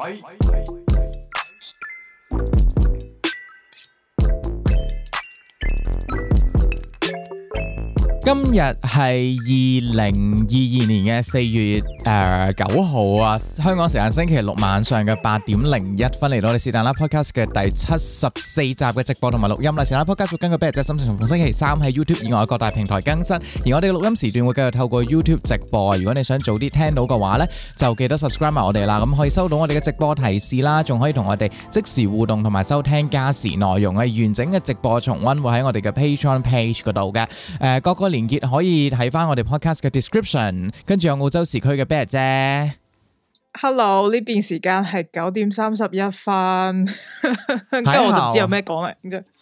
喂，今日係二零二二年嘅四月。誒九號啊，香港時間星期六晚上嘅八點零一分嚟到，我哋是但啦 Podcast 嘅第七十四集嘅直播同埋錄音啦。是但啦 Podcast 會根據每日嘅心情，每逢星期三喺 YouTube 以外嘅各大平台更新，而我哋嘅錄音時段會繼續透過 YouTube 直播。如果你想早啲聽到嘅話咧，就記得 subscribe 埋我哋啦，咁可以收到我哋嘅直播提示啦，仲可以同我哋即時互動同埋收聽加時內容嘅完整嘅直播重溫，會喺我哋嘅 Patreon Page 嗰度嘅。誒各個連結可以睇翻我哋 Podcast 嘅 description，跟住有澳洲時區嘅 band。啫，hello，呢邊時間係九點三十一分，跟住我就知有咩講啦，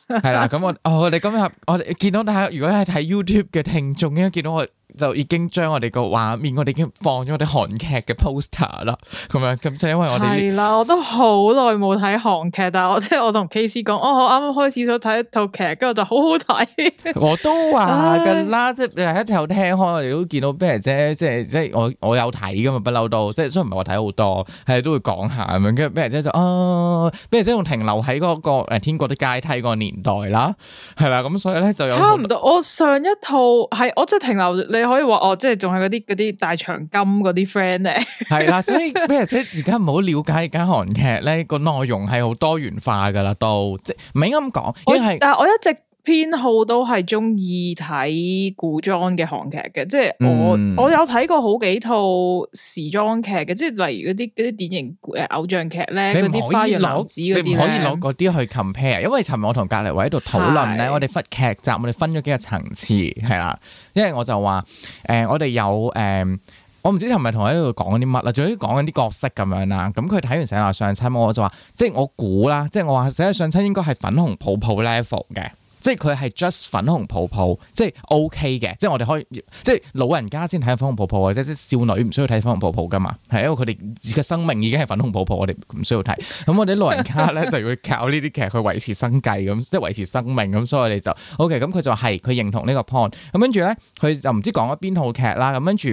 係啦，咁我我哋今日我哋見到大家，如果係睇 YouTube 嘅聽眾咧，應該見到我。就已經將我哋個畫面，我哋已經放咗我啲韓劇嘅 poster 啦。咁樣咁就因為我哋係啦，我都好耐冇睇韓劇，但係我即係我同 KC 講、哦，我啱啱開始想睇一套劇，跟住就好好睇。 我都話噶啦，即係喺頭聽開，我哋都見到咩啫？即係即係我我有睇噶嘛，係不嬲都，即係雖然唔係我睇好多，係都會講下咁樣。跟住咩啫就啊咩、哦、姐，仲停留喺嗰、嗰個、呃、天國的階梯嗰個年代啦，係啦。咁所以咧就有差唔多。我上一套係我即係停留你。可以話哦，即係仲係啲啲大長今啲 friend 咧，係啦，所以咩即而家唔好了解而家韓劇咧個內容係好多元化噶啦，都即係唔係咁講，但係我一直，偏好都係中意睇古裝嘅韓劇嘅，即係我、嗯、我有睇過好幾套時裝劇嘅，即係例如嗰啲嗰啲電影偶像劇咧，嗰啲花樣男子你唔可以攞嗰啲去 compare。因為尋日我同隔籬位喺度討論咧，是我哋分劇集，我哋分咗幾個層次係啦。因為我就話誒、呃，我哋有誒、嗯，我唔知係咪同喺度講啲乜啦，總之講緊啲角色咁樣啦。咁佢睇完《死神上親》，我就話，即係我估啦，即係我話《死神上親》應該係粉紅泡泡 level 嘅。即係佢係 just 粉紅泡泡，即係 OK 嘅。即係我哋可以，即係老人家先睇粉紅泡泡，或者即係少女唔需要睇粉紅泡泡噶嘛。係因為佢哋自己生命已經係粉紅泡泡，我哋唔需要睇。咁我哋啲老人家咧 就要靠呢啲劇去維持生計，咁即係維持生命咁。所以我哋就 OK、就是。咁佢就係佢認同呢個 point 呢。咁跟住咧，佢就唔知講咗邊套劇啦。咁跟住。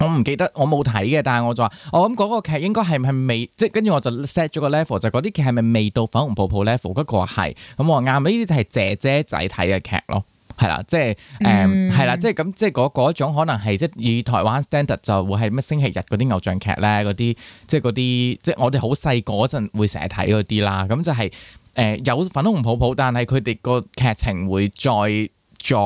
我唔記得，我冇睇嘅，但係我就話，我諗嗰個劇應該係咪未？即係跟住我就 set 咗個 level，就嗰啲劇係咪未到粉紅泡泡 level？不過係，咁、嗯、我啱。呢啲就係姐姐仔睇嘅劇咯，係啦，即係誒，係、呃嗯、啦，即係咁，即係嗰種可能係即係以台灣 standard 就會係咩星期日嗰啲偶像劇咧，嗰啲即係嗰啲即係我哋好細個嗰陣會成日睇嗰啲啦。咁就係、是、誒、呃、有粉紅泡泡，但係佢哋個劇情會再。再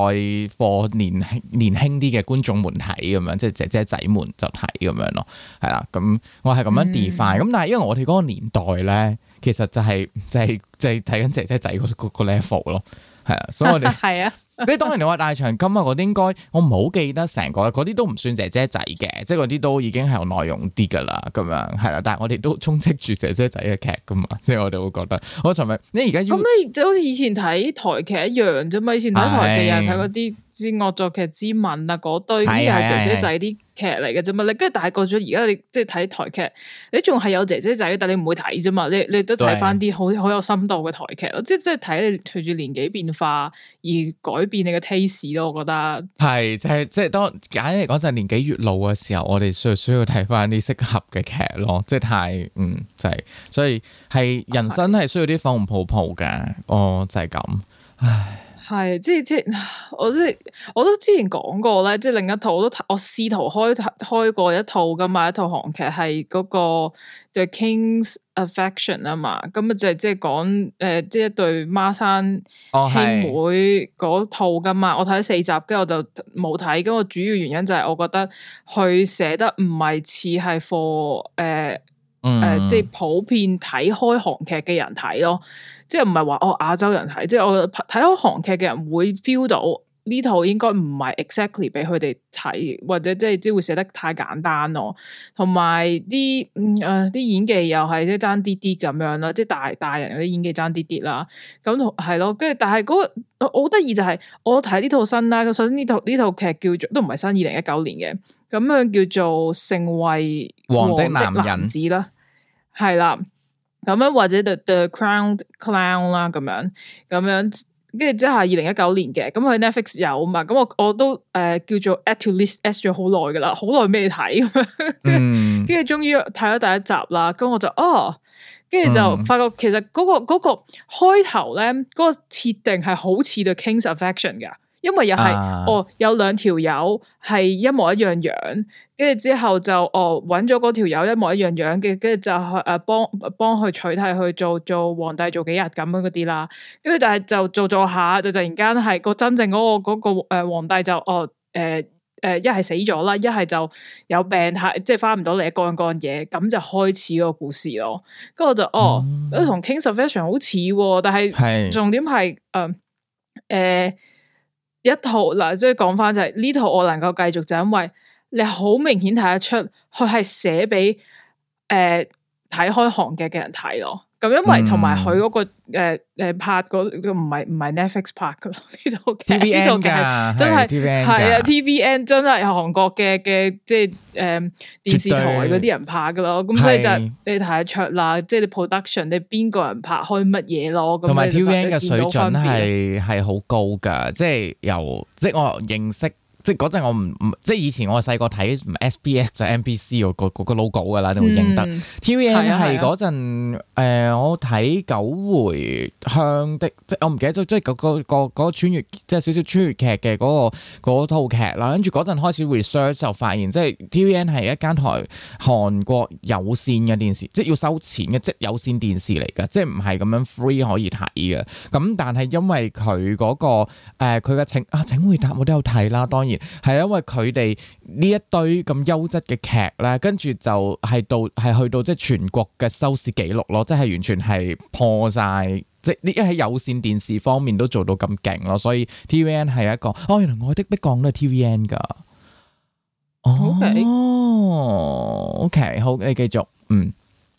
播年輕年輕啲嘅觀眾們睇咁樣，即係姐姐仔們就睇咁樣咯，係啦。咁我係咁樣 define，咁但係因為我哋嗰個年代咧，其實就係、是、就係、是、就係睇緊姐姐仔嗰個 level 咯，係啊，所以我哋係啊。 即係 當然你話大長今啊嗰啲應該我唔好記得成個，嗰啲都唔算姐姐仔嘅，即係嗰啲都已經係有內容啲噶啦，咁樣係啦。但係我哋都充斥住姐姐仔嘅劇噶嘛，即係我哋會覺得，我尋日你而家要咁你就好似以前睇台劇一樣啫嘛。以前睇台劇，哎、又睇嗰啲之《惡作劇之吻》啊，嗰堆係姐姐仔啲。哎哎哎劇嚟嘅啫嘛，你跟住大個咗，而家你即係睇台劇，你仲係有姐姐仔，但你唔會睇啫嘛，你你都睇翻啲好好有深度嘅台劇咯對，即係即係睇你隨住年紀變化而改變你嘅 taste 咯，我覺得係就係即係當簡單嚟講就係、是、年紀越老嘅時候，我哋需需要睇翻啲適合嘅劇咯，即係太嗯就係、是、所以係人生係需要啲粉紅泡泡嘅，的哦就係、是、咁唉。係，即係之前，我即係，我都之前講過咧，即係另一套，我都我試圖開開過一套噶嘛，一套韓劇係嗰個 The King's Affection 啊嘛，咁啊就即係講誒，即係一、呃、對孖生兄妹嗰套噶嘛，哦、我睇咗四集，跟住我就冇睇，跟住個主要原因就係我覺得佢寫得唔係似係 for 誒誒，即係普遍睇開韓劇嘅人睇咯。即係唔係話我亞洲人睇，即係我睇到韓劇嘅人會 feel 到呢套應該唔係 exactly 俾佢哋睇，或者即係即會寫得太簡單咯。同埋啲嗯誒啲、呃、演技又係即爭啲啲咁樣啦，即係大大人嗰啲演技爭啲啲啦。咁係咯，跟住但係嗰、嗰個我好得意就係、係、我睇呢套新啦。首先呢套呢套劇叫做都唔係新，二零一九年嘅咁樣叫做成為王的男人子啦，係啦。咁樣或者 the the Crowned Clown 啦咁樣咁樣，跟住之後二零一九年嘅，咁佢 Netflix 有嘛？咁我我都誒、呃、叫做 add to list 咗好耐噶啦，好耐未睇咁樣，跟住、嗯、 終於睇咗第一集啦，咁我就哦，跟住就發覺其實嗰、那個嗰、嗯那個、那個、開頭咧，嗰、那個設定係好似 The King's Affection 嘅。因為又係、啊、哦，有兩條友係一模一樣樣，跟住之後就哦揾咗嗰條友一模一樣樣嘅，跟住就去誒幫幫佢取替去做做皇帝做幾日咁樣嗰啲啦。跟住但係就做做下，就突然間係個真正嗰、嗰個、嗰個誒皇帝就哦誒誒一係死咗啦，一係就有病係即係翻唔到嚟一干乾嘢，咁就開始個故事咯。跟住我就哦，都同、嗯嗯、King Sebastian 好似，但係重點係誒誒。呃呃呃呃呃一套嗱，即係講翻就係呢套我能夠繼續，就因為你好明顯睇得出佢係寫俾誒睇開韓劇嘅人睇咯。咁、嗯、因為同埋佢嗰個誒誒、呃、拍嗰唔係唔係 Netflix 拍噶咯呢套劇，呢套劇真係係是 TV 啊 TVN 真係韓國嘅嘅即係誒電視台嗰啲人拍噶咯，咁對所以就是、是你睇得出啦，即係你 production 你邊個人拍開乜嘢咯，同埋 TVN 嘅水準係係好高噶，即係由即係我認識。即係陣我唔唔，即係以前我細個睇唔 SBS 就 MBC 個個個 logo 噶啦，都認得。TVN 係陣誒我睇九回向的，即係我唔記得咗，即係個個個穿越，即係少少穿越劇嘅個套劇啦。跟住陣開始 research 就發現即係 TVN 係一間台韓國有線嘅電視，即係要收錢嘅，即係有線電視嚟噶，即係唔係咁樣 free 可以睇嘅。咁但係因為佢個誒佢嘅請啊請回答我都有睇啦，當然。當然當然係因為佢哋呢一堆咁優質嘅劇咧，跟住就係到係去、就是、到即係全國嘅收視紀錄咯，即、就、係、是、完全係破晒，即係呢一喺有線電視方面都做到咁勁咯，所以 TVN 係一個哦，原來《愛的迫降》都係 TVN 噶，okay. 哦，OK，好你繼續，嗯。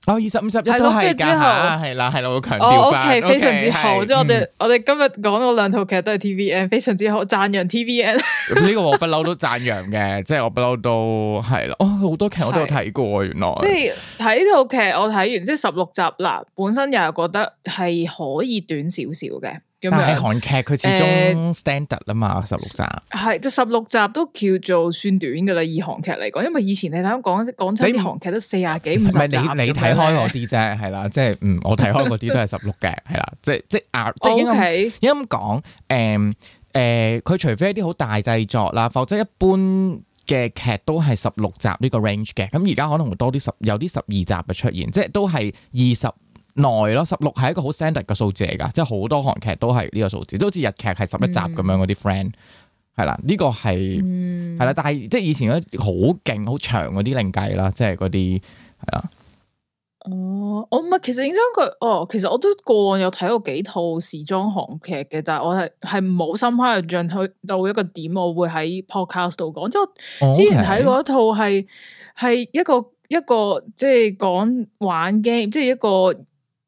哦，二十五十集都係之後，係啦，係啦，我強調翻。哦、okay, okay, 非常之好。即係的我哋，嗯、我哋今日講到兩套劇都係 TVN 非常之好，讚揚 TVN。呢個我不嬲都讚揚嘅，即係 我不嬲都係啦。哦，好多劇我都有睇過，的原來。即係睇套劇，我睇完即係十六集啦。本身又覺得係可以短少少嘅。但係韓劇佢始終 standard 啊嘛，十六、欸、集。係，就十六集都叫做算短噶啦，以韓劇嚟講。因為以前你睇緊講講真啲韓劇都四啊幾、五十集，唔係你你睇開嗰啲啫，係 啦，即係嗯，我睇開嗰啲都係十六嘅，係 啦，即即啊，Okay. 即啱啱講誒誒，佢、嗯呃、除非一啲好大製作啦，否則一般嘅劇都係十六集呢個 range 嘅。咁而家可能會多啲十，有啲十二集嘅出現，即係都係二十。耐咯，十六係一個好 standard 嘅數字嚟噶，即係好多韓劇都係呢個數字，都好似日劇係十一集咁樣嗰啲 friend 係啦，呢、嗯，這個係係啦，但係即係以前好勁好長嗰啲另計啦，即係嗰啲係啦。哦，我唔係，其實影相佢，哦，其實我都過往有睇過幾套時裝韓劇嘅，但係我係係冇深刻印象去到一個點，我會喺 podcast 度講。即係之前睇過一套係係一個一個即係講玩 game，即係一個。一個一個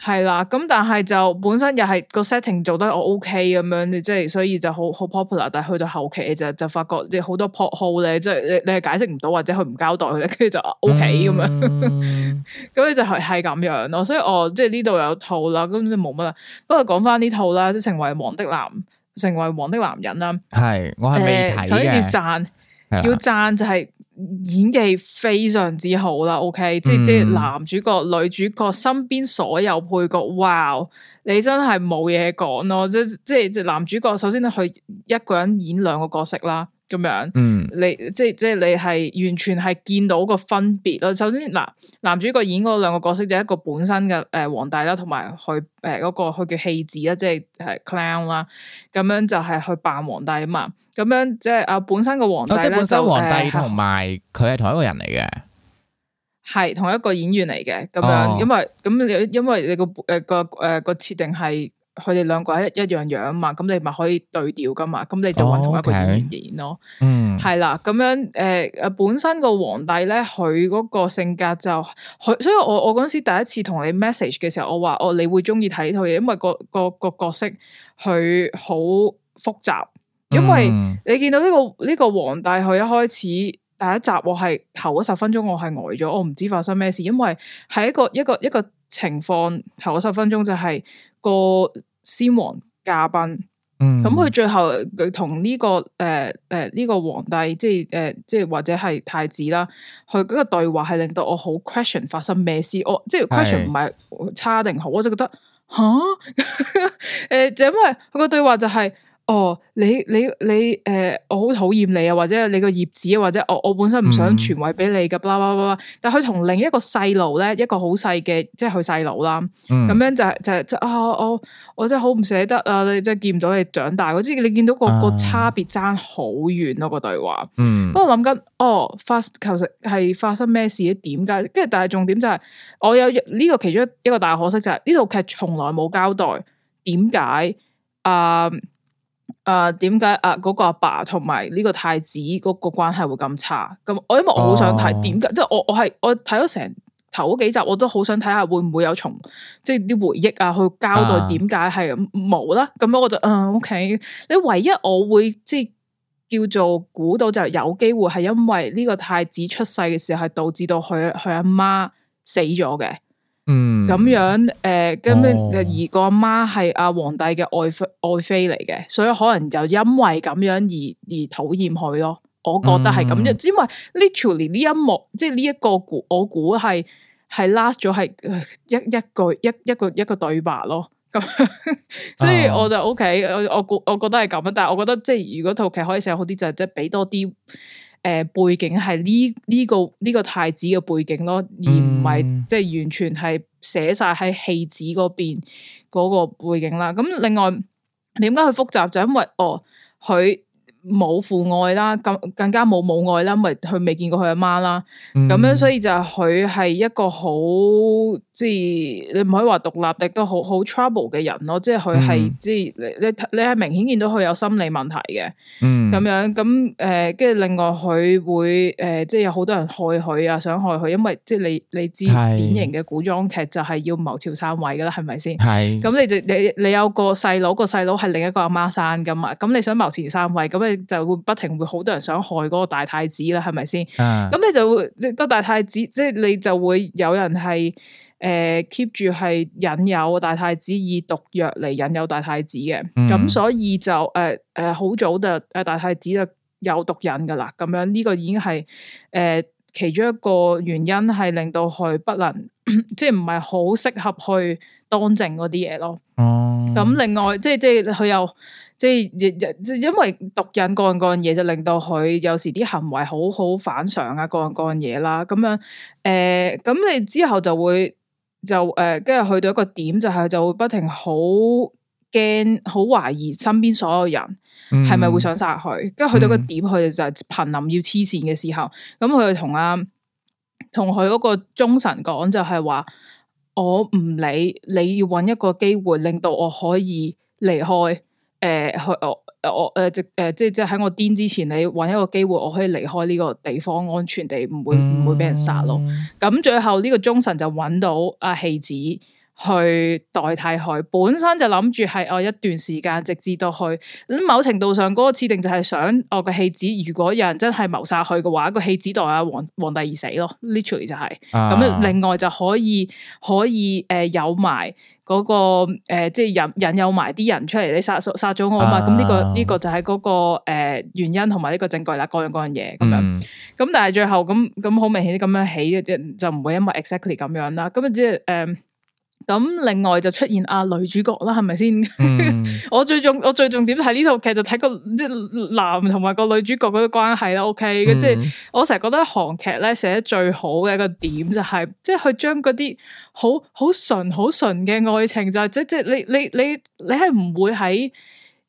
係啦，咁但係就本身又係個 setting 做得我 OK 咁樣，即係所以就好好 popular。但係去到後期就就發覺有好多 plot hole 咧，即、就、係、是、你你係解釋唔到或者佢唔交代佢咧，跟住就 OK 咁樣。咁你、嗯、 就係係咁樣咯。所以我即係呢度有套啦，咁就冇乜啦。不過講翻呢套啦，即係成為王的男，成為王的男人啦。係，我係未。首先、呃、要讚，吧要讚就係、是。演技非常之好啦，OK，、嗯、即係即係男主角、女主角身邊所有配角，哇，你真係冇嘢講咯，即即係即係男主角，首先咧佢一個人演兩個角色啦，咁樣，嗯你，即即你即係即係你係完全係見到個分別咯。首先嗱，男主角演嗰兩個角色就係一個本身嘅誒皇帝啦，同埋佢誒個佢叫戲子啦，即係係 clown 啦，咁樣就係去扮皇帝啊嘛。咁樣即係啊，本身個皇帝咧，哦，即本身皇帝同埋佢係同一個人嚟嘅，係、呃、同一個演員嚟嘅。咁樣、哦、因為咁，因為你個誒個誒個設定係佢哋兩個一一樣樣嘛，咁你咪可以對調噶嘛。咁你就揾同一個演員咯。哦 okay，嗯，係啦。咁樣誒誒，本身個皇帝咧，佢嗰個性格就佢，所以我我嗰時第一次同你 message 嘅時候，我話我，哦、你會中意睇套嘢，因為個個個、個角色佢好複雜。因為你見到呢、這個呢、這個皇帝，佢一開始第一集我係頭嗰十分鐘我係呆咗，我唔知發生咩事。因為係一個一個一個情況，頭嗰十分鐘就係、是、個先皇駕崩。嗯，咁佢最後佢同呢個誒誒呢個皇帝，即係誒、呃、即係或者係太子啦，佢嗰個對話係令到我好 question 發生咩事？我即係 question 唔係差定好，我就覺得吓誒是、 呃，就因為佢個對話就係、是。哦，你你你誒、呃，我好討厭你啊，或者你個葉子，或者我我本身唔想傳位俾你噶，啦啦啦但佢同另一個細路咧，一個好細嘅，即係佢細佬啦，咁樣、mm. 就係就係啊、哦哦，我我真係好唔捨得啊，你真係見唔到你長大，我知你見到、那個個、uh. 差別爭好遠咯個對話，不過諗緊哦，發其實係發生咩事啊？點解？跟住但係重點就係、是、我有呢、這個其中一個大可惜就係呢套劇從來冇交代點解啊？誒，點解啊？嗰個阿爸同埋呢個太子個關係會咁差？咁我因為我好想睇點解，即係、哦、我我係我睇咗成頭幾集，我都好想睇下會唔會有重，即係啲回憶啊去交代點解係冇啦？咁、啊、樣我就嗯 o、okay、k 你唯一我會即係、就是、叫做估到就有機會係因為呢個太子出世嘅時候係導致到佢佢阿媽死咗嘅。咁樣誒，咁、呃、誒，而個阿媽係阿皇帝嘅愛妃愛妃嚟嘅，所以可能就因為咁樣而而討厭佢咯。我覺得係咁，嗯、因為 literally 呢一幕即係呢一個我估係係 last 咗係一一句一一個一個對白咯。咁 所以我就 OK，我我估我覺得係咁，但係我覺得即係如果套劇可以寫好啲，就係即係俾多啲。誒、呃，背景係呢呢個呢、呢個太子嘅背景咯，而唔係、嗯、即係完全係寫晒喺戲子嗰邊嗰個背景啦。咁另外，點解去複雜就因為哦，佢冇父愛啦，更更加冇母愛啦，因為佢未、哦、見過佢阿媽啦。咁、嗯、樣所以就佢係一個好。即係你唔可以話獨立，亦都好好 trouble 嘅人咯。即係佢係即係你你你係明顯見到佢有心理問題嘅，咁樣咁誒，跟住另外佢會誒，即係有好多人害佢啊，想害佢，因為即係你你知典型嘅古裝劇就係要謀朝篡位噶啦，係咪先？係咁，你就你你有個細佬，個細佬係另一個阿媽生噶嘛，咁你想謀朝篡位，咁你就會不停會好多人想害嗰個大太子啦，係咪先？咁你就會即係個大太子，即係你就會有人係。誒 keep 住係引誘大太子以毒藥嚟引誘大太子嘅，咁、嗯、所以就誒誒好早就誒大太子就有毒癮噶啦，咁樣呢個已經係誒、呃、其中一個原因係令到佢不能， 即係唔係好適合去當政嗰啲嘢咯。哦，咁另外即係即係佢又即係亦亦因為毒癮嗰樣嗰樣嘢，就令到佢有時啲行為好好反常啊，嗰樣嗰樣嘢啦，咁樣誒，咁、呃、你之後就會。就誒，跟、呃、住去到一個點，就係、是、就會不停好驚、好懷疑身邊所有人，係咪會想殺佢？跟住、嗯、去到一個點，佢哋、嗯、就係瀕臨要黐線嘅時候。咁佢同阿同佢嗰個忠臣講，就係、是、話我唔理，你要揾一個機會令到我可以離開。誒、呃，去哦。呃我誒、呃、即誒即即喺我癲之前，你揾一個機會，我可以離開呢個地方，安全地唔會唔、嗯、會俾人殺咯。咁最後呢個忠臣就揾到阿戲子去代替佢，本身就諗住係我一段時間，直至到去。某程度上，嗰個設定就係想我個戲子，如果有人真係謀殺佢嘅話，個戲子代阿皇皇帝而死咯。Literally 就係、是、咁。啊、另外就可以可以誒、呃、有埋。嗰、那個誒、呃，即係引引誘埋啲人出嚟，你殺殺咗我啊嘛，咁呢、啊這個呢、這個就係嗰、那個誒、呃、原因同埋呢個證據啦，各樣各樣嘢咁樣。咁、嗯、但係最後咁咁好明顯咁樣起，就唔會因為 exactly 咁樣啦。咁即係誒。呃咁另外就出現阿、啊、女主角啦，係咪先、mm hmm. 我？我最重我最重點睇呢套劇就睇個男同埋個女主角嗰啲關係啦。OK，即係、mm hmm. 我成日覺得韓劇咧寫得最好嘅一個點就係、是，即係佢將嗰啲好好純好純嘅愛情就即、是、即、就是、你你你你係唔會喺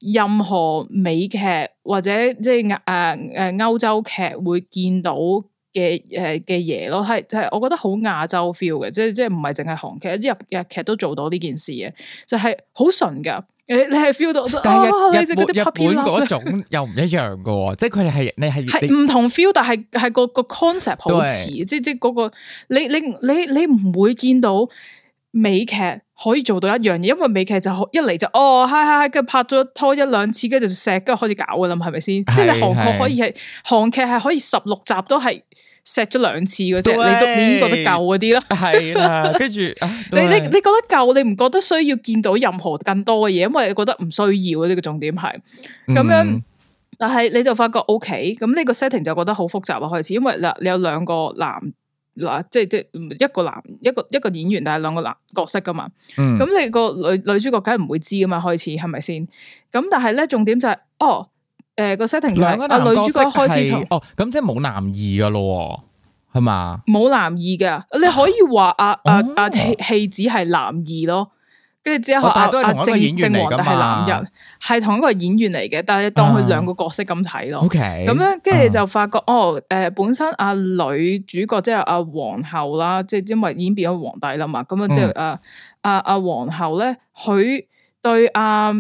任何美劇或者即係誒誒歐洲劇會見到。嘅誒嘅嘢咯，係就係我覺得好亞洲 feel 嘅，即係即係唔係淨係韓劇，日日劇都做到呢件事嘅，就係、係、好純噶。你你係 feel 到，但係日、哦、日你日日本，嗰種又唔一樣嘅喎， 即係佢哋係你係唔同 feel，但係係、嗰個、嗰個 concept 好似，對 即即嗰、嗰個你你你你唔會見到美劇，可以做到一樣嘢，因為美劇就一嚟就哦，係係係，跟住拍咗拖一,一兩次，跟住就錫，跟住開始搞噶啦，係咪先？對即係你韓國可以係韓對劇係可以十六集都係錫咗兩次嘅啫對。你都 你你，你覺得夠嗰啲啦。係啦，跟住你你你覺得夠，你唔覺得需要見到任何更多嘅嘢？因為你覺得唔需要呢、呢個重點係咁樣。嗯、但係你就發覺 OK，咁呢個 setting 就覺得好複雜啊，開始，因為嗱，你有兩個男。嗱，即係即係一個男一個一個演員，但係兩個男角色噶嘛。咁、嗯、你個女女主角梗係唔會知噶嘛？開始係咪先？咁但係咧重點就係，是，哦，誒、呃就是、個 setting 兩個男角色開始，哦，咁即係冇男二噶咯，係嘛？冇男二嘅，你可以話阿阿阿戲子係男二咯。跟住之後阿阿正正王係男人，係同一個演員嚟嘅、啊，但係當佢兩個角色咁睇咯。O K，咁樣跟住就發覺、啊、哦，誒、呃，本身阿、啊、女主角即係阿、啊、皇后啦，即係因為已經變咗皇帝啦嘛，咁啊即係阿阿阿皇后咧，佢對阿、啊、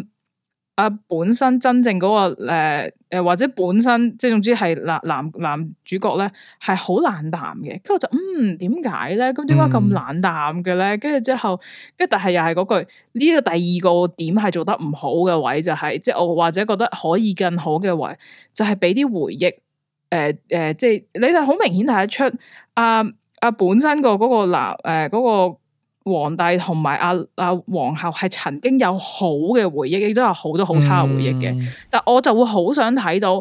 阿、啊、本身真正嗰、那個誒。呃誒，或者本身即係總之係男男男主角咧，係好冷淡嘅。跟住我就嗯，點解咧？咁點解咁冷淡嘅咧？跟住、嗯、之後，跟住但係又係嗰句呢、這個第二個點係做得唔好嘅位、就是，就係即係我或者覺得可以更好嘅位，就係俾啲回憶。誒、呃、誒，即、呃、係、就是、你就好明顯睇得出啊啊、呃呃，本身個嗰個男誒個。呃那個皇帝同埋阿阿皇后係曾經有好嘅回憶，亦都有好多好差嘅回憶嘅。嗯、但我就會好想睇到，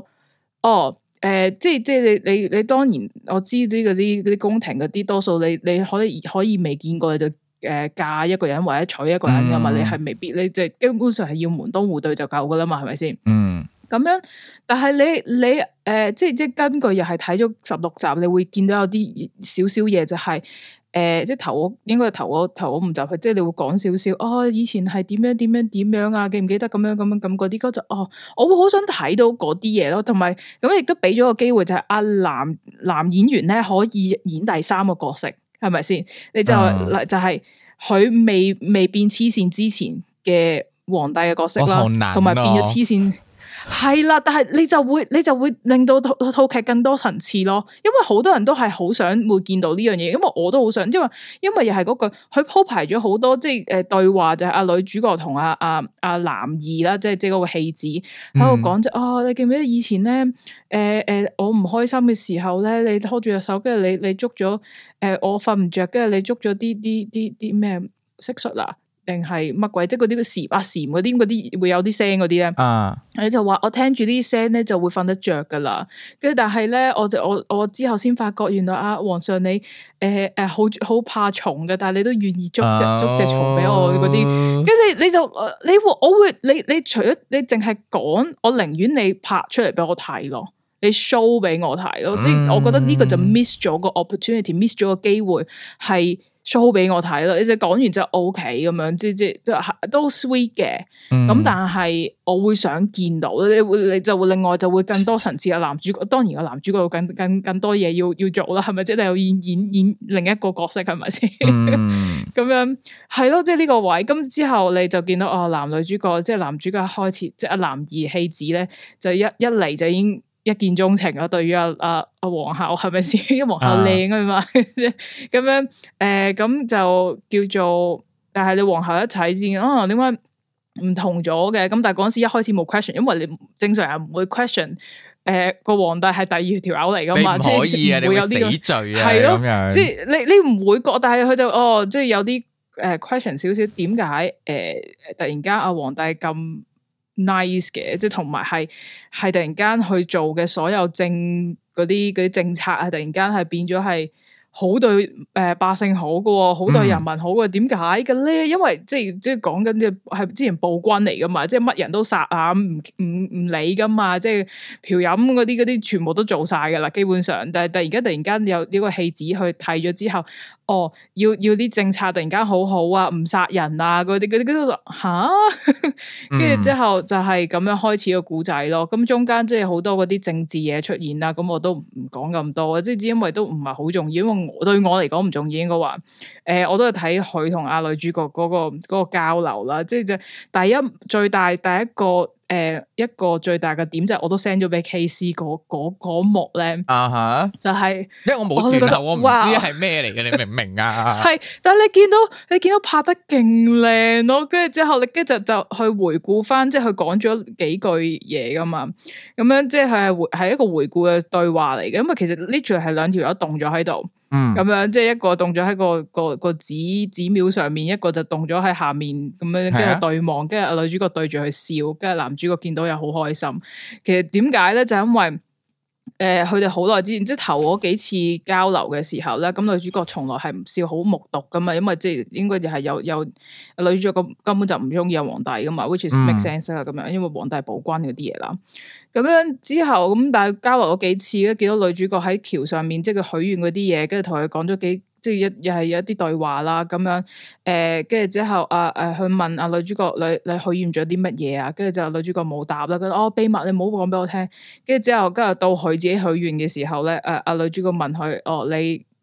哦，誒、呃，即係即係你你你當然，我知啲嗰啲嗰啲宮廷嗰啲，多數你你可以可以未見過你就誒、呃、嫁一個人或者娶一個人噶嘛，嗯、你係未必，你即就基本上係要門當戶對就夠噶啦嘛，係咪先？嗯，咁樣，但係你你誒、呃，即係即係根據又係睇咗十六集，你會見到有啲少少嘢就係、是。誒、呃，即係投我，應該係投我，投我唔就佢，即係你會講少少，哦，以前係點樣點樣點樣啊，記唔記得咁樣咁樣咁嗰啲歌就，哦，我會好想睇到嗰啲嘢咯，同埋咁亦都俾咗個機會就係阿男男演員咧可以演第三個角色，係咪先？你、嗯、就嗱就係佢未未變黐線之前嘅皇帝嘅角色咯，同埋、哦啊、變咗黐線。係啦， 但係你就會你就會令到套套劇更多層次咯，因為好多人都係好想會見到呢樣嘢，因為我都好想，因為因為又係嗰句，佢鋪排咗好多即係誒對話就係阿、呃、女主角同阿阿阿男二啦，即係即係嗰個戲子喺度講就哦，你記唔記得以前咧？誒、呃、誒、呃，我唔開心嘅時候咧，你拖住隻手，跟住你你捉咗誒、呃，我瞓唔着，跟住你捉咗啲啲啲啲咩蟋蟀啦。定係乜鬼？即係嗰啲蟬呀蟬嗰啲，嗰啲會有啲聲嗰啲咧。啊！啊你就話我聽住啲聲咧，就會瞓得着噶啦。跟住但係咧，我就我我之後先發覺，原來啊，皇上你誒誒，好、呃、好、呃呃、怕蟲嘅，但係你都願意捉隻、哦、捉隻蟲俾我嗰啲。跟住你，你就你會我會你你，你除咗你淨係講，我寧願你拍出嚟俾我睇咯，你 show 俾我睇咯。即係、嗯、我覺得呢個就 miss 咗個 opportunity，miss 咗、嗯、個機會係。show 俾我睇咯，你就講完就 OK 咁樣，即即都 sweet 嘅，咁但係我會想見到你，你會你就會另外就會更多層次啊。男主角當然個男主角有更更更多嘢，要要做啦，係咪即係你要演演演另一個角色係咪先？咁、嗯、 樣係咯，即係呢個位。咁之後你就見到哦，男女主角即係男主角開始，即係阿男二戲子咧，就一一嚟，就已經。一見鍾情啊！對於阿阿阿皇后係咪先？因為皇后靚啊嘛，咁樣誒，咁就叫做，但係你皇后一睇先，哦，點解唔同咗嘅？咁但係嗰時一開始冇 question，因為你正常人唔會 question。誒，個皇帝係第二條友嚟噶嘛？唔可以啊！你有死罪啊？係咯，即係你你唔會覺，但係佢就哦，即係有啲誒 question 少少，點解誒突然間阿皇帝咁？nice 嘅，即係同埋係係突然間去做嘅所有政嗰啲啲政策啊，突然間係變咗係好對誒、呃、百姓好嘅，好對人民好嘅，點解嘅咧？因為即係即係講緊即係係之前暴君嚟噶嘛，即係乜人都殺啊，唔唔唔理噶嘛，即係嫖飲嗰啲啲全部都做晒噶啦，基本上，但係突然間突然間有有個戲子去睇咗之後。哦，要要啲政策突然間好好啊，唔殺人啊，嗰啲嗰啲嗰個吓，跟住之後就係咁樣開始個古仔咯。咁中間即係好多嗰啲政治嘢出現啦，咁我都唔講咁多，即係只因為都唔係好重要，因為我對我嚟講唔重要，應該話誒，我都係睇佢同阿女主角嗰個嗰個交流啦，即係即第一最大第一個。.誒，一個最大嘅點就係、是、我都 send 咗俾 K.C. 嗰嗰嗰幕咧，啊吓、uh，huh. 就係、是、因為我冇鏡頭，我唔哇知係咩嚟嘅，你明唔明啊？係 但係你見到你見到拍得勁靚咯，跟住之後你跟住就去回顧翻，即係佢講咗幾句嘢噶嘛，咁樣即係係係一個回顧嘅對話嚟嘅，因為其實呢條係兩條友動咗喺度。咁、嗯、樣即係一個動咗喺個個個寺寺廟上面，一個就動咗喺下面，咁樣跟住對望，跟住、啊、女主角對住佢笑，跟住男主角見到又好開心。其實點解咧？就係、因為。誒，佢哋好耐之前即係頭嗰幾次交流嘅時候咧，咁女主角從來係唔笑，好木獨噶嘛，因為即係應該就係有有女主角根本就唔鍾意阿皇帝噶嘛、嗯、，which is make sense 啦咁樣，因為皇帝暴君嗰啲嘢啦。咁樣之後咁，但係交流咗幾次咧，見到女主角喺橋上面即係佢許願嗰啲嘢，跟住同佢講咗幾。即係一又係有一啲對話啦，咁樣誒，跟、呃、住之後啊誒、呃呃，去問啊女主角女你女許願咗啲乜嘢啊？跟住就女主角冇答啦，覺得，哦，秘密你唔好講俾我聽，跟住之後，跟住到佢自己許願嘅時候咧，誒、呃、阿女主角問佢哦，你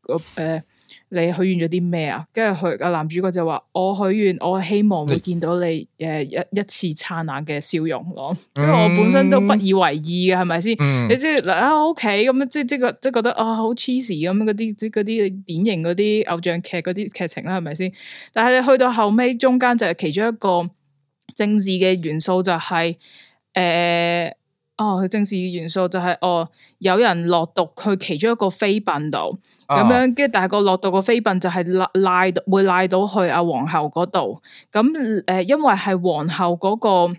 誒。呃你許願咗啲咩啊？跟住佢阿男主角就話：我許願，我希望會見到你誒一一次燦爛嘅笑容咯。 因為我本身都不以為意嘅，係咪先？嗯、你知嗱喺我屋企咁樣，即係即係即係覺得啊好 cheesy 咁嗰啲，即啲典型嗰啲偶像劇嗰啲劇情啦，係咪先？但係你去到後尾中間就係其中一個政治嘅元素、就係，就係誒。哦，佢政治嘅元素就係、是、哦，有人落毒佢其中一個妃嬪度，咁、啊、樣跟住但係個落毒個妃嬪就係賴賴到會賴到去阿、啊、皇后嗰度，咁誒、呃、因為係皇后嗰、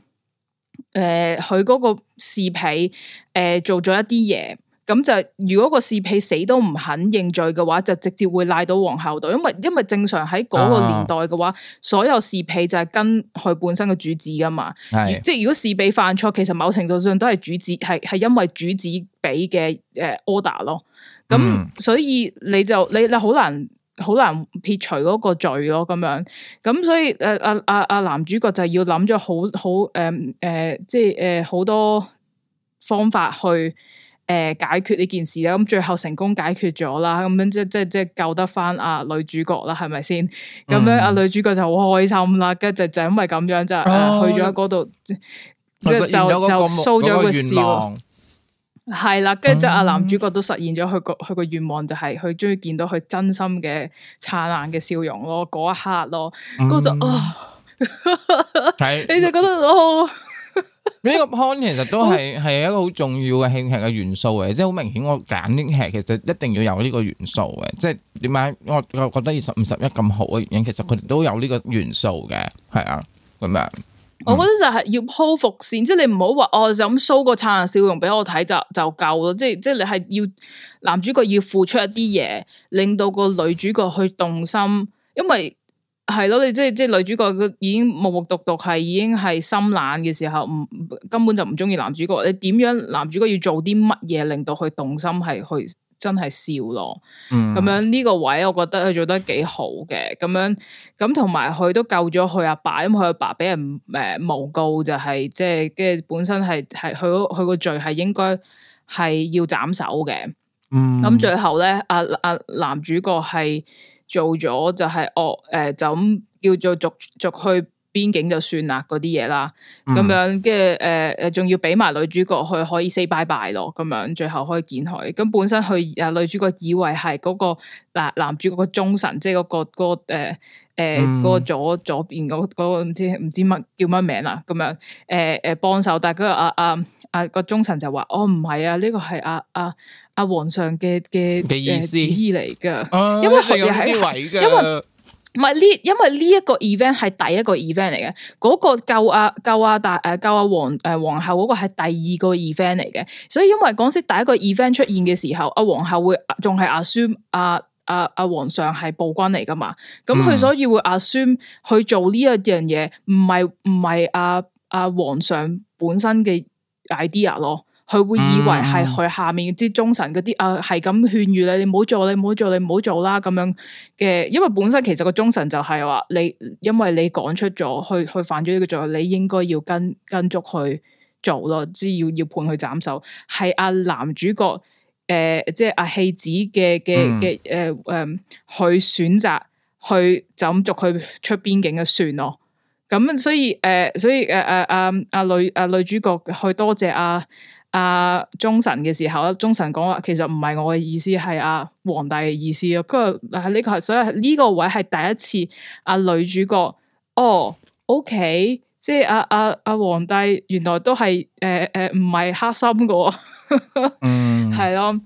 那個誒佢嗰個侍婢誒做咗一啲嘢。咁就如果個侍婢死都唔肯認罪嘅話，就直接會賴到皇后度，因為因為正常喺嗰個年代嘅話，哦、所有侍婢就係跟佢本身嘅主子噶嘛，即係是 如果侍婢犯錯，其實某程度上都係主子，係係因為主子俾嘅誒 order 咯。咁、嗯、所以你就你你好難好難撇除嗰個罪咯，咁樣咁所以誒阿阿阿男主角就要諗咗好好誒誒即係誒好多方法去。誒，解決呢件事啦，咁最後成功解決咗啦，咁樣即即即救得翻啊女主角啦，係咪先？咁樣啊女主角就好開心啦，跟住就就因為咁樣就去咗嗰度，即就就收咗個願望，係啦，跟住阿男主角都實現咗佢個佢個願望，就係佢終於見到佢真心嘅燦爛嘅笑容咯，嗰一刻咯，嗰個就啊，你就覺得哦。呢 個 point 其實都係係 一個好重要嘅喜劇嘅元素嘅，即係好明顯我揀啲劇其實一定要有呢個元素嘅。即係點解我我覺得二十五十一咁好嘅原因？其實佢哋都有呢個元素嘅，係啊咁樣。我覺得, 50、嗯、我覺得就係要鋪伏線，即係你唔好話我就咁 show 個燦爛笑容俾我睇就就夠咯，即係即係你係要男主角要付出一啲嘢，令到個女主角去動心，因為。係咯，你即係即係女主角已目目目目目目目目，已經木木獨獨，係已經係心冷嘅時候，唔根本就唔中意男主角。你點樣男主角要做啲乜嘢，令到佢動心，係去真係笑咯。咁、嗯、樣呢個位，我覺得佢做得幾好嘅。咁樣咁同埋佢都救咗佢阿爸，因為佢阿爸俾人誒誣告，就係即係跟住本身係係佢佢個罪係應該係要斬首嘅。咁、嗯、最後咧，阿、啊、阿、啊、男主角係。做咗就係哦，誒，就咁叫做逐逐去邊境就算啦，嗰啲嘢啦，咁樣跟住誒誒，仲要俾埋女主角去可以 say bye bye 咯，咁樣最後可以見佢。咁本身佢啊女主角以為係嗰個男男主角個忠臣，即係嗰個個誒誒個左左邊嗰嗰個唔知唔知乜叫乜名啦，咁樣誒誒幫手。但係嗰個阿阿阿個忠臣就話：哦，唔係啊，呢個係阿阿。阿皇上嘅嘅嘅意思嚟噶，因為佢又係哋嘅，因為唔係呢，因為呢一個 event 係第一個 event 嚟嘅，嗰、嗰個救阿、啊、救阿大誒救阿皇誒皇后嗰個係第二個 event 嚟嘅，所以因為嗰時第一個 event 出現嘅時候，阿皇后會仲係阿孫阿阿阿皇上係暴君嚟噶嘛，咁佢所以會阿孫、嗯、去做呢一樣嘢，唔係唔係阿阿皇上本身嘅 idea 咯。佢會以為係佢下面啲忠臣嗰啲啊，係咁勸喻你，你唔好做，你唔好做，你唔好做啦咁樣嘅。因為本身其實個忠臣就係話你，因為你講出咗，去去犯咗呢個罪，你應該要跟跟足去做咯，即係要要判佢斬首，係阿男主角誒，即係阿戲子嘅嘅嘅誒誒，佢選擇去就咁逐佢出邊境嘅船咯。咁所以誒，所以誒誒阿阿女阿女主角去多謝阿。阿忠臣嘅時候，忠臣講話，其實唔係我嘅意思，係阿、啊、皇帝嘅意思咯。咁啊，呢個所以呢、這個、個位係第一次阿女、啊、主角哦，OK，即係阿阿阿皇帝原來都係誒誒唔係黑心噶， 嗯，係咯。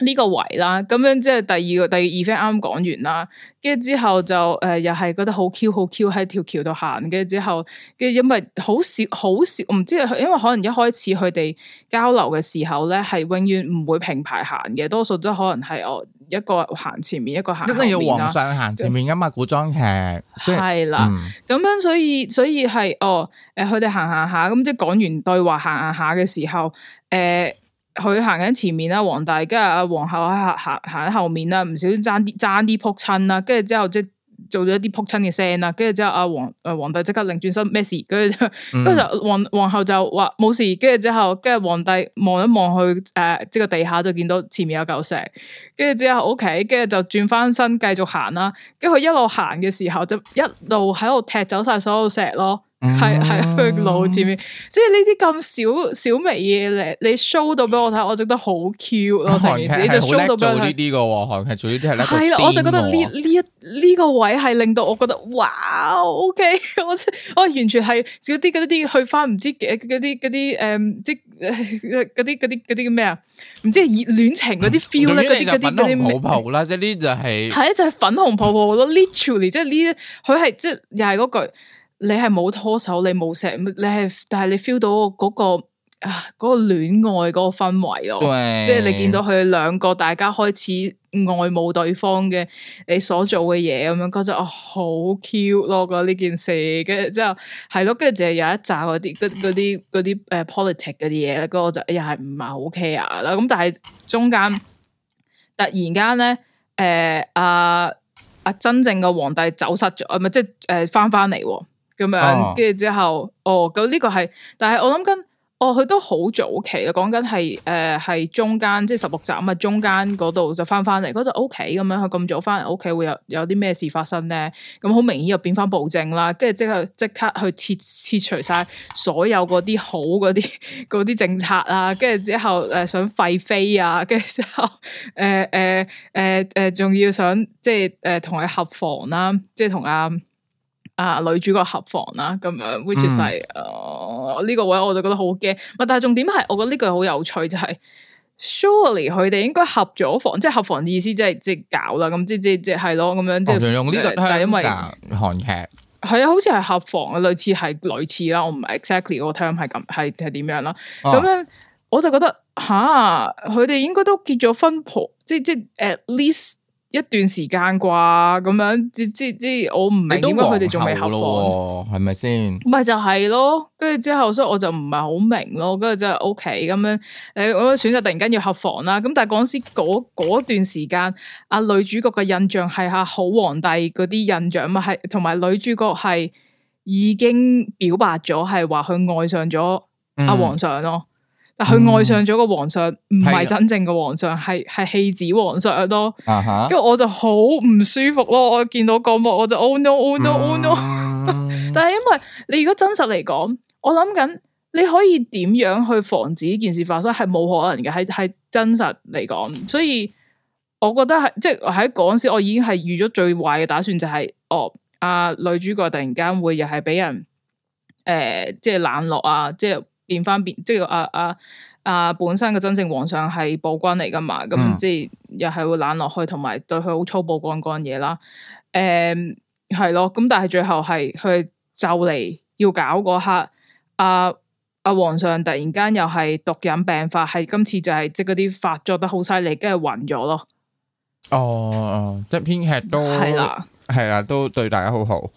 呢個圍啦，咁樣即係第二個第二 effect 啱講完啦，跟住之後就誒、呃，又係覺得好 Q 好 Q 喺條橋度行嘅之後，跟住因為好少好少，唔知係因為可能一開始佢哋交流嘅時候咧，係永遠唔會平排行嘅，多數都可能係哦，一個行前面，一個行。一定要皇上行前面噶嘛，古裝劇。係啦，咁樣所以所以係哦，誒、呃，佢哋行行下，咁即係講完對話行行下嘅時候，誒、呃。佢行緊前面啦，皇帝跟住阿皇后喺行行行喺後面啦，唔小心爭啲爭啲撲親啦，跟住之後即做咗啲撲親嘅聲啦，跟住之後阿皇誒皇帝即刻擰轉身，咩事？跟住就跟住皇皇后就話冇事，跟住之後跟住皇帝望一望佢誒，即、呃這個地下就見到前面有嚿石，跟住之後，後 OK，跟住就轉翻身繼續行啦，跟住佢一路行嘅時候就一路喺度踢走晒所有石咯。係係去腦前面。即係呢啲咁小小微嘢咧，你 show 到俾我睇，我覺得好 cute 咯，你就 show 到俾我睇，呢啲嘅喎，韓劇做呢啲係叻。係啦，我就覺得呢呢一呢個位係令到我覺得哇，OK， 我我完全係少啲嗰啲啲去翻唔知嘅嗰啲嗰啲誒，即係嗰啲嗰啲嗰啲叫咩啊？唔知熱戀情嗰啲 feel 咧，嗰啲嗰啲嗰啲就粉紅泡泡啦，即係呢就係係啊，就係粉紅泡泡咯，literally 即係呢，佢係即係又係嗰句。你係冇拖手，你冇錫，你係但係你 feel 到嗰個啊嗰個戀愛嗰個氛圍咯，即係你見到佢兩個大家開始愛慕對方嘅，你所做嘅嘢，咁樣，覺得哦好 cute 咯，個呢件事，跟住之後係咯，跟住就係有一集嗰啲嗰啲嗰啲誒 politics 嗰啲嘢咧，咁就又係唔係 OK 啊啦。咁但係中間突然間咧，誒阿阿真正嘅皇帝走失咗，咪即係誒翻翻嚟。咁樣，跟住之後，哦，咁、這、呢個係，但係我諗緊，哦，佢都好早期咯，講緊係，誒、呃，係中間，即係十六集咁啊，中間嗰度就翻翻嚟，嗰就 O K 咁樣，佢咁早翻嚟屋企，會有有啲咩事發生咧？咁好明顯又變翻暴政啦，跟住即刻即刻去撤撤除晒所有嗰啲好嗰啲啲政策、呃、啊，跟住之後誒想廢妃啊，跟住之後誒誒誒誒，仲、呃呃呃、要想即係誒同佢合房啦，即係同阿。呃啊，女主角合房啦，咁樣，which 就係哦呢個位我就覺得好驚，唔但係重點係，我覺得呢句好有趣就係、是，surely 佢哋應該合咗房，即係合房意思即係即係搞啦，咁即即即係咯，咁、就是就是、樣、就是。即長榮呢個係因為韓劇，係啊劇，好似係合房啊，類似係類似啦，我唔係 exactly 個 term 係咁係係點樣啦，咁樣我就覺得吓，佢哋應該都結咗婚婆，即即 at least。一段時間啩咁樣，即即即我唔明，點解佢哋仲未合房，係咪先？咪就係咯，跟住之後，所以我就唔係好明咯。跟住就 O K 咁樣，誒，我選擇突然間要合房啦。咁但係嗰時嗰段時間，阿女主角嘅印象係下好皇帝嗰啲印象嘛，係同埋女主角係已經表白咗，係話佢愛上咗阿皇上咯。嗯佢愛上咗個皇上，唔係真正嘅皇上，係係戲子皇上都，跟住、uh huh. 我就好唔舒服咯，我見到個幕我就 oh no oh no oh no。Uh huh. 但係因為你如果你真實嚟講，我諗緊你可以點樣去防止呢件事發生，係冇可能嘅，係係真實嚟講。所以我覺得係即係喺講先，就是、時我已經係預咗最壞嘅打算、就是，就係哦，啊、呃、女主角突然間會又係俾人誒、呃、即係冷落啊，即係。變翻變，即係阿阿阿本身嘅真正皇上係暴君嚟噶嘛？咁、嗯、即係又係會懶落去，同埋對佢好粗暴嗰樣嘢啦。誒、嗯，係咯。咁但係最後係佢就嚟要搞嗰刻，阿、啊、阿、啊、皇上突然間又係毒癮病發，係今次就係即係嗰啲發作得好犀利，跟住暈咗咯。哦，即係編劇都係啦，係啦，都對大家好好。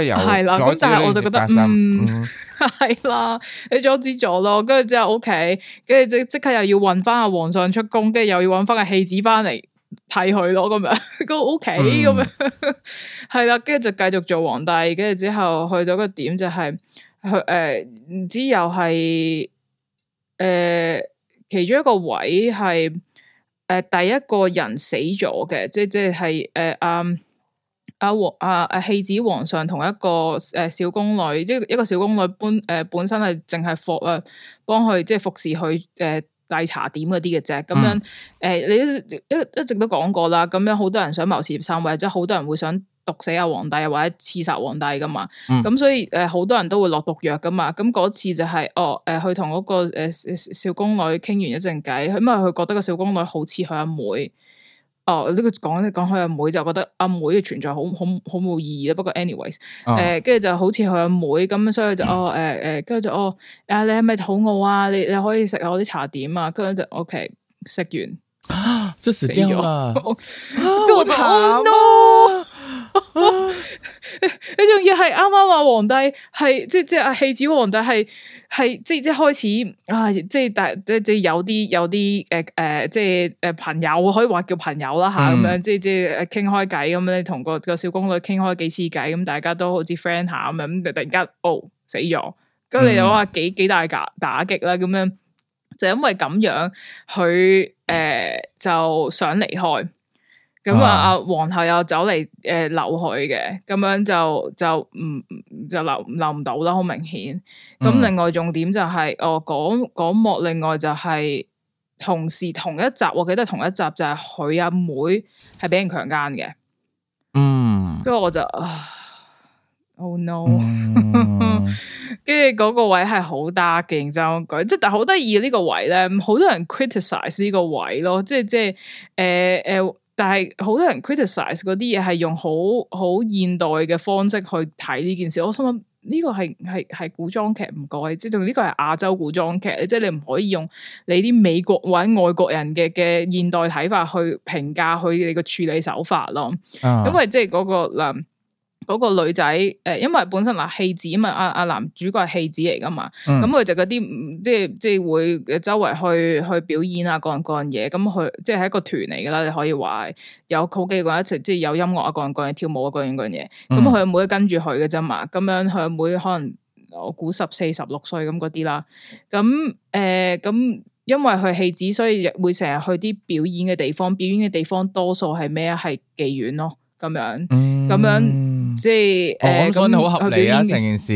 係啦，咁但係我就覺得，生嗯，係啦， 你阻止咗咯，跟住、嗯、之後 O K，跟住即即刻又要搵翻阿皇上出宮，跟住又要搵翻個戲子翻嚟睇佢咯，咁樣，咁 O K，咁樣，係啦、okay, 嗯，跟住 就繼續做皇帝，跟住之後去到個點就係、是，佢誒唔知又係，誒、呃、其中一個位係，誒、呃、第一個人死咗嘅，即即係，誒、呃、嗯。嗯阿皇誒，戲、啊、子皇上同一個誒、呃、小宮女，即係一個小宮女、呃，本誒本身係淨係服誒幫佢，即係服侍佢誒遞茶點嗰啲嘅啫。咁樣誒、嗯呃，你一一直都講過啦。咁樣好多人想謀殺聖上，即係好多人會想毒死阿皇帝或者刺殺皇帝噶嘛。咁、嗯、所以誒，好、呃、多人都會落毒藥噶嘛。咁嗰次就係、是、哦，誒、呃，去同嗰個誒小宮女傾完一陣偈，因為佢覺得個小宮女好似佢阿妹。哦，呢、呢個講講佢阿妹就覺得阿妹嘅存在好好好冇意義啦。不過 anyways，誒、哦，跟住、呃、就好似佢阿妹咁，所以就哦，誒、呃、誒，跟、呃、住就哦，啊，你係咪肚餓啊？你你可以食下我啲茶點啊？跟住就 OK，食完即、啊、死咗啦！我茶了啊 n 你仲 要係啱啱話皇帝係即即阿戲子皇帝係係即即開始啊即但即即有啲有啲誒誒即誒朋友可以話叫朋友啦吓咁樣即、呃、即傾開偈咁你同個、嗰個小宮女傾開幾次偈，咁大家都好似 friend 下咁樣，突然間哦死咗，咁你又話幾、嗯、幾，幾大打打擊啦咁樣，就因為咁樣佢誒、呃、就想離開。咁啊！阿皇哇后又走嚟誒，留佢嘅，咁樣就就唔、呃、就留留唔到啦，好明顯。咁、嗯、另外重點就係、是，哦幕，另外就係同時同一集，我記得同一集就係佢阿妹係俾人強奸嘅。嗯，跟住我就、呃、，oh no！跟住嗰個位係好打競爭，即係但係好得意呢個位咧，好多人 criticise 呢個位咯，即係即係誒誒。呃呃呃但係好多人 criticise 嗰啲嘢，係用好好現代嘅方式去睇呢件事，我心諗，呢個係係係古裝劇唔該，即係仲呢個係亞洲古裝劇咧，即係你唔可以用你啲美國或者外國人嘅嘅現代睇法去評價佢哋嘅處理手法咯，因為即係嗰個啦。嗰個女仔誒，因為本身嗱戲子嘛，阿阿男主角係戲子嚟噶嘛，咁佢、嗯、就嗰啲即係即係會周圍去去表演啊，各樣各樣嘢。咁佢即係係一個團嚟噶啦，你可以話有好幾個人一齊，即係有音樂啊，各種各種樣各樣跳舞啊，各樣各樣嘢。咁佢阿妹跟住佢嘅啫嘛，咁樣佢阿妹可能我估十四十六歲咁嗰啲啦。咁誒，咁、那個嗯嗯、因為佢戲子，所以會成日去啲表演嘅地方。表演嘅地方多數係咩啊？係妓院咯。咁樣，咁、嗯、樣即係誒，本身好合理啊，成件事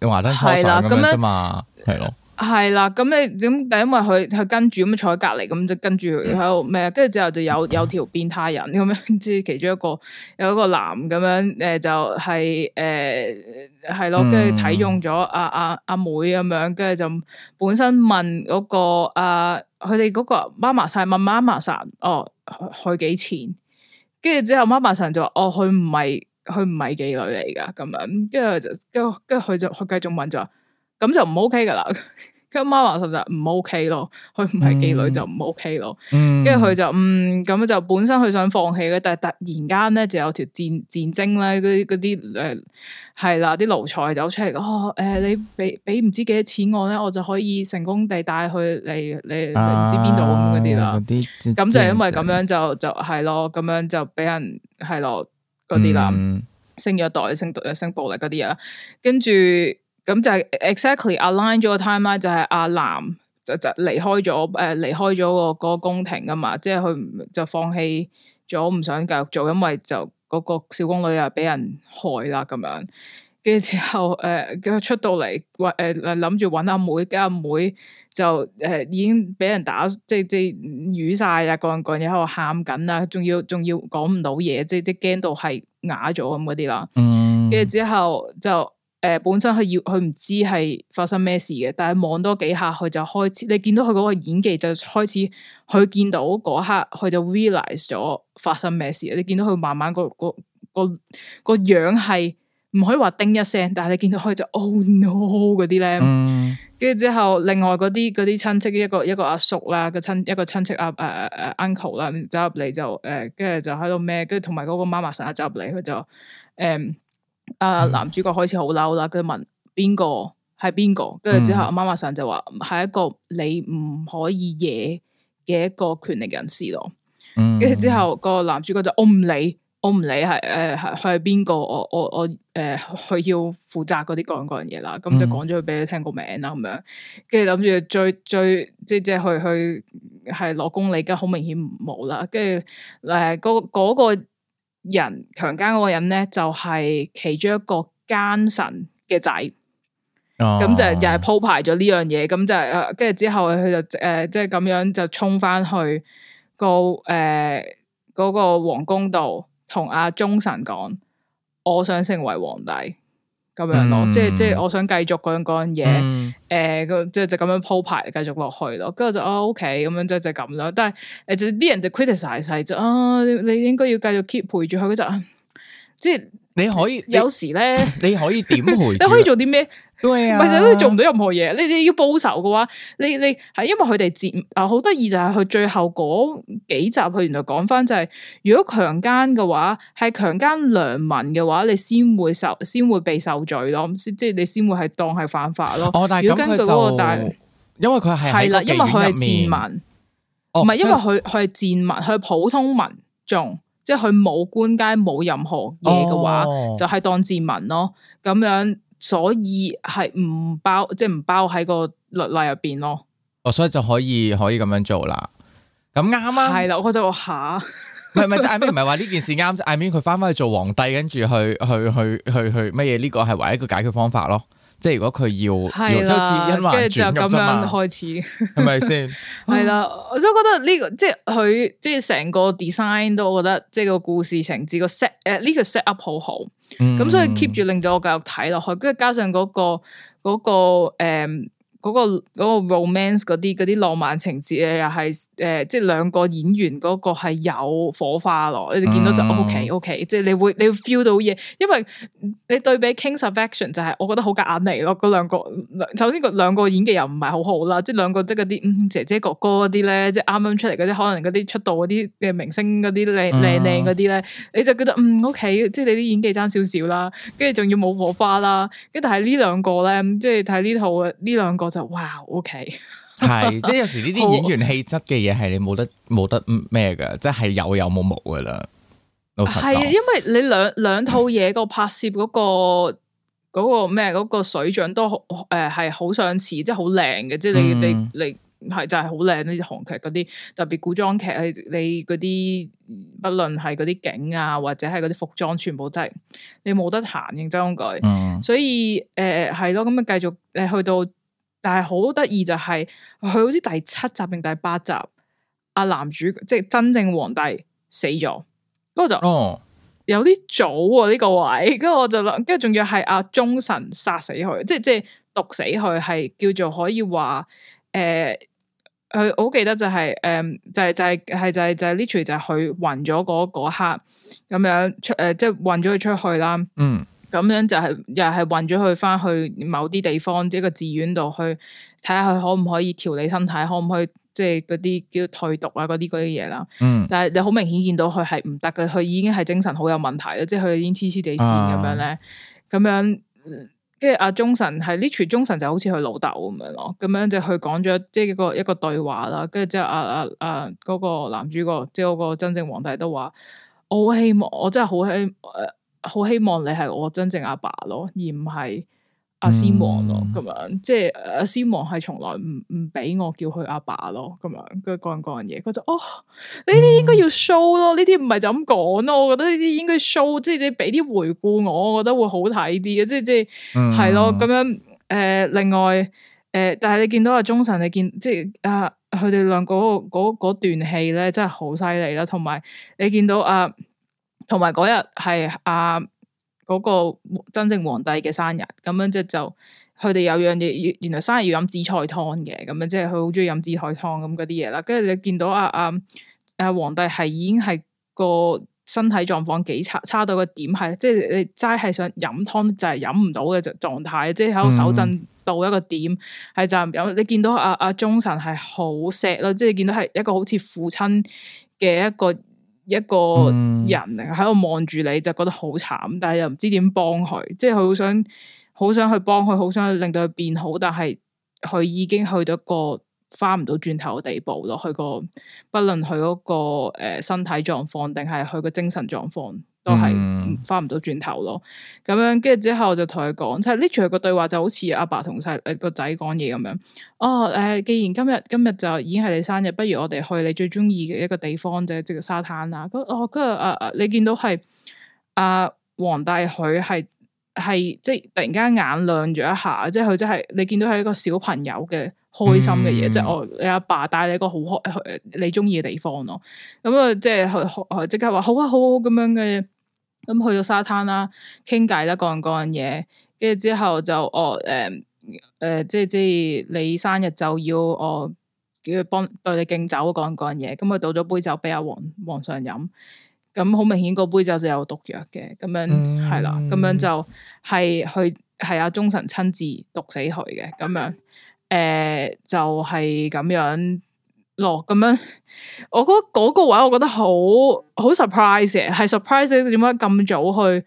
你話得通咁樣啫嘛，係咯噢，係啦樣，咁你咁，但因為佢佢跟住咁坐喺隔籬，咁就是、跟住喺度咩？跟住之後就有有條變態人咁樣，即係其中一個有一個男咁樣，誒就係誒係咯，跟住睇中咗阿阿阿妹咁樣，跟、就、住、是呃嗯、就本身問嗰、那個阿佢哋嗰個媽媽晒問媽媽晒，哦，開幾錢？跟住之後，媽媽生就話：，哦，佢唔係佢唔係妓女嚟㗎，咁樣。跟住就跟跟住佢就佢繼續問咗，話：，咁就唔 OK 㗎啦。佢阿媽話實在唔 OK 咯，佢唔係妓女就唔 OK 咯。跟住佢就嗯咁就本身佢想放棄嘅，但係突然間咧就有條戰戰爭咧嗰啲嗰啲誒係啦，啲、呃、奴才走出嚟哦誒、呃，你俾俾唔知幾多錢我咧，我就可以成功地帶去嚟。你唔知邊度咁嗰啲啦。咁就係因為咁樣就就係咯，咁樣就俾人係咯嗰啲啦，性虐待、性性暴力嗰啲嘢啦，跟住。咁就 exactly align 咗個 time 啦，就係阿、啊、南就就離開咗誒、呃、離開咗個個宮廷啊嘛，即係佢就放棄咗，唔想繼續做，因為就嗰個小宮女又俾人害啦咁樣。跟住之後誒，佢、呃、出到嚟揾誒諗住揾阿妹，跟阿妹，妹就誒、呃、已經俾人打即即瘀曬啊，個人個人喺度喊緊啊，仲要仲要講唔到嘢，即即驚到係啞咗咁嗰啲啦。跟住、嗯、之後就。誒，本身佢要佢唔知係發生咩事嘅，但係望多幾下，佢就開始你見到佢嗰個演技就開始，佢見到嗰刻佢就 realize 咗發生咩事。你見到佢慢慢嗰、嗰個個個樣係唔可以話叮一聲，但係你見到佢就 oh no 嗰啲咧，跟住、嗯、之後另外嗰啲嗰啲親戚一個一個阿叔啦，個親一個親戚阿誒誒 uncle 啦，走入嚟就誒，跟住就喺度咩，跟住同埋嗰個媽媽成日走入嚟，佢就誒。Um, 啊！男主角開始好嬲啦，佢問邊個係邊個，跟住、嗯、之後媽媽上就話係一個你唔可以惹嘅一個權力人士咯。跟住、嗯、之後個男主角就我唔理，我唔理係誒係係邊個，我我我誒佢要負責嗰啲各樣各樣嘢啦。咁就講咗佢俾佢聽個名啦，咁樣跟住諗住最最即即係去去係攞公理而家好明顯冇啦。跟住誒嗰嗰個。人強姦嗰個人咧，就係其中一個奸臣嘅仔，咁、啊、就又係鋪排咗呢樣嘢，咁就係跟住之後佢就誒，即係咁樣就衝翻去、嗰個誒嗰、呃嗰個皇宮度，同阿、啊、忠臣講，我想成為皇帝。咁樣咯，嗯、即係即係我想繼續嗰樣樣嘢，誒、嗯，咁、呃、即係就咁樣鋪排繼續落去咯。跟住就哦 OK 咁樣即係就咁咯。但係誒，啲人就 criticise 晒就啊，你應該要繼續 keep 陪住佢。佢就即係你可以有時咧，你可以點陪？你可以做啲咩？ 唔係，就都做唔到任何嘢。你你要報仇嘅話，你你係因為佢哋賤啊，好得意，就係佢最後嗰幾集，佢原來講翻就係如果強姦嘅話，係強姦良民嘅話，你先會受，先會被受罪咯。即係你先會係當係犯法咯。哦，但係咁佢就因為佢係係啦，因為佢係賤民，唔係因為佢佢係賤民，佢普通民眾，即係佢冇官階冇任何嘢嘅話，就係當賤民咯。咁樣。所以係唔包，即係唔包喺個律例入邊咯。哦，所以就可以可以咁樣做啦。咁啱啊，係啦。我覺得我下，唔係唔係，即係 I mean 唔係話呢件事啱啫。I mean 佢翻翻去做皇帝，跟住去去去去去乜嘢，呢個係唯一一個解決方法咯。即係如果佢要，係啦的，跟住就咁樣開始，係咪先？係啦，我就覺得呢個即係佢即係成個 design 都，我覺得、這個、即係個、個故事情節、這個 set 誒呢個 set up 好好。咁所以 keep 住令到我繼續睇落去，跟住加上嗰個嗰個誒。嗰個嗰個 romance 嗰啲嗰啲浪漫情節咧，又係誒，即係兩個演員嗰個係有火花咯，你就見到就 O K O K，即係你會你 feel 到嘢，因為你對比 King's Affection 就係、是、我覺得好隔硬嚟咯。嗰兩個兩首先個兩個演技又唔係好好啦，即係兩個即係嗰啲姐姐哥哥嗰啲咧，即係啱啱出嚟嗰啲，可能嗰啲出道嗰啲嘅明星嗰啲靚靚靚嗰啲咧，你就覺得嗯 O、okay, K，即係你啲演技爭少少啦，跟住仲要冇火花啦，跟住但係呢兩個咧，即係睇呢套呢兩個。就哇 Wow，OK，係 即係有時呢啲演員氣質嘅嘢係你冇得冇好得咩噶，即係有有冇冇噶啦。老係，因為你兩兩套嘢、 嗰個拍攝嗰個嗰個咩嗰個水準都好誒，係好相似，即係好靚嘅。即係、嗯、你你你係就係好靚呢啲韓劇嗰啲，特別古裝劇，你嗰啲不論係嗰啲景啊，或者係嗰啲服裝，全部都係你冇得彈認真講句，嗯、所以誒係咯，咁啊繼續你去到。但係、就是、好得意就係佢好似第七集定第八集阿、啊、男主即係真正皇帝死咗，不過就我就有啲早呢、啊哦、個位，跟住我就諗，跟住仲要係阿忠臣殺死佢，即係即係毒死佢，係叫做可以話誒，佢、呃、我好記得就係、是、誒、呃，就係、是、就係、是、係就係、是、就係、是、Lichy 就係佢暈咗嗰刻咁樣出誒，即係暈咗佢出去啦，嗯。咁樣就係又係運咗佢返去某啲地方，即係個寺院度去睇下佢可唔可以調理身體，可唔可以即係嗰啲叫退毒啊，嗰啲嗰啲嘢啦。嗯。但係你好明顯見到佢係唔得嘅，佢已經係精神好有問題啦，即係佢已經黐黐地線咁樣咧。咁、啊、樣，跟住阿忠臣係呢處忠臣就好似佢老豆咁樣咯。咁樣就佢講咗即係一個一個對話啦。跟住之後阿阿阿個男主角，即係嗰個真正皇帝都話，我好希望我真係好希誒。呃好希望你係我真正阿爸，爸咯，而唔係阿先王咯，咁、嗯、樣即係阿先王係從來唔唔俾我叫佢阿爸，爸咯，咁樣佢各樣各樣嘢，佢就哦呢啲應該要 show 咯，呢啲唔係就咁講咯，我覺得呢啲應該 show，即係你俾啲回顧我，我覺得會好睇啲嘅，即係即係係、嗯、咯，咁樣誒、呃，另外誒、呃，但係你見到阿忠臣，你見即係啊，佢、呃、哋兩個嗰段戲咧，真係好犀利啦，同埋你見到阿。呃同埋嗰日係阿嗰個真正皇帝嘅生日，咁樣即係就佢、是、哋有樣嘢，原來生日要飲紫菜湯嘅，咁樣即係佢好中意飲紫菜湯咁嗰啲嘢啦。跟住你見到阿阿阿皇帝係已經係個身體狀況幾差差到個點，係即係你齋係想飲湯就係飲唔到嘅狀態，即係喺度手震到一個點，係、嗯、就飲。你見到阿阿忠臣係好錫咯，即係你見到係一個好似父親嘅一個。一個人喺度望住你就覺得好慘，但係又唔知點幫佢，即係佢好想好想去幫佢，好想去令到佢變好，但係佢已經去到一個翻唔到轉頭嘅地步咯。佢個不論佢嗰個誒身體狀況，定係佢個精神狀況。嗯、都係翻唔到轉頭咯，咁樣跟住之後我就同佢講，即係呢條個對話就好似阿爸同細個仔講嘢咁樣。哦，誒，既然今日今日就已經係你生日，不如我哋去你最中意嘅一個地方，就是沙灘啊 oh, uh, see, uh, is, is, 即個沙灘啦。哦，跟住啊你見到係阿黃大許係係即係突然間眼亮咗一下，即係佢即係你見到係一個小朋友嘅開心嘅嘢，即係我你阿爸帶你一個好開你中意嘅地方咯。咁啊，即係佢即刻話好啊，好咁樣嘅。咁去到沙灘啦，傾偈啦，講嗰樣嘢，跟住之後就我誒誒，即係即係你生日就要我叫佢幫對你敬酒，講嗰樣嘢，咁佢倒咗杯酒俾阿皇皇上飲，咁好明顯嗰杯酒就有毒藥嘅，咁樣係、嗯、啦，咁樣就係去係阿忠臣親自毒死佢嘅，咁樣誒就係咁樣。嗯呃就是落咁、嗯、樣，我覺得嗰個位，我覺得好好 surprise 嘅，係 s u r p r i s e n g 點解咁早去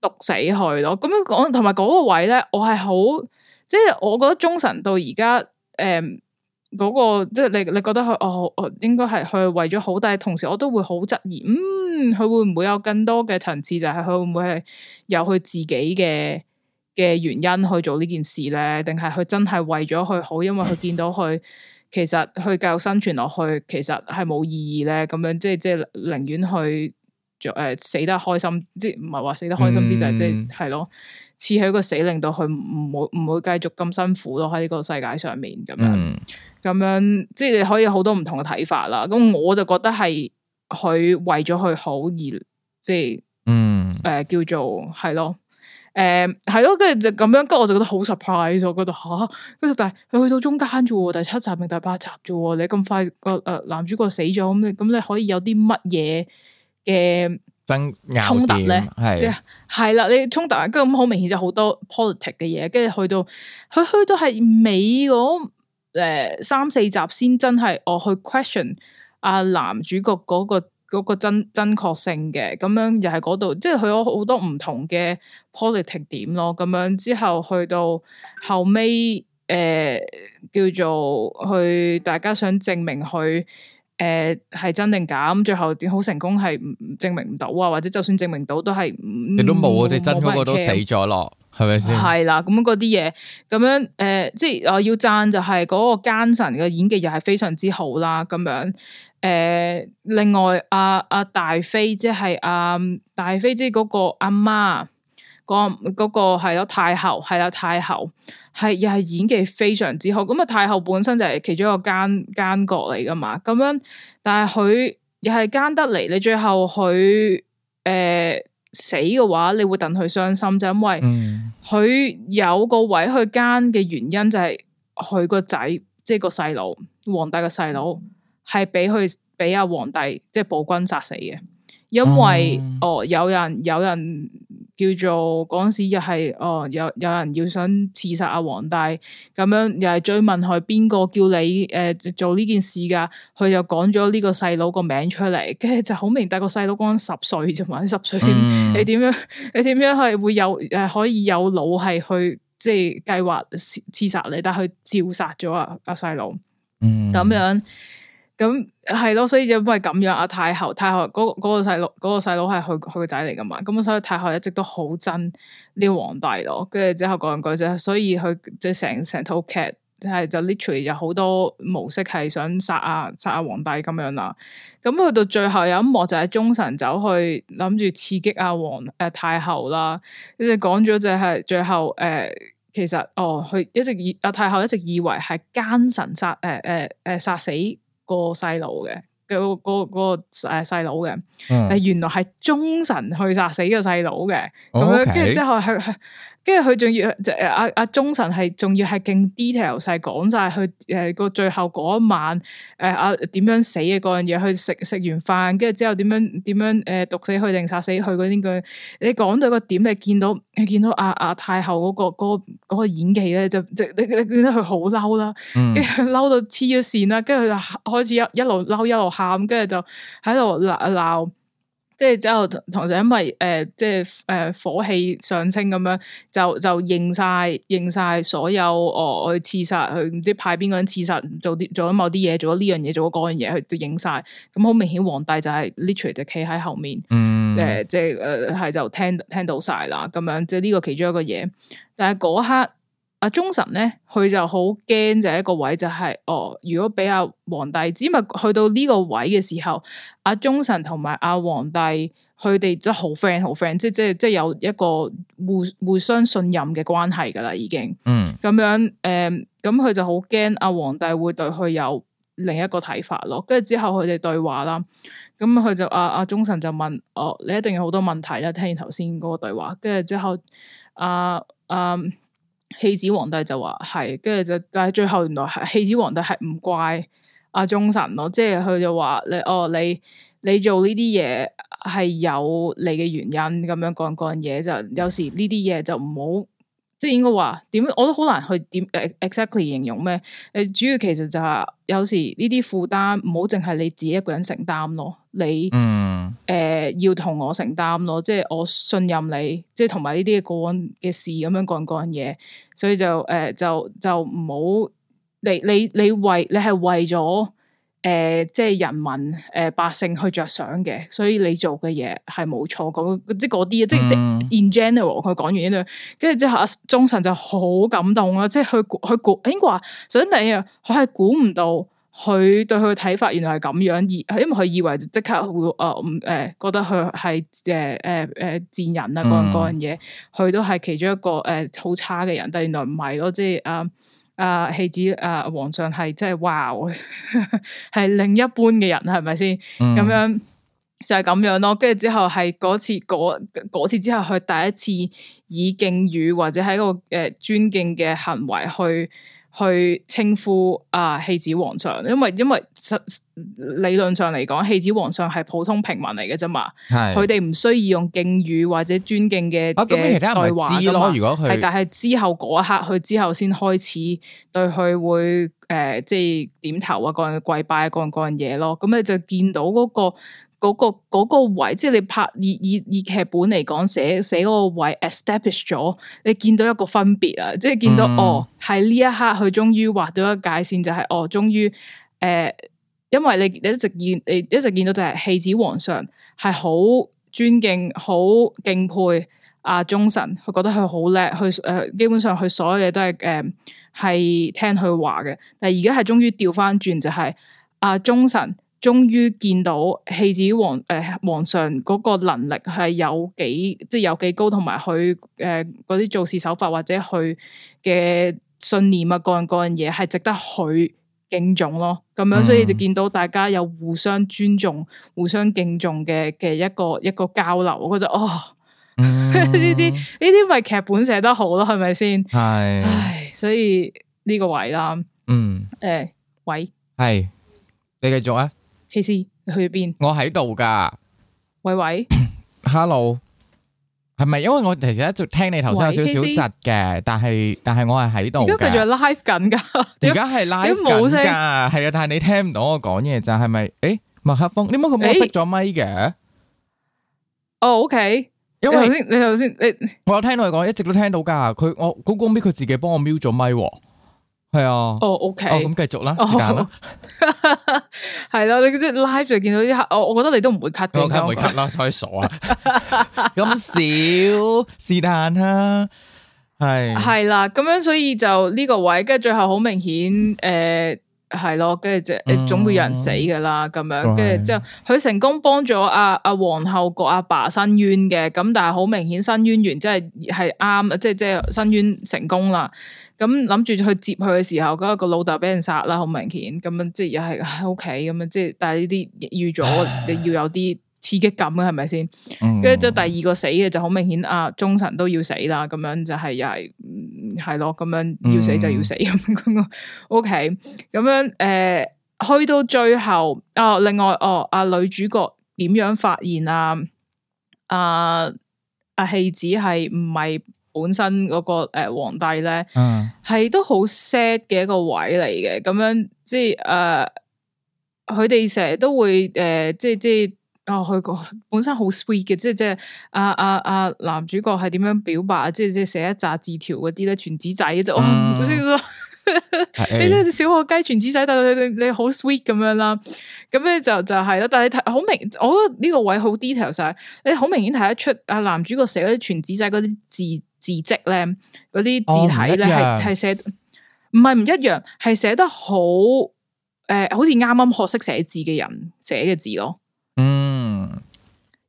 毒死佢咯？咁樣講，同埋嗰個位咧，我係好即係，我覺得忠臣到而家，誒、嗯、嗰、那個即係你你覺得佢哦，我應該係去為咗好，但係同時我都會好質疑，嗯，佢會唔會有更多嘅層次，就係、是、佢會唔會係有佢自己嘅嘅原因去做呢件事咧？定係佢真係為咗佢好，因為佢見到佢。其實繼續生存落去，其實係冇意義咧。咁樣即係即係寧願去誒、呃、死得開心，即係唔係話死得開心啲，嗯、就係即係咯，似喺個死令到佢唔會唔會繼續咁辛苦咯。喺呢個世界上面咁樣，咁、嗯、樣即係你可以好多唔同嘅睇法啦。咁我就覺得係佢為咗佢好而即係，嗯誒、呃、叫做係咯。誒，係咯、嗯，跟住就咁樣，跟住我就覺得好 surprise，我覺得吓，跟、啊、住但係佢去到中間啫，第七集定第八集啫，你咁快個誒男主角死咗，咁你咁你可以有啲乜嘢嘅衝突咧？係係啦，你衝突跟咁好明顯就好多 politic 嘅嘢，跟住去到佢去到係尾嗰誒三四集先真係，我、哦、去 question 阿、啊、男主角嗰、那個。嗰個真真確性嘅，咁樣又係嗰度，即係佢有好多唔同嘅 political 點咯，咁樣之後去到後尾，誒、呃、叫做去大家想證明佢誒係真定假，咁最後好成功係證明唔到啊，或者就算證明到都係你都冇，你真嗰個都死咗咯，係咪先？係啦了，咁嗰啲嘢，咁樣誒、呃，即係我要讚就係嗰個奸臣嘅演技又係非常之好啦，咁樣。誒、呃，另外阿阿、啊啊、大妃即係阿大妃，即係嗰、啊、個阿媽，嗰嗰、那個係咯太后，係啦太后，係又係演技非常之好。咁啊太后本身就係其中一個奸奸角嚟噶嘛，咁樣，但係佢又係奸得嚟，你最後佢誒、呃、死嘅話，你會戥佢傷心，就因為佢、嗯、有個位去奸嘅原因就係佢個仔，即係個細佬，皇帝個細佬。係俾佢俾阿皇帝即係暴君殺死嘅，因為、嗯、哦有人有人叫做嗰陣時，又係哦有有人要想刺殺阿皇帝咁樣，又係追問佢邊個叫你誒、呃、做呢件事噶，佢就講咗呢個細佬個名出嚟，跟住就好明，但個細佬講十歲啫嘛，十歲你點樣、嗯、你點樣係會有誒可以有腦係去即係計劃刺刺殺你，但係佢照殺咗阿阿細佬，咁樣。嗯嗯咁係咯，所以就因為咁樣，阿太后太后嗰嗰、嗰個細佬嗰個細佬係佢佢個仔嚟噶嘛，咁所以太后一直都好憎呢個皇帝咯。跟住之後講講就，所以佢即係成成套劇係就，就 literally 有好多模式係想殺阿殺阿皇帝咁樣啦。咁去到最後有一幕就係忠臣走去諗住刺激阿、啊、皇誒、呃、太后啦，跟住講咗就係最後誒、呃，其實哦，佢一直以阿太后一直以為係奸臣殺誒誒誒殺死。個細佬嘅，那個、那個個誒細佬嘅，係原來係忠臣去殺死個細佬嘅，咁樣跟住之後係。Okay. 跟住佢仲要，阿阿忠臣係仲要係勁 detail 晒講晒佢，誒個最後嗰一晚，誒阿點樣死嘅嗰樣嘢，佢食食完飯，跟住之後點樣點樣誒毒死佢定殺死佢嗰啲嘅，你講到個點你見到你見到阿阿、啊啊、太后嗰、嗰個、嗰個、嗰個演技咧，就就你你見到佢好嬲啦，跟住佢嬲到黐咗線啦，跟住佢就開始一一路嬲一路喊，跟住就喺度鬧鬧。即係之後同時因為誒、呃、即係誒、呃、火氣上升咁樣就就認晒認晒所有我、哦、去刺殺去唔知派邊個人刺殺做啲做緊某啲嘢做咗呢樣嘢做咗嗰樣嘢去影晒，咁好明顯皇帝就係 literally 就企喺後面，嗯、即係即係誒係就聽聽到晒啦咁樣即係呢個其中一個嘢，但係嗰刻。阿忠臣咧，佢就好驚，就一個位就係哦，如果俾阿皇帝只係去到呢個位嘅時候，阿忠臣同埋阿皇帝佢哋都好 friend，好 friend，即係即係即係有一個互互相信任嘅關係噶啦，已經。嗯。咁樣誒，咁佢就好驚阿皇帝會對佢有另一個睇法咯。跟住之後佢哋對話啦，咁佢就阿阿忠臣就問：哦你一定有好多問題啦，聽完頭先嗰個對話。跟住之後，阿阿。戲子皇帝就話係，跟住就，但係最後原來係戲子皇帝係唔怪阿、啊、忠臣咯，即係佢就話你哦，你你做呢啲嘢係有你嘅原因，咁樣講講嘢就有時呢啲嘢就唔好。即係應該話點，我都好難去點誒，exactly 形容咩？誒，主要其實就係有時呢啲負擔唔好淨係你自己一個人承擔咯，你誒、嗯呃、要同我承擔咯，即係我信任你，即係同埋呢啲嘅個案嘅事，咁樣講嗰樣嘢，所以就誒、呃、就就唔好你你你為你係為咗。誒、呃，即係人民誒、呃、百姓去着想嘅，所以你做嘅嘢係冇錯，咁即係嗰啲即即 in general。佢講完呢，跟住之後，忠臣就好感動啦。即係佢佢估應該話，首先第一樣，佢係估唔到佢對佢嘅睇法，原來係咁樣，而因為佢以為即刻會誒，唔、呃、誒覺得佢係誒誒誒賤人啊，嗰樣樣嘢，佢都係其中一個誒好、呃、差嘅人，但係原來唔係咯，即係啊。呃啊！戲子啊！Uh, 皇上係真係哇，係、wow, 另一般嘅人，係咪先？咁、mm. 樣就係、是、咁樣咯。跟住之後係嗰次，嗰次之後，佢第一次以敬語或者係一個誒、呃、尊敬嘅行為去。去稱呼啊戲子皇上，因為因為實，理論上嚟講，戲子皇上係普通平民嚟嘅啫嘛，係佢哋唔需要用敬語或者尊敬嘅嘅對話、啊、其咯。如果佢，但係之後嗰一刻，佢之後先開始對佢會誒，即、呃、係、就是、點頭啊，各樣跪拜、啊、各、人各樣各樣嘢咯。咁你就見到嗰、那個。嗰、那個、那個位，即係你拍以以以劇本嚟講，寫寫嗰個位 establish 咗，你見到一個分別啊！即係見到、嗯、哦，喺呢一刻佢終於劃咗一個界線，就係、是、哦，終於誒，因為你你一直見你一直見到就係戲子皇上係好尊敬、好敬佩阿、啊、忠臣，佢覺得佢好叻，佢誒、呃，基本上佢所有嘢都係誒係聽佢話嘅。但係而家係終於調翻轉，就係阿忠臣。終於見到戲子皇誒皇上嗰個能力係有幾即係有幾高，同埋佢誒嗰啲做事手法或者佢嘅信念啊，各樣各樣嘢，係值得去敬重咯。咁樣所以就見到大家有互相尊重、互相敬重嘅、嘅一個一個交流，我覺得哦，呢啲呢啲咪劇本寫得好咯，係咪先？係，唉，所以呢個位啦，嗯，誒，喂，係，你繼續啊。KC，你去邊？我喺度噶。喂喂，Hello，係咪因為我其實一直聽你頭先有少少窒嘅？但係但係我係喺度噶。而家仲係 live 緊噶。而家係 live 緊噶，係啊。但係你聽唔到我講嘢就係咪？誒，麥克風，點解佢冇熄咗麥嘅？哦，OK。因為頭先你頭先你，我有聽到佢講，一直都聽到噶。佢我估估下佢自己幫我 mute 咗麥。係 啊，哦，OK，咁繼續啦，時間啦，係咯，你即係 live 就見到啲客，我我覺得你都唔會 cut 嘅，我梗唔會 cut 啦， 所以傻 啊，咁少是但啦，係係啦，咁樣所以就呢個位，跟住最後好明顯，誒、呃，係咯，跟住即係總會有人死噶啦，咁、嗯、樣，跟住之後佢成功幫咗阿阿皇后國阿爸申冤嘅，咁但係好明顯申冤完即係係啱，即係即係申冤成功啦。咁諗住去接佢嘅時候，嗰、那個老豆俾人殺啦，好明顯。咁樣即係又係喺屋企咁樣，即係、啊 okay，但係呢啲預咗你要有啲刺激感嘅係咪先？跟住就第二個死嘅就好明顯啊，忠臣都要死啦。咁樣就係又係係咯，咁、嗯嗯嗯嗯、樣要死就要死。O K，咁樣誒，去到最後啊、哦，另外哦，阿、啊、女主角點樣發現啊？啊啊，戲子係唔係？本身嗰、那個誒、呃、皇帝咧，係、嗯、都好 sad 嘅一個位嚟嘅，咁樣即係誒，佢哋成日都會誒、呃，即係即係哦，佢、呃、個本身好 sweet 嘅，即係即係啊啊啊男主角係點樣表白，即係即係寫一扎字條嗰啲咧，傳紙仔就我你即係小學雞傳紙仔，但係你你好 sweet 咁樣啦，咁咧就就係、是、咯，但係睇好明，我覺得呢個位好 detail 晒，你好明顯睇得出啊男主角寫嗰啲傳紙仔嗰啲字。字跡咧，嗰啲字體咧，係係寫唔係唔一樣，係寫得好誒、呃，好似啱啱學識寫字嘅人寫嘅字咯。嗯，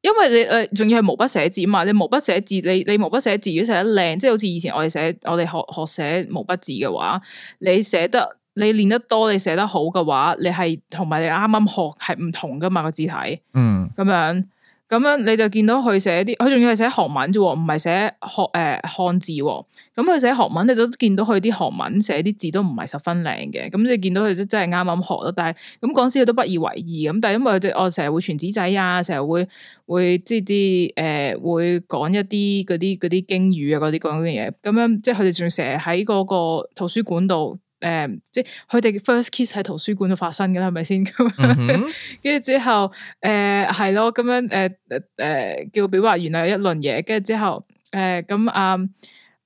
因為你誒，仲、呃、要係毛筆寫字嘛？你毛筆寫字，你你毛筆寫字如果寫得靚，即係好似以前我哋寫我哋學學，學寫毛筆字嘅話，你寫得你練得多，你寫得好嘅話，你係同埋你啱啱學係唔同噶嘛個字體。嗯，咁樣。咁樣你就見到佢寫啲，佢仲要係寫韓文啫，唔係寫學誒、呃、漢字喔。咁佢寫韓文，你都見到佢啲韓文寫啲字都唔係十分靚嘅。咁你見到佢真真係啱啱學咯。但係咁嗰陣時佢都不以為意咁。但係因為我我成日會傳紙仔啊，成日會會即啲誒會講一啲嗰啲啲經語啊嗰啲講嘅嘢。咁樣，樣即係佢哋仲成日喺嗰個圖書館度。誒，即係佢哋嘅 first kiss 喺圖書館度發生嘅啦，係咪先？咁，跟住之後，誒、呃，係咯，咁樣，誒、呃，誒、呃，叫表白原來有一輪嘢，跟住之後，誒、呃，咁啊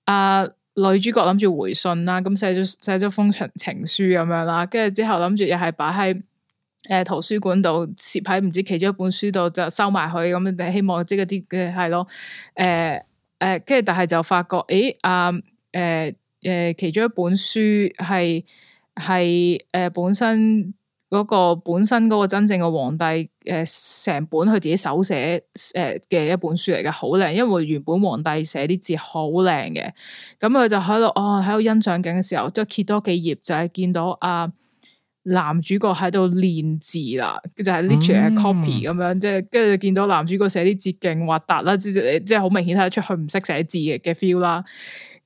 啊，女主角諗住回信啦，咁寫咗寫咗封情情書咁樣啦，跟住之後諗住又係擺喺誒圖書館度，攝喺唔知其中一本書度就收埋佢，咁希望即係啲嘅係咯，誒、呃、誒，跟、呃、住但係就發覺，誒、欸、啊，誒、呃。呃呃誒，其中一本書係係誒，本身嗰，那個本身個真正嘅皇帝誒，成、呃、本佢自己手寫誒嘅一本書嚟嘅，好靚。因為原本皇帝寫啲字好靚嘅，咁佢就喺度哦，喺度欣賞景嘅時候，即再揭多幾頁就係、是、見到阿、啊、男主角喺度練字啦，就係、是、literally copy 咁、嗯、樣，即係跟住見到男主角寫啲字勁核突啦，即係即係好明顯睇得出佢唔識寫字嘅嘅 feel 啦。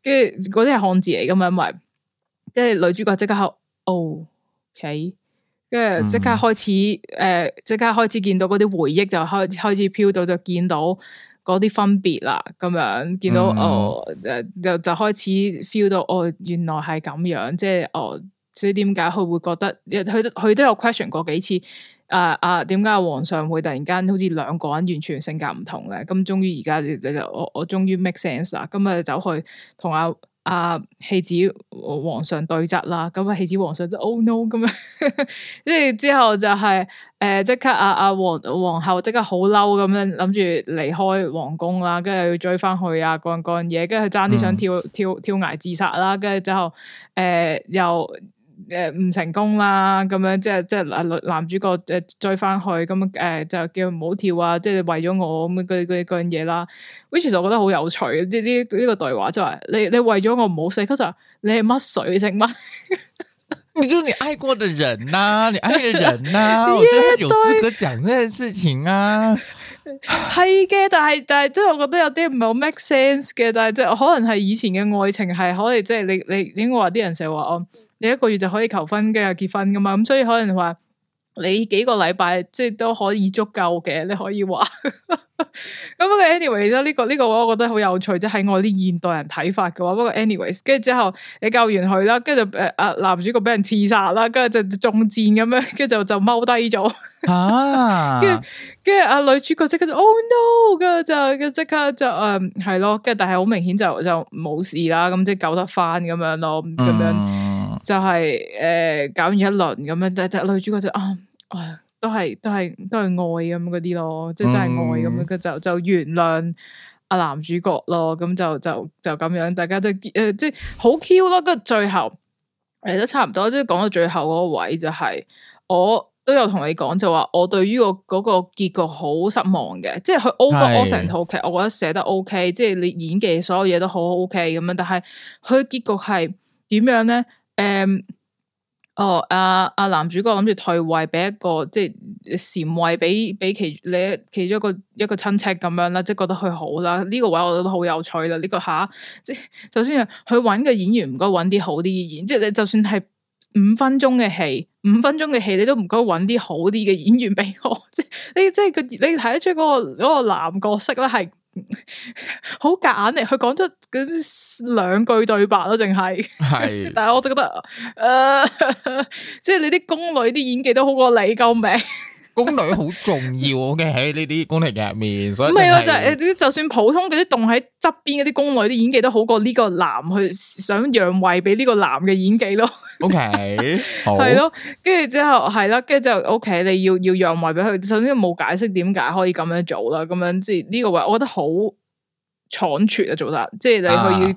跟住嗰啲係漢字嚟噶嘛，因為跟住女主角即刻，哦，OK，跟住即刻開始，誒、嗯，呃、即刻開始見到嗰啲回憶就開開始飄到，就見到嗰啲分別啦，咁樣見到、嗯、哦，就就開始 feel 到哦，原來係咁樣，即係哦，所以點解佢會覺得，佢都佢都有 question 過幾次。啊啊！點解皇上會突然間好似兩個人完全性格唔同咧？咁終於而家你就我我終於 make sense 啦！咁啊走去同阿阿戲子皇上對質啦！咁啊戲子皇上就 oh no 咁樣！跟住之後就係誒即刻阿阿皇皇后即刻好嬲咁樣諗住離開皇宮啦，跟住要追翻去啊干干嘢，跟住佢爭啲想跳，嗯、跳跳，跳崖自殺啦，跟住之後誒、呃、又誒，唔、呃、成功啦，咁樣即係即係男主角誒，追翻去咁誒，就叫佢唔好跳啊！即係為咗我咁嘅嗰樣嘢啦。which 其實我覺得好有趣，呢呢呢個對話就係、是、你你為咗我唔好死，佢就話你係乜水性乜？ 你中意愛過的人啊，你愛嘅人啊，我覺得有資格講呢件事情啊。係嘅，但係但係即係我覺得有啲唔係好 make sense 嘅，但係即係可能係以前嘅愛情係可以，即係你你你應該話啲人成日話我。我你一個月就可以求婚，跟住結婚噶嘛？咁所以可能話你幾個禮拜即係都可以足夠嘅，你可以話。咁 不過 anyway，啦、這個，呢個呢個我覺得好有趣，即係我啲現代人睇法嘅話。不過 anyways，跟住之後你救完佢啦，跟住就誒阿男主角俾人刺殺啦，跟住就中箭咁樣，跟住就踎低咗。 啊！跟住跟住阿女主角即刻就，oh no！噶就即刻就誒係、嗯、咯，跟住但係好明顯就就冇事啦，咁即係救得翻咁樣咯，咁樣。就係、是、誒、呃，搞完一輪咁樣，但但女主角就啊，唉都係都係都係愛咁嗰啲咯，即係真係愛咁，佢、嗯、就就原諒阿男主角咯，咁、嗯、就就就咁樣，大家都誒、呃、即係好 Q 咯。跟住最後誒都差唔多，即係講到最後嗰個位就係、是，我都有同你講就話，我對於我嗰個結局好失望嘅，即係佢 over，< 是 S 1> 我成套劇，我覺得寫得 OK，即係你演技所有嘢都好 OK 咁樣，但係佢結局係點樣咧？誒，um, 哦，阿、啊、阿、啊、男主角諗住退位，俾一個即係禪位，俾俾其你其中一個一個親戚咁樣啦，即係覺得佢好啦。呢、呢個位我覺得好有趣啦。呢、呢個吓、啊，即係首先係佢揾嘅演員唔該揾啲好啲，嘅演即係你就算係五分鐘嘅戲，五分鐘嘅戲你都唔該揾啲好啲嘅演員俾我。即係你即係佢，你睇得出嗰、嗰個、嗰個男角色咧係。好夾硬嚟，佢講咗咁兩句對白咯，淨係是， 但係我就覺得，呃、 即係你啲宮女啲演技都好過你，救命！ 宮 女好重要嘅喺呢啲宮廷劇入面， 所以唔係啊，就係就算普通嗰啲凍喺側邊嗰啲宮女啲演技都好過呢個男去想讓位俾呢個男嘅演技咯。 OK， 好，係咯，跟住之後係啦，跟住就 OK，你要要讓位俾佢，首先冇解釋點解可以咁樣做啦，咁樣即係呢個位，我覺得好。倉促啊，做得，即係你去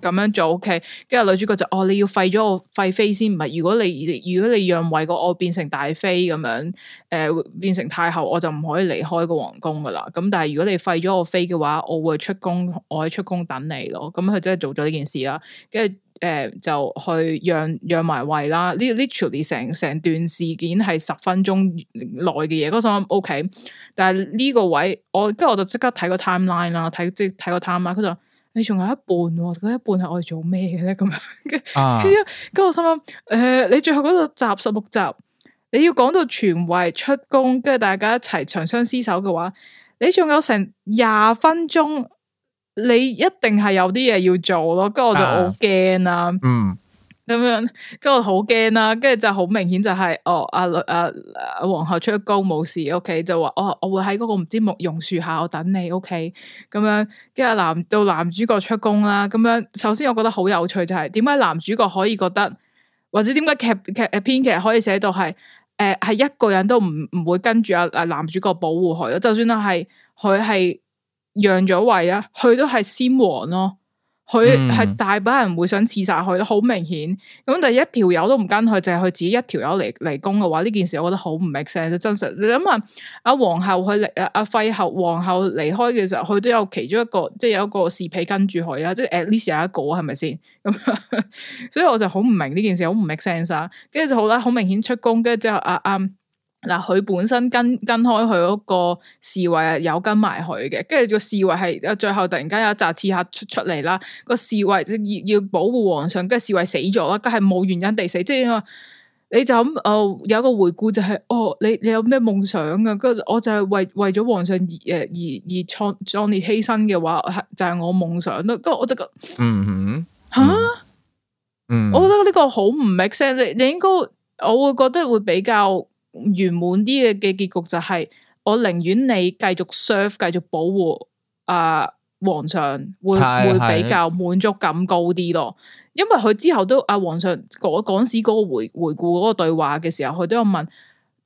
要咁樣做、啊，OK，跟住女主角就哦，你要廢咗我廢妃先唔係，如果你如果你讓位過我變成大妃咁樣，誒、呃，變成太后，我就唔可以離開個皇宮噶啦，咁但係如果你廢咗我妃嘅話，我會出宮，我喺出宮等你咯，咁佢真係做咗呢件事啦，跟住。誒、呃，就去讓讓埋位啦。呢呢 literally 成成段事件係十分鐘內嘅嘢。嗰時我諗，O K。Okay, 但係呢個位，我跟住我就即刻睇個 timeline，即刻睇個 timeline 啦，睇即睇個 timeline。佢就話你仲有一半、哦，嗰一半係我哋做咩嘅咧？咁 樣是。跟住、啊，跟我心諗，誒，你最後嗰度集十六集，你要講到全位出宮，跟住大家一齊長相廝守嘅話，你仲有成廿分鐘。你一定係有啲嘢要做咯，跟住我就好驚啦，咁、啊嗯、樣，咁我好驚啦，跟住就好明顯就係、是、哦，阿阿阿皇后出宮冇事，OK？就話哦，我會喺嗰個唔知木榕樹下，我等你，O K 咁樣。跟住男到男主角出宮啦，咁樣首先我覺得好有趣就係點解男主角可以覺得，或者點解劇劇編劇可以寫到係誒係一個人都唔唔會跟住阿阿男主角保護佢，就算係佢係。讓咗位啊！佢都係先王咯，佢係大把人會想刺殺佢，好明顯。咁但係一條友都唔跟佢，就係佢自己一條友嚟嚟宮嘅話，呢件事我覺得好唔 make sense。真實，你諗下阿皇后佢阿阿廢后皇后離開嘅時候，佢都有其中一個即係有一個侍婢跟住佢啊，即係 at least 有一個係咪先？咁 所以我就好唔明呢件事，好唔 make sense 啊！跟住就好啦，好明顯出宮，跟住之後阿阿。嗱，佢本身跟跟開佢嗰個侍衛啊，有跟埋佢嘅，跟住個侍衛係最後突然間有集刺客出出嚟啦，那個侍衛要要保護皇上，跟住侍衛死咗啦，梗係冇原因地死，即、就、係、是、你就咁哦，有個回顧就係、是、哦，你你有咩夢想噶、啊？跟住我就係為為咗皇上而誒而而創壯烈犧牲嘅話，就係、是、我夢想咯。跟我就覺，嗯吓，嗯，我覺得呢個好唔 make sense，你你應該我，應該我，應該我應該會覺得會比較，比較。圓滿啲嘅嘅結局就係、是，我寧願你繼續 serve，繼續保護啊皇上，會會比較滿足感高啲咯。因為佢之後都阿、啊、皇上講講史嗰個回回顧嗰個對話嘅時候，佢都有問，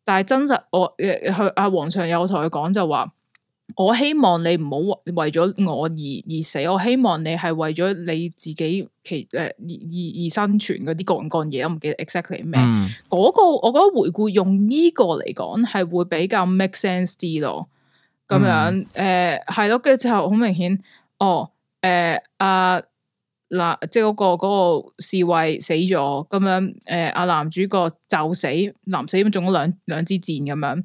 但係真實我佢阿、啊、皇上有同佢講就話。我希望你唔好為咗我而而死。我希望你係為咗你自己其，誒、呃、而而而生存嗰啲干唔干嘢，我唔記得 exactly 咩。嗰、mm. 嗰個，我覺得回顧用呢個嚟講係會比較 make sense 啲咯。咁樣誒係咯，跟住之後好明顯哦。誒阿男即係、嗰、嗰個、嗰個侍衛死咗，咁樣誒阿、呃啊、男主角就死臨死咁中咗兩兩支箭咁樣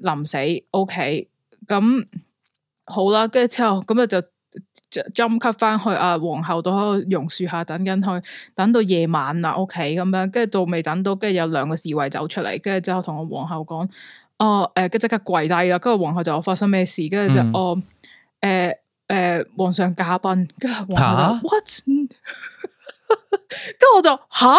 臨死。OK。咁好啦，跟住之後咁就就 jump cut 翻去啊皇后度，喺個榕樹下等緊佢，等到夜晚啦，OK，咁樣跟住到未等到，跟住有兩個侍衛走出嚟，跟住之後同我皇后講，哦，誒，佢即刻跪低啦。跟住皇后就：話發生咩事？跟住就：哦，誒誒，皇上駕崩。跟住皇后吓？What？跟住我就吓。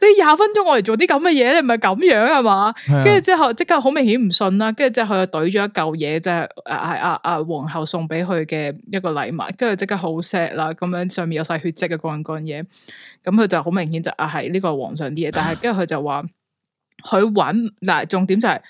你廿分鐘我嚟做啲咁嘅嘢，你咪咁樣係嘛？跟住之後即刻好明顯唔信啦，跟住之後佢懟咗一嚿嘢，即係係阿阿皇后送俾佢嘅一個禮物，跟住即刻好 sad 啦，咁樣上面有晒血跡嘅乾干嘢，咁佢就好明顯就是、啊係呢、呢個皇上啲嘢，但係跟住佢就話佢搵嗱重點就係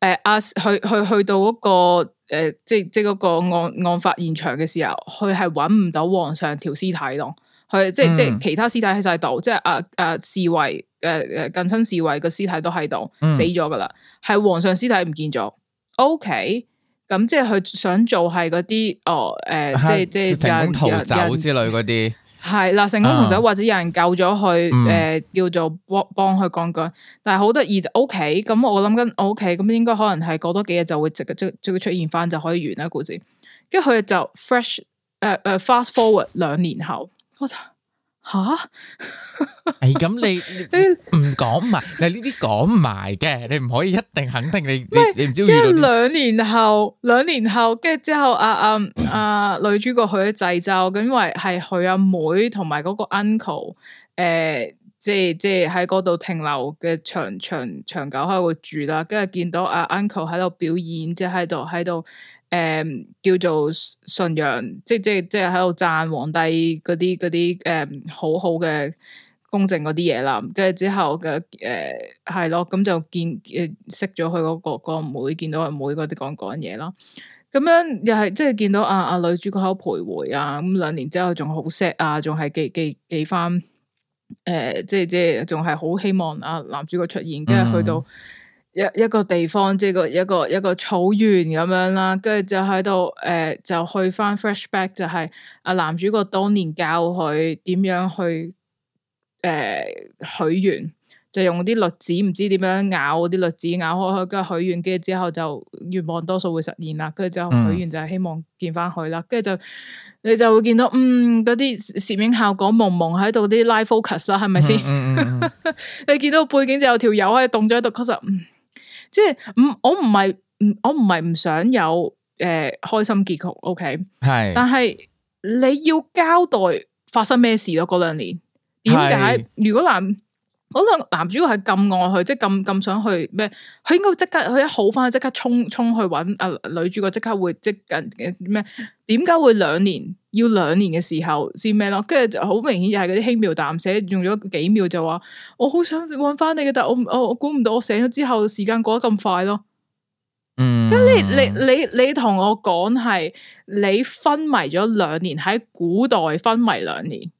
誒阿去去去到嗰、嗰個誒、呃、即即嗰個案案發現場嘅時候，佢係搵唔到皇上條屍體咯。佢即係即係其他屍體喺晒度，即係啊啊侍衛誒誒近親侍衛嘅屍體都喺度死咗噶啦，係皇上屍體唔見咗。O K，咁即係佢想做係嗰啲哦誒，即係即係成功逃走之類嗰啲。係嗱，成功逃走或者有人救咗佢誒，叫做幫佢講句，但係好得意就 O K，咁我諗緊 O K，咁應該可能係過多幾日就會即即即，即出現翻就可以完啦故事。跟住佢就 fresh 誒、uh, 誒、uh, fast forward 兩年後。吓？誒，咁、 哎、你唔講埋你呢啲講埋嘅，你唔 可以一定肯定你麼你你唔知道。一兩年後，兩年後，跟住之後、啊，阿阿阿女主角去咗濟州，咁 因為係佢阿妹同埋嗰個 uncle，誒、呃，即係即係喺嗰度停留嘅長長長久喺度住啦，跟住見到阿、啊、uncle 喺度表演，即係喺度喺度。誒、嗯，叫做信仰，即即即喺度讚皇帝嗰啲啲誒好好嘅公正嗰啲嘢啦。跟住、嗯、之後嘅誒係咯，咁就見誒識咗佢嗰個個妹，見到阿妹嗰啲講講嘢啦。咁樣又係即係見到阿阿女主角喺度徘徊啊。咁兩年之後仲好錫啊，仲係記記記翻誒，即即仲係好希望阿男主角出現，跟住去到。一一個地方即係個一個一個草原咁樣啦，跟住就喺度誒，就去翻 flashback 就係阿男主角當年教佢點樣去誒許願，就用啲栗子唔知點樣咬嗰啲栗子咬開開，跟住許願嘅之後就願望多數會實現啦。跟住就後許願就係希望見翻佢啦。跟住就你就會見到嗯嗰啲攝影效果朦朦喺度啲 Live Focus 啦，係咪先？嗯嗯嗯、 你見到背景就有條友喺度凍咗喺度，其實、嗯即係唔我唔係唔我唔係唔想有誒、呃、開心結局，OK 係是，但係你要交代發生咩事咯？嗰兩年點解如果男？嗰個男主角係咁愛佢，即係咁咁想去咩？佢應該即刻，佢一好翻，即刻衝衝去揾啊、呃、女主角，即刻會即緊咩？點解會兩年？要兩年嘅時候先咩咯？跟住就好明顯，就係嗰啲輕描淡寫，用咗幾秒就話我好想揾翻你嘅，但我我我估唔到我醒咗之後時間過得咁快咯。嗯，咁你你你你同我講係你昏迷咗兩年喺古代昏迷兩年，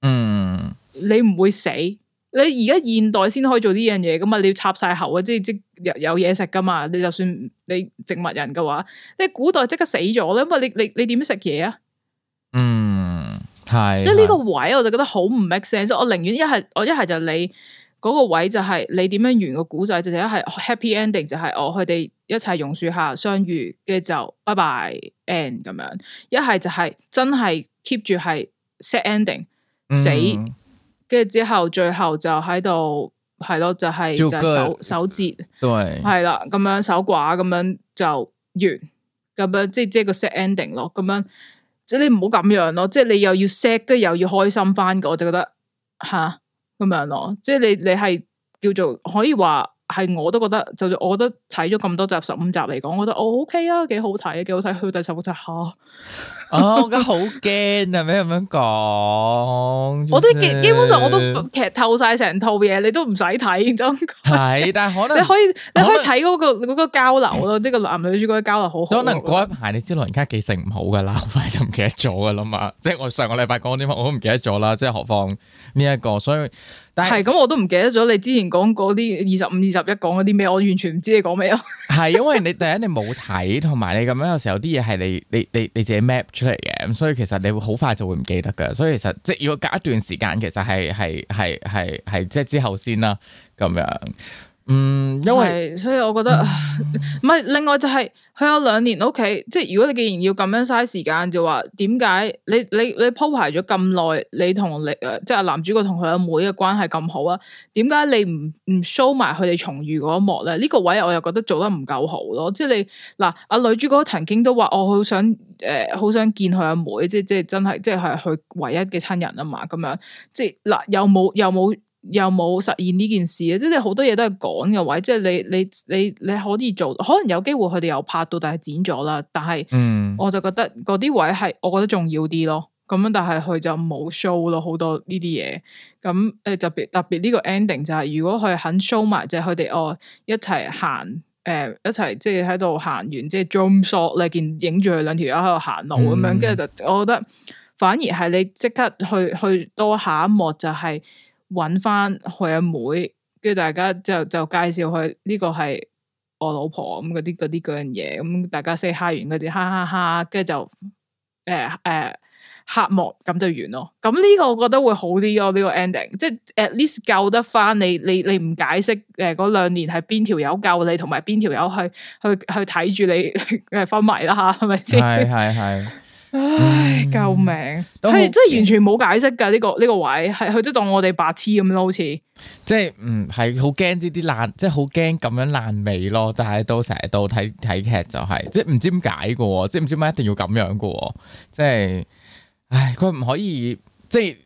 嗯，你唔會死。你而家現代先可以做呢樣嘢噶嘛？你要插晒喉啊，即係即有有嘢食噶嘛？你就算你植物人嘅話，你古代即刻死咗啦，因為你你你點食嘢啊？嗯，係即係呢個位我就覺得好唔 make sense。我寧願一係我一係就是你嗰、那個位就係你點樣完個古仔，就是、一係 happy ending，就係我佢哋一齊榕樹下相遇，跟住就拜拜。end 咁樣。一係就係真係 keep 住係 sad ending 死、嗯。跟住之後，最後就喺度，係咯，就係、是、就守守節，係啦，咁樣守寡折，咁對樣就完，咁樣，樣即係即係個 set ending 咯，咁樣即係你唔好咁樣咯，即係你，你又要 set，跟住又要開心翻，我就覺得吓咁樣咯，即係你你係叫做可以話係我都覺得，就算我覺得睇咗咁多集十五集嚟講，我覺得哦 OK 啊，幾好睇啊，幾好睇，去第十五集吓。 哦，我而家好驚啊！咪咁樣講？我都基基本上我都劇透晒成套嘢，你都唔使睇。係， 但係可能你可以可能你可以睇嗰、嗰個、嗰個交流咯，呢 個男女主角嘅交流好好。嗯、可能嗰一排你知道，老人家記性唔好噶啦，我快就唔記得咗噶啦嘛。 即係我上個禮拜講啲乜我都唔記得咗啦，即係何況呢一個，所以。但係咁，我都唔記得咗你之前講嗰啲二十五、二十一講嗰啲咩，我完全唔知你講咩咯。係 因為你第一你冇睇，同埋你咁樣有時候啲嘢係你你你你自己 map 出嚟嘅，咁所以其實你會好快就會唔記得噶。所以其實即係如果隔一段時間，其實係係係係係即係之後先啦，咁樣。嗯，因為所以我覺得唔係， 另外就係、是、佢有兩年屋企，okay，即係如果你既然要咁樣嘥時間，就話點解你你你鋪排咗咁耐，你同你誒即係男主角同佢阿妹嘅關係咁好啊？點解你唔唔 show 埋佢哋重遇嗰一幕咧？呢、這個位我又覺得做得唔夠好咯，即係你嗱，阿女主角曾經都話我好想誒，好、呃、想見佢阿妹，即係即係真係即係係佢唯一嘅親人啊嘛，咁樣即係嗱，又冇又冇。又冇實現呢件事，即係好多嘢都係講嘅位，即係你你你你可以做，可能有機會佢哋又拍到，但係剪咗啦。但係，我就覺得嗰啲位係我覺得重要啲咯。咁但係佢就冇 show 咯，好多呢啲嘢。咁誒特別特別呢個 ending 就係，如果佢肯 show 埋，即係佢哋哦一齊行誒、呃、一齊，即係喺度行完，即係 jump shot 咧，見影住佢兩條友喺度行路咁樣，跟住、嗯、就我覺得反而係你即刻去去到下一幕就係、是。揾翻佢阿妹，跟住大家就就介紹佢呢、這個係我老婆咁嗰啲嗰啲樣嘢，咁大家 say hi 完嗰啲哈哈哈，跟住就誒誒、呃呃、黑幕咁就完咯。咁、這、呢個我覺得會好啲咯、哦，呢、這個 ending，即係 at least 救得翻你，你你唔解釋誒嗰兩年係邊條友救你，同埋邊條友去去去睇住你誒昏迷啦吓，係咪先？係係係。唉，救命！係、嗯、是真係完全冇解釋噶呢個呢、呢個位，係佢都係當我哋白痴咁咯，好似即係唔係好驚啲啲爛，即係好驚咁樣爛尾咯。但就係都成日都睇睇劇就係，即係唔知點解嘅，即係唔知點解一定要咁樣嘅，即係唉，佢唔可以即係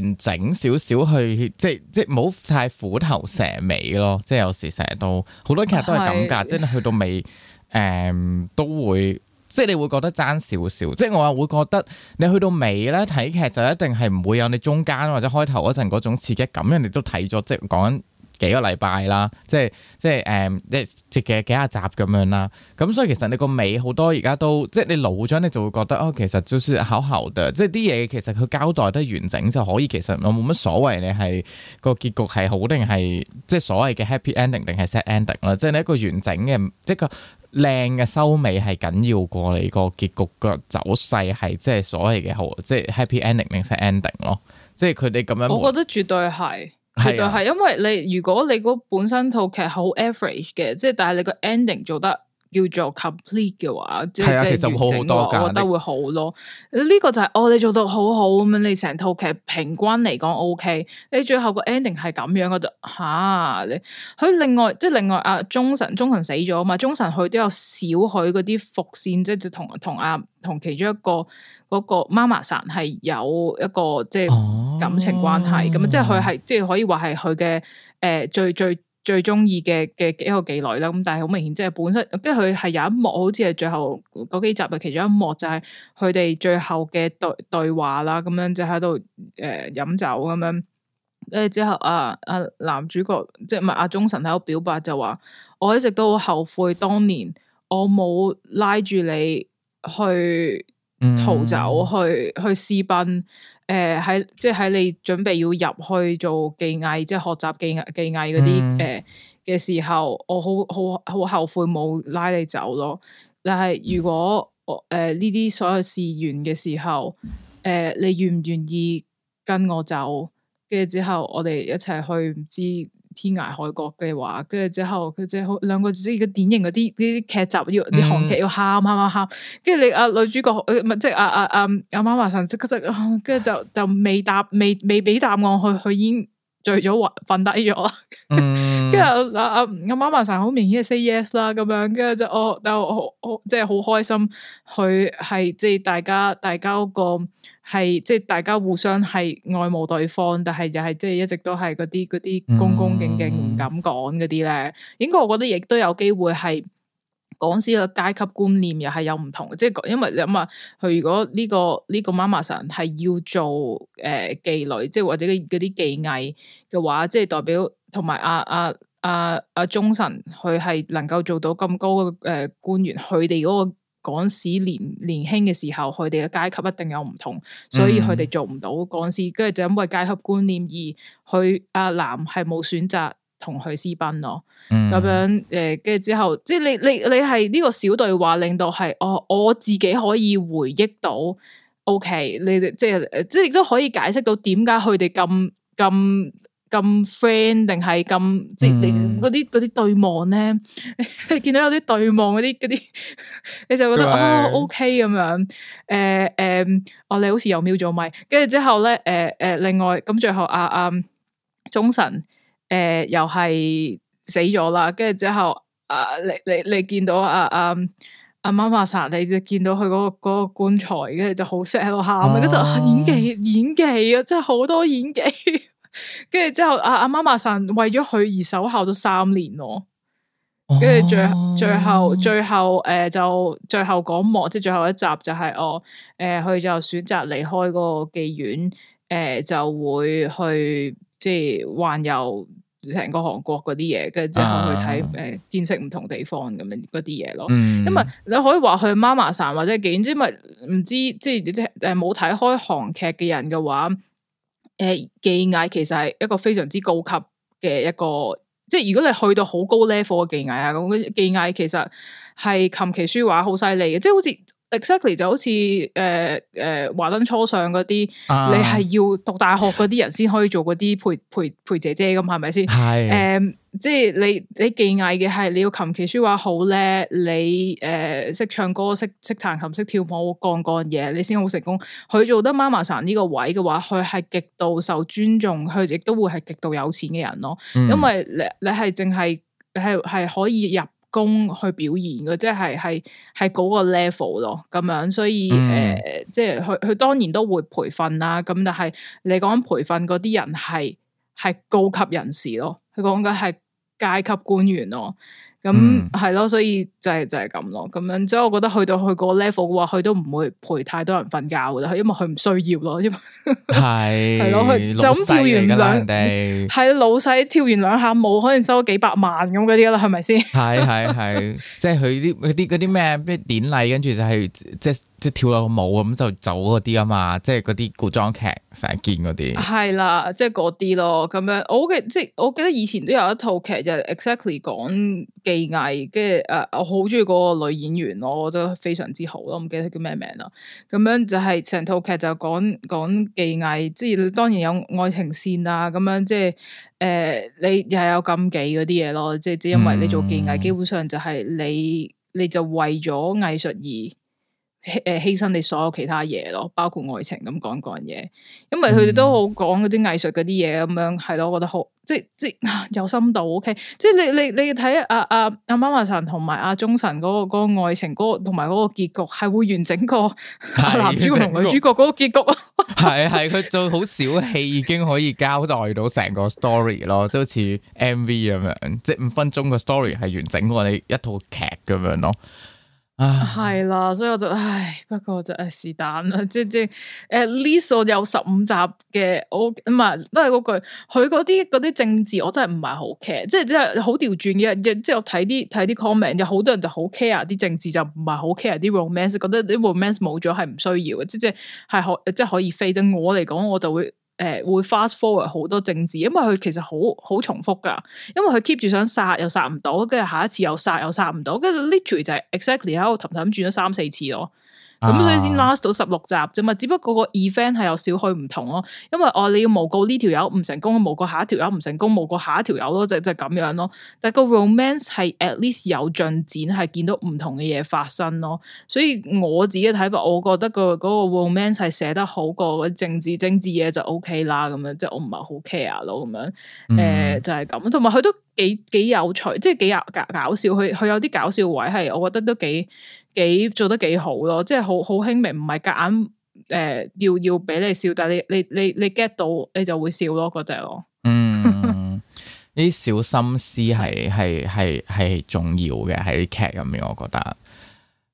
完整少少去，即係即係唔好太虎頭蛇尾咯。即係有時成日都好多劇都係咁噶，是即係去到尾誒、嗯、都會。即係你會覺得爭少少，即係我又會覺得你去到尾咧，睇劇就一定係唔會有你中間或者開頭嗰陣嗰種刺激感，人哋都睇咗即係講緊。幾個禮拜啦，即係即係誒，即係、嗯、幾幾廿集咁樣啦。咁所以其實你個尾好多而家都，即係你老咗你就會覺得哦，其實就算好好嘅，即係啲嘢其實佢交代得完整就可以。其實我冇乜所謂你係個結局係好定係即係所謂嘅 happy ending 定係 sad ending 啦。即係你一個完整嘅，即係個靚嘅收尾係緊要過你個結局個走勢係即係所謂嘅好，即係 happy ending 定 sad ending 咯。即係佢哋咁樣，我覺得絕對係。係啊，係因為你如果你本身套劇好 average 嘅，即係但係你個 ending 做得叫做 complete 嘅話，係啊，即其實會好多，我覺得會好咯。呢個就係哦，你做得好好咁樣，你成套劇平均嚟講 O K，你最後個 ending 係咁樣嘅就吓你。佢另外即係另外阿忠臣，忠臣死咗啊嘛，忠臣佢都有少許嗰啲伏線，即係同同阿同其中一個嗰個媽媽神係有一個即係。哦感情關係咁即係佢係即係可以話係佢嘅誒最最最中意嘅嘅幾個妓女啦。咁但係好明顯，即係本身，即係佢係有一幕，好似係最後嗰幾集嘅其中一幕，就係佢哋最後嘅對對,對話啦。咁樣就喺度誒飲酒咁樣誒之後，阿阿、啊啊、男主角即係唔係阿忠臣喺度表白就話：我一直都好後悔當年我冇拉住你去逃走，嗯、去去私奔。誒，喺、呃、即係喺你準備要入去做技藝，即係學習技藝技藝嗰啲誒嘅時候，我好好好後悔冇拉你走咯。但係如果誒呢啲所有事完嘅時候，誒、呃、你願唔願意跟我走？跟住之後我哋一齊去唔知。天涯海角嘅話，跟住之後佢即係兩個即係個典型嗰啲啲劇集要啲韓劇要喊喊喊，喊、嗯，跟住你啊、呃、女主角唔係、呃、即係啊啊啊，阿、啊啊、媽媽神職嗰隻，跟住就就未答未未俾答案佢，佢已經。醉咗或瞓低咗，跟住阿阿阿媽媽成日好明顯係 say yes 啦咁樣，跟住就、哦、但我就我、哦、即係好開心，佢係即係大家大家個係即係大家互相係愛慕對方，但係又係即係一直都係嗰啲嗰啲恭恭敬敬唔敢講嗰啲咧， 應該我覺得亦都有機會係。港史嘅階級觀念又係有唔同，即係因為諗下佢如果呢、這個呢、這個媽媽神係要做誒、呃、妓女，即係或者嗰啲技藝嘅話，即係代表同埋阿阿阿阿忠神佢係能夠做到咁高嘅誒、呃、官員，佢哋嗰個港史年年輕嘅時候，佢哋嘅階級一定有唔同，所以佢哋做唔到港史，跟住、嗯、就因為階級觀念而佢阿南係冇選擇。同佢私奔咯、哦，咁樣誒，跟住之後，即係你你你係呢個小對話，令到係我我自己可以回憶到，OK，你即係即係亦都可以解釋到點解佢哋咁咁咁 friend，定係咁即係你啲嗰啲對望咧，你見到有啲對望嗰啲啲，你就覺得是哦 OK 咁樣，誒誒，你好似又瞄咗咪。跟住之後咧，誒、哦、呢誒，另外咁最後阿阿忠臣。誒、呃，又係死咗啦，跟住之後，啊，你你你見到阿阿阿媽媽神，你就見到佢嗰、那個、那個棺材，跟住就好 sad 喺度喊，跟住演技演技啊，真係好多演技。跟住之後，阿阿媽媽神為咗佢而守孝咗三年咯。跟住最最後最後誒，就最後嗰幕即係最後一集就係我誒，佢、呃、就選擇離開嗰個妓院，誒、呃、就會去。即係環遊成個韓國嗰啲嘢，跟住之後去睇誒、啊呃、見識唔同地方咁樣嗰啲嘢咯。嗯、因為你可以話去媽媽桑或者妓生，因為唔知即係即係冇睇開韓劇嘅人嘅話，誒、呃、妓生其實係一個非常之高級嘅一個，即係如果你去到好高 level 嘅妓生啊，咁啲妓生其實係琴棋書畫好犀利嘅，即係好似。Exactly 就好似誒誒，華、呃、燈、呃、初上嗰啲，啊、你係要讀大學嗰啲人先可以做嗰啲陪陪陪姐姐咁，係咪先？係誒是的、呃，即係你你技藝嘅係你要琴棋書畫好叻，你誒識、呃、唱歌、識識彈琴、識跳舞、干干嘢，你先好成功。佢做得媽媽桑呢個位嘅話，佢係極度受尊重，佢亦都會係極度有錢嘅人咯。嗯、因為你你係淨係係係可以入。公去表現嘅，即係係係嗰個 level 咯，咁樣所以誒、嗯呃，即係佢佢當然都會培訓啦，咁但係你講培訓嗰啲人係係高級人士咯，佢講緊係階級官員咯。咁係咯，嗯、所以就係就係咁咯，咁樣之後、嗯、我覺得去到佢個 level 嘅話，佢都唔會陪太多人瞓覺噶啦，因為佢唔需要咯。因為係係咯，佢就咁跳完兩，係老細跳完兩下舞，可能收咗幾百萬咁嗰啲啦，係咪先？係係係，即係佢啲啲嗰啲咩咩典禮，跟住就係即。即跳落個舞咁就走嗰啲啊嘛，即係嗰啲古裝劇成日見嗰啲。係啦，即係嗰啲咯，咁樣我嘅即係我記得以前都有一套劇就 exactly 講技藝，跟住誒我好中意嗰個女演員，我覺得非常之好咯，唔記得佢叫咩名咯。咁樣就係成套劇就講講技藝，即係當然有愛情線啊，咁樣即係誒、呃、你又有禁忌嗰啲嘢咯，即係即係因為你做技藝，嗯、基本上就係你你就為咗藝術而誒，犧牲你所有其他嘢咯，包括愛情咁講講嘢，因為佢哋都好講嗰啲藝術嗰啲嘢咁樣，係咯，我覺得好，即係即係、啊、有深度。OK，即係你你你睇阿阿阿媽媽神同埋阿忠神嗰個嗰個愛情嗰個同埋嗰個結局係會完整過男主角同女主角嗰個結局咯，係係佢做好小戲已經可以交代到成個 story 咯，即好似 M V 咁樣，即係五分鐘個 story 係完整過你一套劇咁樣咯。係啦、啊，所以我就唉，不過就誒是但啦，即即誒，至少有十五集嘅我唔係都係嗰句，佢嗰啲啲政治我真係唔係好 care，即即係好調轉嘅，即即，即我睇啲睇啲 comment，有好多人就好 care 啲政治就，就唔係好 care 啲 romance，覺得啲 romance 冇咗係唔需要嘅，即即係可即可以飛。對我嚟講，我就會。誒，會 fast forward 好多政治，因為佢其實好好重複噶，因為佢 keep 住想殺，又殺唔到，跟住下一次又殺，又殺唔到，跟住 literally 就係 exactly 喺度氹氹轉咗三四次咯。咁、啊、所以先 last 到十六集啫嘛，只不過個 event 係有少許唔同咯，因為哦你要誣告呢條友唔成功，誣告下一條友唔成功，誣告下一條友咯，就、就咁樣咯。但個 romance 係 at least 有進展，係見到唔同嘅嘢發生咯。所以我自己嘅睇法，我覺得個個 romance 係寫得好過政治，政治嘢就 OK 啦，咁樣即係我唔係好 care 咯，咁樣，誒、嗯、呃、就係咁，同埋佢都。幾幾有趣，即係幾有搞笑有搞笑，佢佢有啲搞笑位係，我覺得都幾幾做得幾好咯，即係好好輕微，唔係夾硬誒、呃、要要俾你笑，但係你你你你 get 到，你就會笑咯，嗰隻咯。嗯，呢啲 小心思係係係係重要嘅喺劇入面，我覺得。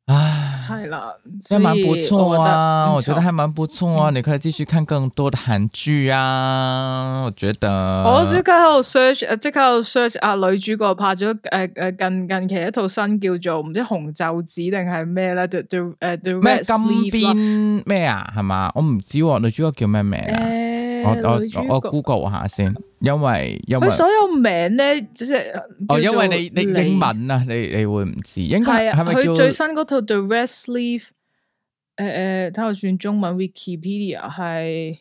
唉，係啦，所以蠻不錯啊，我覺得，我覺得還蠻不錯啊，嗯、你可以繼續看更多的韓劇啊，我覺得。我即刻喺度 search，即刻喺度 search 啊，女主角拍咗誒誒近近期一套新叫做唔知紅袖子定係咩咧 the the 誒 the red sleeve 咩啊，係嘛？我唔知我女主角叫咩名啊。嗯我我我 Google 下先，因為因為佢所有名咧，即係哦，因為你你英文啊，你你會唔知？應該係咪佢最新嗰套 The Red Sleeve？誒誒，睇下算中文，Wikipedia 係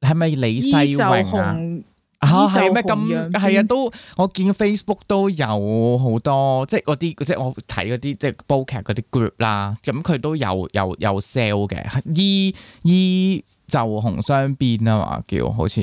係咪李世雄？啊，係咩咁？係啊，都我見 Facebook 都有好多，即係嗰啲，即係我睇嗰啲，即係煲劇嗰啲 group 啦。咁佢都有有有 sell 嘅，依依就紅雙邊啊嘛，叫好似。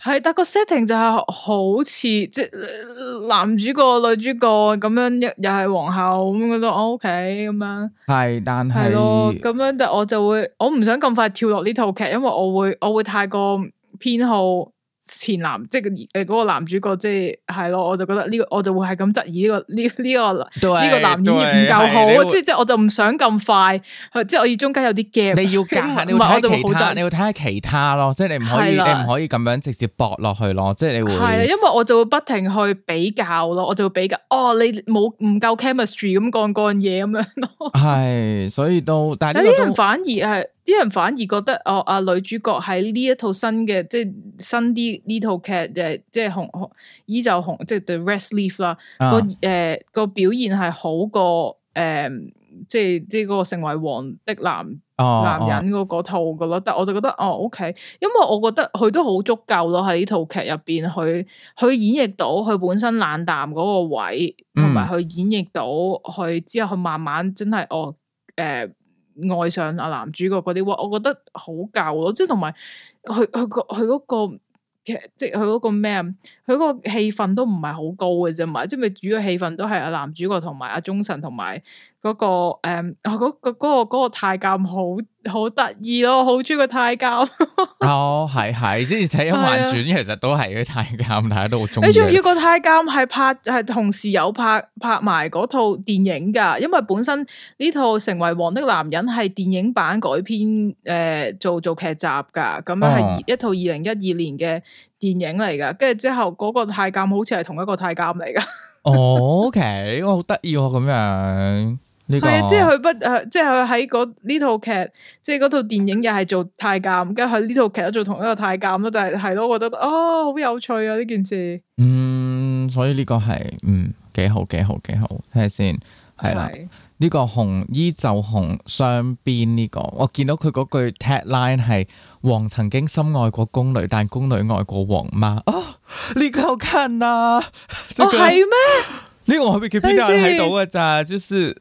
係，但個 setting 就係好似即係男主角女主角咁樣，又又係皇后咁樣，覺得 OK 咁樣。係，但係係咯，咁樣但我就會，我唔想咁快跳落呢套劇，因為我會我會，我會太過偏好。前男即係嗰、呃那個男主角，即係咯，我就覺得呢、這個我就會係咁質疑呢、這個呢呢、這個呢、這個男演員唔夠好，即係即係我就唔想咁快，即係我要中間有啲 gap。你要夾下 是，你要睇其他，你要睇下其他咯，即係 你唔 可以，你唔可以咁樣直接駁落去咯，即係你會係，因為我就會不停去比較咯，我就會比較哦，你冇唔夠，夠 chemistry 咁講嗰樣嘢咁樣咯。係， 所以都，但係啲人反而係，啲人反而覺得哦，啊，女主角喺呢一套新嘅，即係新啲。新呢套劇誒，即係紅紅依就紅，即係 The Red Sleeve 啦。個誒個表現係好過誒、呃，即係啲嗰個成為王的男、uh. 男人嗰套噶咯。但我就覺得哦，OK，因為我覺得佢都好足夠咯，喺呢套劇入邊，佢佢演繹到佢本身冷淡嗰個位，同埋佢演繹到佢之後佢慢慢真係哦誒、呃、愛上阿男主角嗰啲。我我覺得好夠咯，即係同埋佢佢個佢嗰個。其實即係佢嗰個咩啊？佢個戲份都唔係好高嘅啫嘛，即係咪主要戲份都係阿男主角同埋阿忠臣同埋。嗰個誒，嗰個嗰個嗰個太監好好得意咯，好中意個太監。哦，係係，之前睇《一幻轉》其實都係嘅太監，大家都好中意。你仲要個太監係拍係同時有拍拍埋嗰套電影噶，因為本身呢套《成為王的男人》係電影版改編誒做做劇集噶，咁係一套二零一二年嘅電影嚟噶。跟住之後嗰個太監好似係同一個太監嚟噶。哦，Okay，我好得意喎，咁樣。係啊、這個，即係佢不誒，即係佢喺呢套劇，即係嗰套電影又係做太監，跟住佢呢套劇都做同一個太監咯，但係係咯，我覺得哦好有趣啊呢件事。嗯，所以呢個係嗯幾好幾好幾好，睇下先係啦。呢的個紅衣就紅雙邊呢個，我見到佢嗰句 tagline 係王曾經深愛過宮女，但宮女愛過王媽。哦，呢個好近啊！這個、哦，係咩？呢、這個我俾佢 P 到係到嘅咋，就是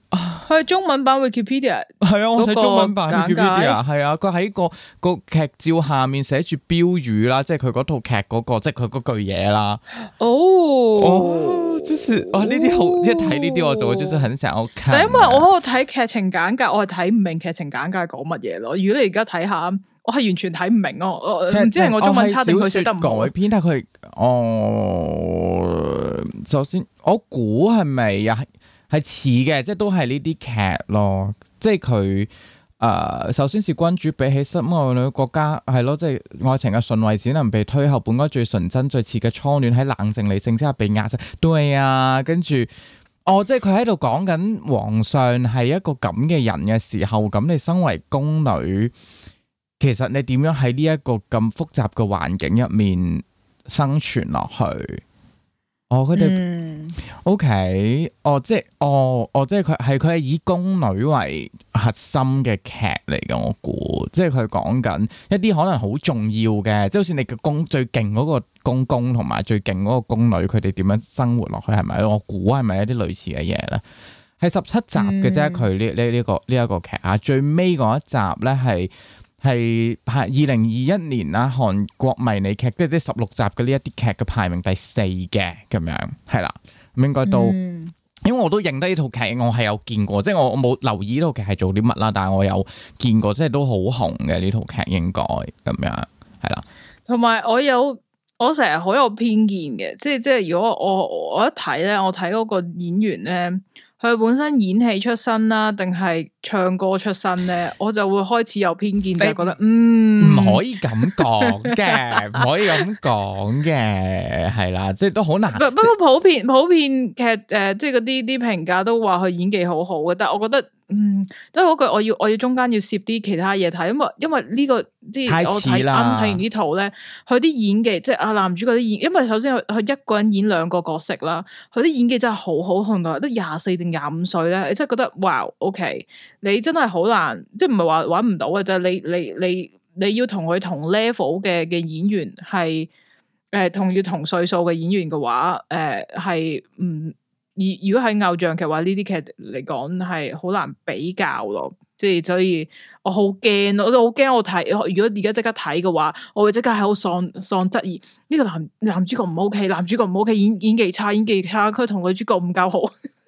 佢係中文版 Wikipedia，係啊，嗰個我睇中文版 Wikipedia，係簡介啊，佢喺個個劇照下面寫住標語啦，即係佢嗰套劇嗰、嗰個，即係佢嗰句嘢啦。哦，哦，就是啊，呢啲好、oh. 即係睇呢啲，我就就是很想 O K。但係因為我喺度睇劇情簡介，我係睇唔明劇情簡介講乜嘢咯。如果你而家睇下，我係完全睇唔明咯，其實我唔知係我中文差定佢寫得唔好。改編，但係佢，哦、呃，首先我估係咪啊？係似嘅，即係都係呢啲劇咯，即係佢誒，首先是君主比起深愛嘅國家係咯，即係愛情嘅順位只能被推後，本該最純真、最似嘅初戀喺冷靜理性之下被壓制。對啊，跟住哦，即係佢喺度講緊皇上係一個咁嘅人嘅時候，咁你身為宮女，其實你點樣喺呢一個咁複雜嘅環境入面生存落去？哦，佢哋，O K，哦，即係，哦，哦，即係佢係佢係以宮女為核心嘅劇嚟嘅，我估，即係佢講緊一啲可能好重要嘅，即係好似你嘅宮最勁嗰個公公同埋最勁嗰個宮女，佢哋點樣生活落去係咪？我估係咪一啲類似嘅嘢咧？係十七集嘅啫，佢呢呢呢個呢一個劇啊，最尾嗰一集咧係。係喺二零二一年啦，韓國迷你劇即係即係十六集嘅呢一啲劇嘅排名第四嘅咁樣，係啦，咁應該都，嗯、因為我都認得呢套劇，我係有見過，即係我我冇留意呢套劇係做啲乜啦，但係我有見過，即係都好紅嘅呢套劇應該咁樣，係啦。同埋我有我成日好有偏見嘅，即係即係如果我我一睇咧，我睇嗰個演員咧，佢本身演戲出身啦、啊，定係唱歌出身咧，我就會開始有偏見，欸、就係覺得，嗯，唔可以咁講嘅，唔可以咁講嘅，係啦， 即係都好難不。不過普遍普遍，普遍劇誒，即係嗰啲啲評價都話佢演技好好嘅，但係我覺得。嗯，都係嗰句我，我要我要中間要攝啲其他嘢睇，因為因為呢、這個即係、這個、遲我睇啱睇完呢套咧，佢啲演技即係阿男主角啲演，因為首先佢佢一個人演兩個角色啦，佢啲演技真係好好，同埋得廿四定廿五歲咧，你真係覺得哇，OK，你真係好難，即係唔係話搵唔到嘅，就係、是、你你你你,你要同佢同 level 嘅嘅演員係誒、呃，同要同歲數嘅演員嘅話，誒係唔。如果喺偶像劇話呢啲劇嚟講係好難比較咯，即係所以我好驚，我都好驚我睇。如果而家即刻睇嘅話，我會即刻係好喪喪質疑呢個男男主角唔 OK，男主角唔 OK，演演技差，演技差，佢同女主角唔夠好。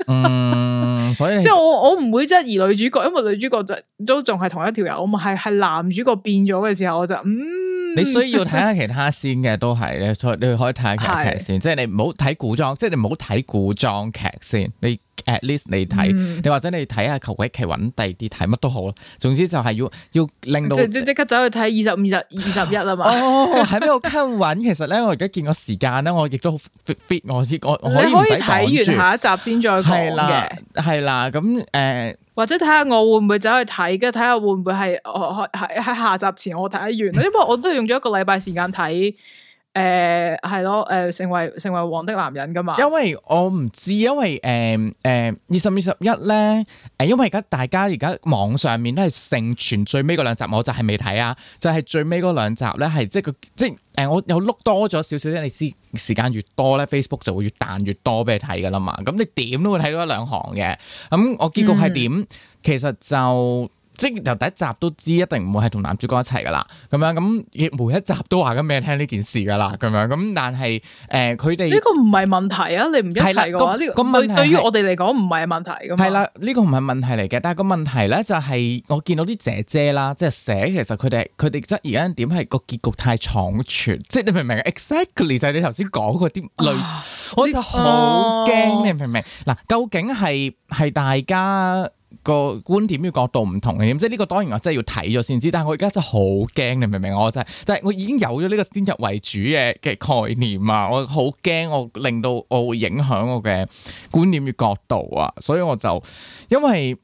嗯、 所以 即係我我唔會質疑女主角，因為女主角就都仲係同一條友。我咪係係男主角變咗嘅時候，我就嗯。你需要睇下其他先嘅都係咧，你可以睇下其他劇先是，即係你唔好睇古裝，即係你唔好睇古裝劇先。你 at least 你睇，你、嗯、或者你睇下求鬼奇穩，第二啲睇乜都好。總之就係要要令到即即，即即刻走去睇二十五、二十、二十一啊嘛。哦，喺邊度 cut 其實咧，我而家見個時間咧，我亦都好 fit 我，知，我可以唔使睇完下一集先再講嘅。係 啦，係啦，咁誒。呃或者睇下我會唔會走去睇，跟住睇下會唔會係係喺下集前我睇完，因為我都係用咗一個禮拜時間睇。誒，係、呃、咯，誒、呃，成為成為王的男人噶嘛因？因為我唔知，因為誒誒，二十、二十一咧，誒，因為而家大家而家網上面都係盛傳最尾嗰兩集，我就係未睇啊，就係、是、最尾嗰兩集咧，係即係個即係誒，我又碌多咗少少咧。你知時間越多咧，Facebook 就會越彈越多俾你睇噶啦嘛。咁你點都會睇到一兩行嘅。咁我結局係點？嗯、其實就。即由第一集都知，一定唔會係同男主角一齊㗎喇。咁樣咁，亦每一集都話緊咩聽呢件事㗎喇。咁樣咁，但係誒，佢哋呢個唔係問題啊。你唔一齊嘅話，呢的、呢個對對於我哋嚟講唔係問題。係啦，呢個唔係問題嚟嘅、呢個。但係個問題咧就係，我見到啲姐姐啦，即係寫其實佢哋佢哋即而家點係個結局太倉促。即你明唔明？Exactly 就係你頭先講嗰啲類，啊、我就好驚。啊、你明唔明？嗱，究竟係係大家個觀點與角度唔同嘅，即係呢個當然我真係要睇咗先知。但係我而家真係好驚，你明唔明？我真係，但係我已經有咗呢個先入為主嘅嘅概念啊！我好驚，我令到我會影響我嘅觀點與角度啊！所以我就因為。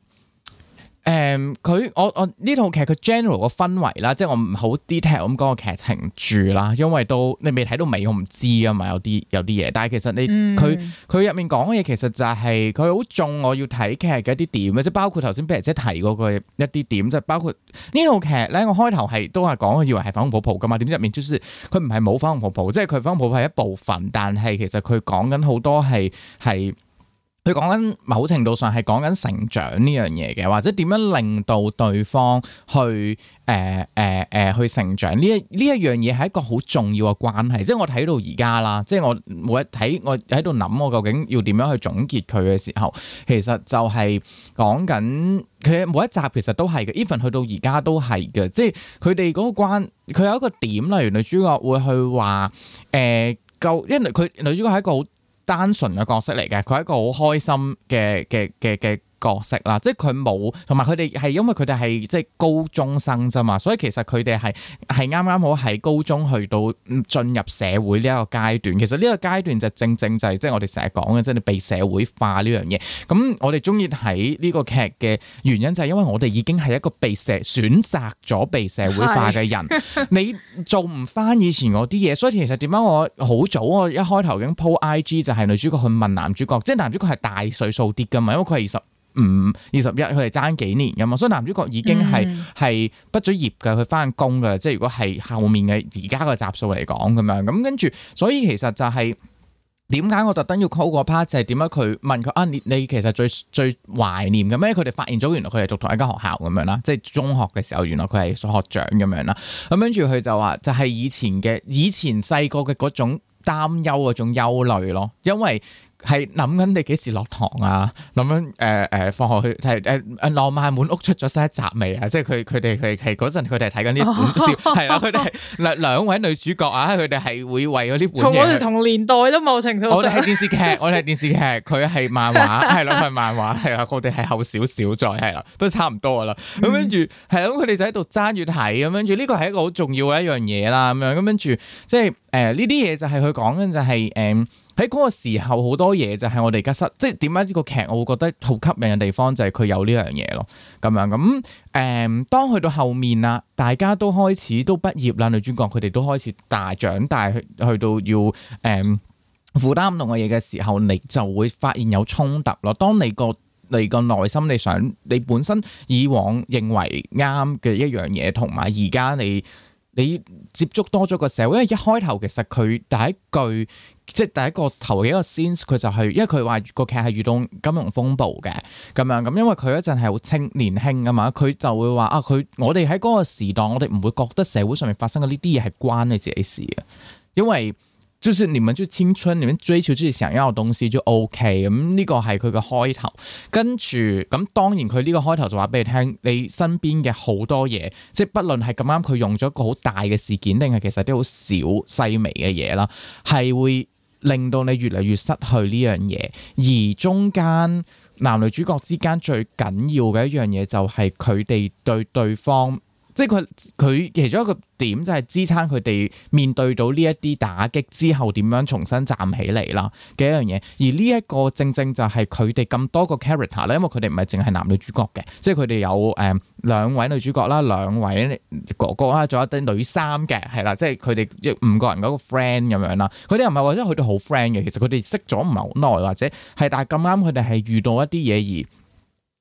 誒，佢、嗯、我我呢套劇佢 general 個氛圍啦，即係我唔好 detail 咁講個劇情住啦，因為都你未睇到尾，我唔知啊嘛，有啲有啲嘢。但係其實你佢佢入面講嘅嘢，其實就係佢好中我要睇劇嘅一啲點，即包括頭先 Peter 姐提嗰個一啲點，即係包括呢套劇咧。我開頭係都係講，我以為係粉紅泡泡噶嘛，點知入面就是佢唔係冇粉紅泡泡，即係佢粉紅泡泡係一部分，但係其實佢講緊好多係係。佢講緊某程度上係講緊成長呢樣嘢嘅，或者點樣令到對方去誒誒誒去成長呢一呢一樣嘢係一個好重要嘅關係。即係我睇到而家啦，即係我每一睇我喺度諗，我究竟要點樣去總結佢嘅時候，其實就係講緊佢每一集其實都係嘅，even 去到而家都係嘅。即係佢哋嗰個關，佢有一個點，例如女主角會去話誒，夠、呃、因為佢女主角係一個好。單純嘅角色嚟嘅，佢係一個好開心嘅嘅嘅嘅角色啦，即係佢冇，同埋佢哋係因為佢哋係即係高中生啫嘛，所以其實佢哋係係啱啱好喺高中去到進入社會呢一個階段，其實呢個階段就正正就係即係我哋成日講嘅，即係你被社會化呢樣嘢。咁我哋中意睇呢個劇嘅原因就係因為我哋已經係一個被社選擇咗被社會化嘅人，是 你做唔翻以前我啲嘢，所以其實點解我好早我一開頭已經 po I G 就係女主角去問男主角，即係男主角係大歲數啲噶嘛，因為佢係二十。五二十一，佢哋爭幾年噶嘛，所以男主角已經係係畢咗業嘅，佢翻工嘅，即係如果係後面嘅而家嘅集數嚟講咁樣，咁跟住，所以其實就係點解我特登要 call 個 part，就係點解佢問佢啊？你你其實最最懷念嘅咩？佢哋發現咗原來佢哋讀同一間學校咁樣啦，即係中學嘅時候，原來佢係學長咁樣啦。咁跟住佢就話就係以前嘅以前細個嘅嗰種擔憂，嗰種憂慮咯，因為。係諗緊你幾時落堂啊？諗緊誒誒，放學去係誒誒，呃《浪漫滿屋》出咗新一集未啊？即係佢佢哋佢佢嗰陣佢哋睇緊呢本笑係啦，佢哋嗱兩位女主角啊，佢哋係會為咗呢本嘢，同我哋同年代都某程度上。我哋係電視劇，我哋係電視劇，佢係 漫畫，係咯係漫畫，係啊，我哋係後少少再係啦，都差唔多噶啦。咁跟住係啊，佢哋就喺度爭住睇咁跟住，呢、這個係一個好重要嘅一樣嘢啦。咁樣咁跟住，即係誒呢啲嘢就係佢講緊就係誒、就是。呃 喺嗰 個時候好多嘢就係我哋而家失，即係點解呢個劇，我會覺得好吸引嘅地方就係佢有呢樣嘢咯。咁樣咁誒、嗯，當去到後面啦，大家都開始都畢業啦，女主角佢哋都開始大長大，去去到要誒、嗯、負擔唔同嘅嘢嘅時候，你就會發現有衝突咯。當你個你個內心你想你本身以往認為啱嘅一樣嘢，同埋而家你。你接觸多咗個社會，因為一開頭其實佢第一句，即係第一個頭幾個 scene，佢就係、是、因為佢話個劇係遇到金融風暴嘅咁樣咁，因為佢嗰陣係好青年輕啊嘛，佢就會話啊，佢我哋喺嗰個時代，我哋唔會覺得社會上面發生嘅呢啲嘢係關你自己事嘅，因為。就算你們就青春，你們追求自己想要嘅東西就 OK 咁、嗯，呢個係佢嘅開頭。跟住咁、嗯，當然佢呢個開頭就話俾你聽，你身邊嘅好多嘢，即係不論係咁啱佢用咗一個好大嘅事件，定係其實啲好小細微嘅嘢啦，係會令到你越嚟越失去呢樣嘢。而中間男女主角之間最緊要嘅一樣嘢，就係佢哋對對方。即係佢佢其中一個點就係支撐佢哋面對到呢一啲打擊之後點樣重新站起嚟啦嘅一樣嘢，而呢一個正正就係佢哋咁多個 character 咧，因為佢哋唔係淨係男女主角嘅，即係佢哋有誒、嗯、兩位女主角啦，兩位哥哥啦，仲有一對女三嘅，係啦，即係佢哋五個人嗰個 friend 咁樣啦。佢哋又唔係話真係佢哋好 friend 嘅，其實佢哋識咗唔係好耐或者係，但係咁啱佢哋係遇到一啲嘢而，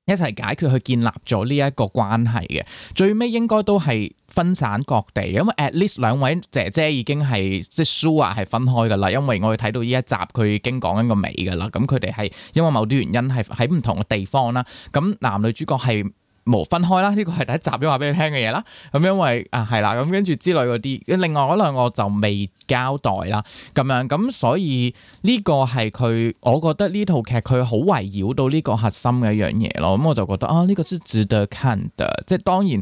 一齊解決佢，建立咗呢一個關係嘅，最尾應該都係分散各地，因為 at least 兩位姐姐已經係即係 sure 係分開㗎啦，因為我哋睇到呢一集佢已經講緊個尾㗎啦，咁佢哋係因為某啲原因係喺唔同嘅地方啦，咁男女主角係。冇分開啦，呢個係第一集已經話俾你聽嘅嘢啦。咁因為啊，係啦，咁跟住之類嗰啲，另外嗰兩個就未交代啦。咁樣咁、嗯，所以呢個係佢，我覺得呢套劇佢好圍繞到呢個核心嘅一樣嘢咯。咁、嗯、我就覺得啊，呢、這個是值得看嘅，即係當然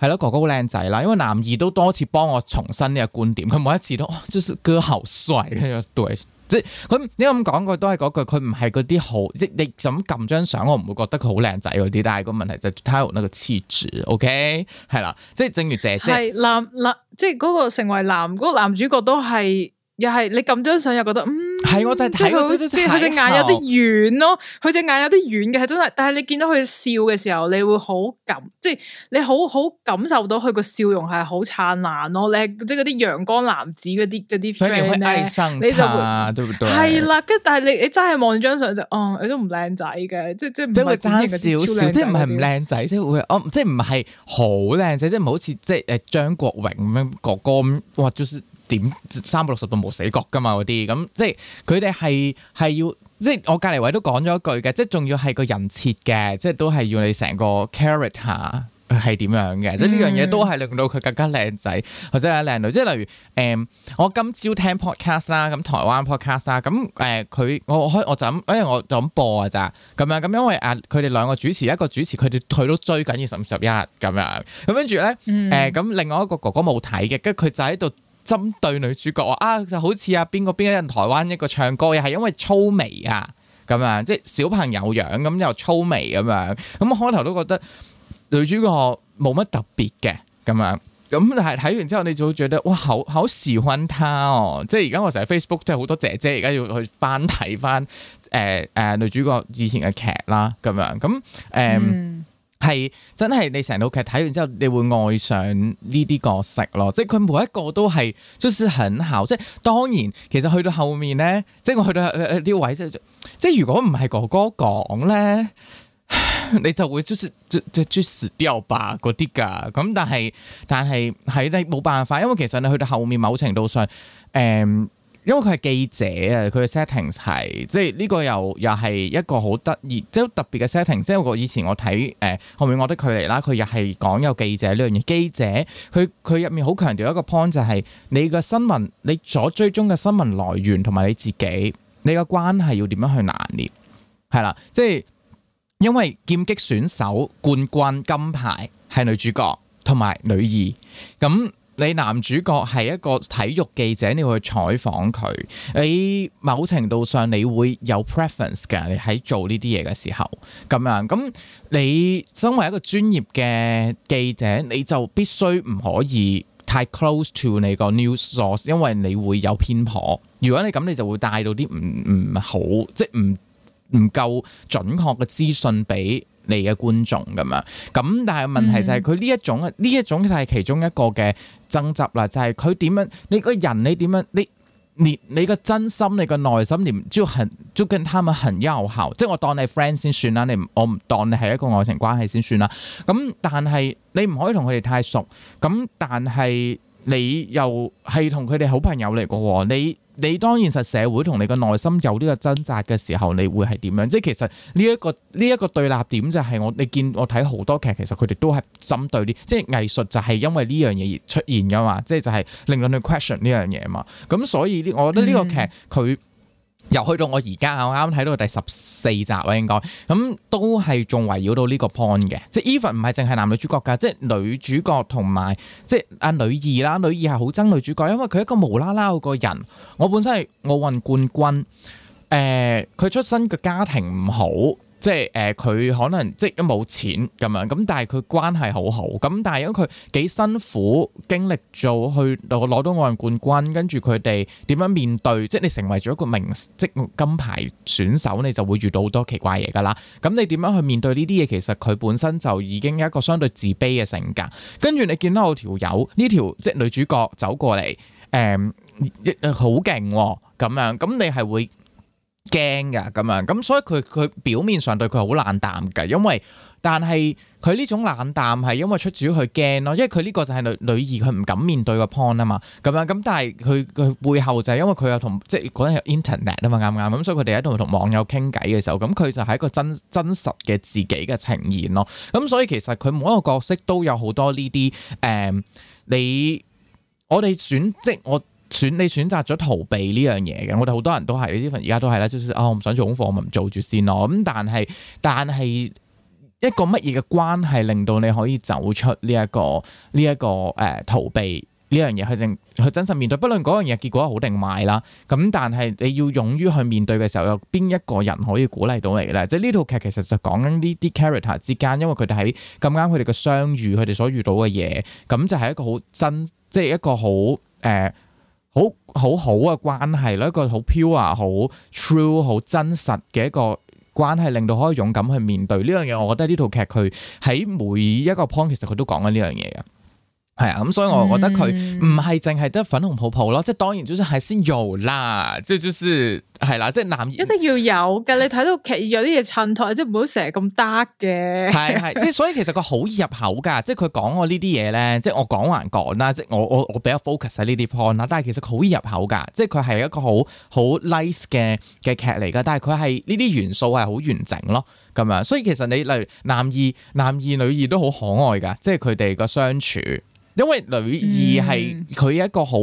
係咯，哥哥好靚仔啦。因為男二都多次幫我重申呢個觀點，佢每一次都哇，真、啊就是哥好帥呢對即係佢，你咁講佢都係嗰句，佢唔係嗰啲好，即係你就咁撳張相，我唔會覺得佢好靚仔嗰啲。但係個問題就睇下嗰個黐紙，OK？係啦，即係正如姐姐，係男男，即係嗰個成為男嗰個男主角都係。又係你撳張相又覺得嗯，係我真係睇佢，即係佢隻眼有啲圓咯，佢隻眼有啲圓嘅係真係。但係你見到佢笑嘅時候，你會好感，即係你好好感受到佢個笑容係好燦爛咯。你係即係嗰啲陽光男子嗰啲嗰啲 friend 咧，你就會，啊，對唔對？係啦。跟但係你你真係望張相就，哦，你都唔靚仔嘅，即即即會爭少少，即唔係唔靚仔，即會哦，即唔係好靚仔，即唔好似即誒張國榮咁樣哥哥咁哇，就是。點三百六十度冇死角噶嘛？嗰啲咁即係佢哋係係要即係我隔離位都講咗一句嘅，即係仲要係個人設嘅，即係都係要你成個 character 係點樣嘅，嗯、即係呢樣嘢都係令到佢更加靚仔或者靚女。即係例如誒、呃，我今朝聽 podcast 啦，咁台灣 podcast 啦，咁誒佢我開我，我就咁，因為我，我就咁播啊咋咁樣咁，因為啊佢哋兩個主持一個主持，佢哋佢都追緊要十五十一咁樣咁，跟住咧誒咁，另外一個哥哥冇睇嘅，跟住佢就喺度。針對女主角啊，就好似啊邊個邊個人台灣一個唱歌，又係因為粗眉啊咁啊，樣即係小朋友樣咁又粗眉咁樣，咁開頭都覺得女主角冇乜特別嘅咁啊，咁但係睇完之後你就會覺得哇好好時尚她哦，即係而家我成日 Facebook 即都好多姐姐而家要去翻睇翻誒誒女主角以前嘅劇啦咁樣咁誒。係真係你成套劇睇完之後，你會愛上呢啲角色咯，即係佢每一個都係 j、就是很巧，即係當然，其實去到後面咧，即係我去到呢、呃、位即係，即係如果唔係哥哥講咧，你就會 just j u s 掉吧嗰啲噶，咁但係但係喺你冇辦法，因為其實你去到後面某程度上誒。嗯因為佢係記者啊，佢嘅 setting 係即係呢個又又係一個好得意即係特別嘅 setting。即係我以前我睇誒、呃《後面我的距離》啦，佢又係講有記者呢樣嘢。記者佢佢入面好強調一個 point 就係你嘅新聞，你所追蹤嘅新聞來源同埋你自己你嘅關係要點樣去拿捏。係啦。即係因為劍擊選手冠軍金牌係女主角同埋女二咁。你男主角係一個體育記者，你會去採訪佢。你某程度上你會有 preference 嘅，你喺做呢啲嘢嘅時候咁樣。咁你身為一個專業嘅記者，你就必須唔可以太 close to 你個 news source，因為你會有偏頗。如果你咁，你就會帶到啲唔唔好，即係唔唔夠準確嘅資訊俾你嘅觀眾咁樣。咁但係問題就係佢呢一種呢、嗯、一種就係其中一個嘅。爭執啦，就係佢點樣，你個人你點樣，你你你個真心，你個內心，你唔知要，足夠佢哋很有效。即係我當你 friend 先算啦，你我唔當你係一個愛情關係先算啦。咁但係你唔可以同佢哋太熟，咁但係你又係同佢哋好朋友嚟嘅喎，你。你當現實社會同你個內心有呢個掙扎嘅時候，你會係點樣？即係其實呢、這、一個呢一、這個對立點就係我你見我睇好多劇，其實佢哋都係針對啲即係藝術就係因為呢樣嘢而出現噶嘛，即係就係令到你 question 呢樣嘢嘛。咁所以呢，我覺得呢個劇佢。嗯嗯又去到我而家啊！我啱啱睇到第十四集啦，應該咁都係仲圍繞到呢個 point 嘅。即 Eva 唔係淨係男女主角㗎，即係女主角同埋即係阿女二啦。女二係好憎女主角，因為佢一個無啦啦個人。我本身係奧運冠軍，誒、呃，佢出身個家庭唔好。即係誒，佢、呃、可能即係都冇錢咁樣，咁但係佢關係好好，咁但係因為佢幾辛苦經歷做去攞到奧運冠軍，跟住佢哋點樣面對？即係你成為咗一個名職金牌選手，你就會遇到好多奇怪嘢噶啦。咁你點樣去面對呢啲嘢？其實佢本身就已經一個相對自卑嘅性格。跟住你見到我條友呢條即係女主角走過嚟，誒，好勁喎咁樣，咁你係會？驚噶咁樣，咁所以佢佢表面上對佢好冷淡嘅。因為但係佢呢種冷淡係因為最主要佢驚咯，因為佢呢個就係女女兒佢唔敢面對個 point 啊嘛，咁樣咁但係佢佢背後就係因為佢有同即係嗰有 internet 啊嘛，啱唔啱咁，所以佢哋喺度同網友傾偈嘅時候，咁佢就係一個真真實嘅自己嘅呈現咯。咁所以其實佢每一個角色都有好多呢啲誒，你我哋選職我。選你選擇咗逃避呢樣，嘢嘅，我哋好多人都係呢份，而家都係啦，少少啊，我唔想做功課，我咪唔做住先咯。咁但係但係一個乜嘢嘅關係令到你可以走出呢一個呢一個誒、呃、逃避呢樣嘢，去正去真實面對，不論嗰樣嘢結果好定壞啦。咁但係你要勇於去面對嘅時候，有邊一個人可以鼓勵到你咧？即係呢套劇其實就講緊呢啲 character 之間，因為佢哋喺咁啱佢哋嘅相遇，佢哋所遇到嘅嘢，咁就係一個好真，即係一個好誒。呃好，好好好嘅關係，一個好 pure、好 true、好真實嘅一個關係，令到可以勇敢去面對呢樣嘢。我覺得呢套劇佢喺每一個 point 其實佢都講緊呢樣嘢嘅。係啊，咁所以我覺得佢唔係淨係得粉紅泡泡咯，即係當然，總之係先有啦，即係就係係啦，即係男一一定要有噶， 你睇到劇有啲嘢襯托，即係唔好成日咁得嘅。係係，即係所以其實佢好易入口噶，即係佢講我呢啲嘢咧，即係我講還講啦，即係我我我比較 focus 喺呢啲 point 啦。但係其實佢好易入口噶，即係佢係一個好好 nice 嘅嘅劇嚟噶。但係佢係呢啲元素係好完整咯，咁樣。所以其實你例如男二、男二、女二都好可愛噶，即係佢哋個相處。因為女二係佢一個好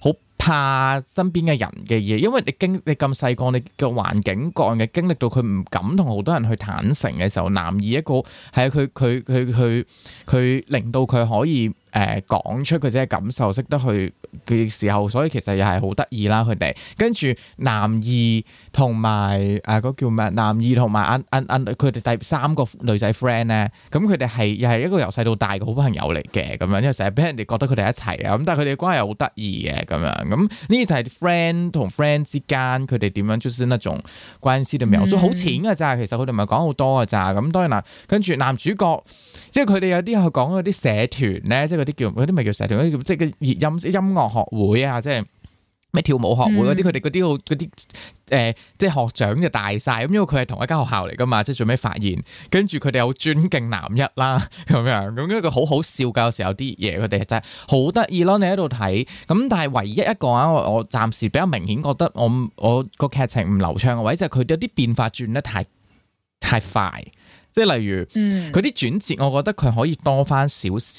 好怕身邊嘅人嘅嘢，因為你經你咁細個你嘅環境、個人嘅經歷到佢唔敢同好多人去坦誠嘅時候，男二一個係佢佢佢佢佢令到佢可以。誒、呃、講出佢自己嘅感受，識得去嘅時候，所以其實又係好得意啦。佢哋跟住男二同埋誒嗰叫咩？男二同埋佢哋第三個女仔 friend 咧，咁佢哋係又係一個由細到大嘅好朋友嚟嘅咁樣，因為成日俾人哋覺得佢哋一齊啊。咁但係佢哋嘅關係又好得意嘅咁樣。咁呢啲就係 friend 同 friend 之間佢哋點樣做出一種關係嘅苗，嗯、所以好淺嘅咋。其實佢哋唔係講好多嘅咋。咁當然啦，跟住男主角。即係佢哋有啲去講嗰啲社團咧，即係嗰啲叫嗰啲咪叫社團，即係音音樂學會啊，即係咩跳舞學會嗰啲，佢哋嗰啲好嗰啲誒，即係學長就大晒，咁因為佢係同一間學校嚟噶嘛，即係最尾發現，跟住佢哋好尊敬男一啦，咁樣。咁因佢好好笑噶，有時有啲嘢佢哋真係好得意咯，你喺度睇咁，但係唯一一個啊，我暫時比較明顯覺得我我，我、那個劇情唔流暢嘅位就係佢有啲變化轉得太太快。即係例如嗯，佢啲轉折，我覺得佢可以多翻少少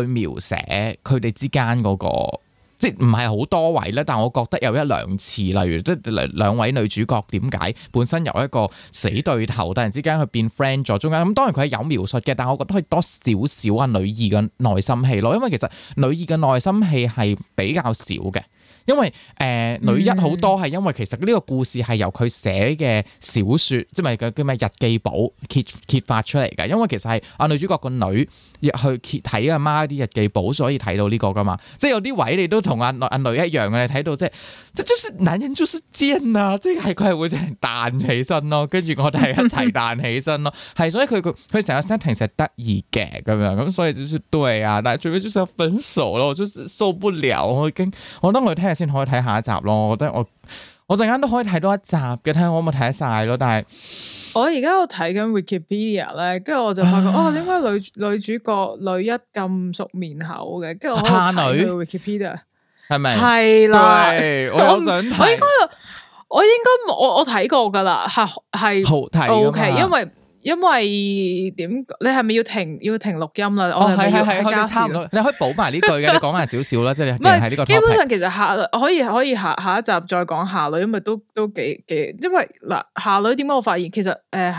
去描寫佢哋之間嗰個即係唔係好多位咧。但係我覺得有一兩次，例如即係兩位女主角點解本身由一個死對頭突然之間去變 friend 咗，中間咁當然佢係有描述嘅，但係我覺得可以多少少啊女二嘅內心戲咯，因為其實女二嘅內心戲係比較少嘅。因為誒、呃、女一好多係因為其實呢個故事係由佢寫嘅小説，即係叫咩日記簿揭揭發出嚟嘅？因為其實係啊女主角個女去揭睇阿媽啲日記簿，所以睇到呢個噶嘛。即係有啲位你都同阿阿女一,一樣嘅，你睇到即係即係、就是、男人就是賤啊！即係佢係會彈起身咯，跟住我哋係一齊彈起身咯。係 所以佢佢成個 setting 成得意嘅咁樣咁，所以就是對、啊、但最尾就是分手咯，我就受不了我已經我當我聽。先可以睇下一集咯，我覺得我我陣間都可以睇多一集嘅，睇下我可唔可以睇得晒咯。但係我而家我睇緊 Wikipedia 咧，跟住我就發覺、啊、哦，點解女女主角女一咁熟面口嘅？跟住我怕女 Wikipedia 係咪？係啦，我有想我，我應該我應該我我睇過噶啦，係係好睇，O K，因為。因為點，你係咪要停要停錄音啦？哦，係係係，差唔多 你可以補埋呢句嘅，你講下少少啦， 即係係呢個。 基本上其實下可以可以下下一集再講下女，因為都都幾幾，因為嗱下女，點解我發現其實誒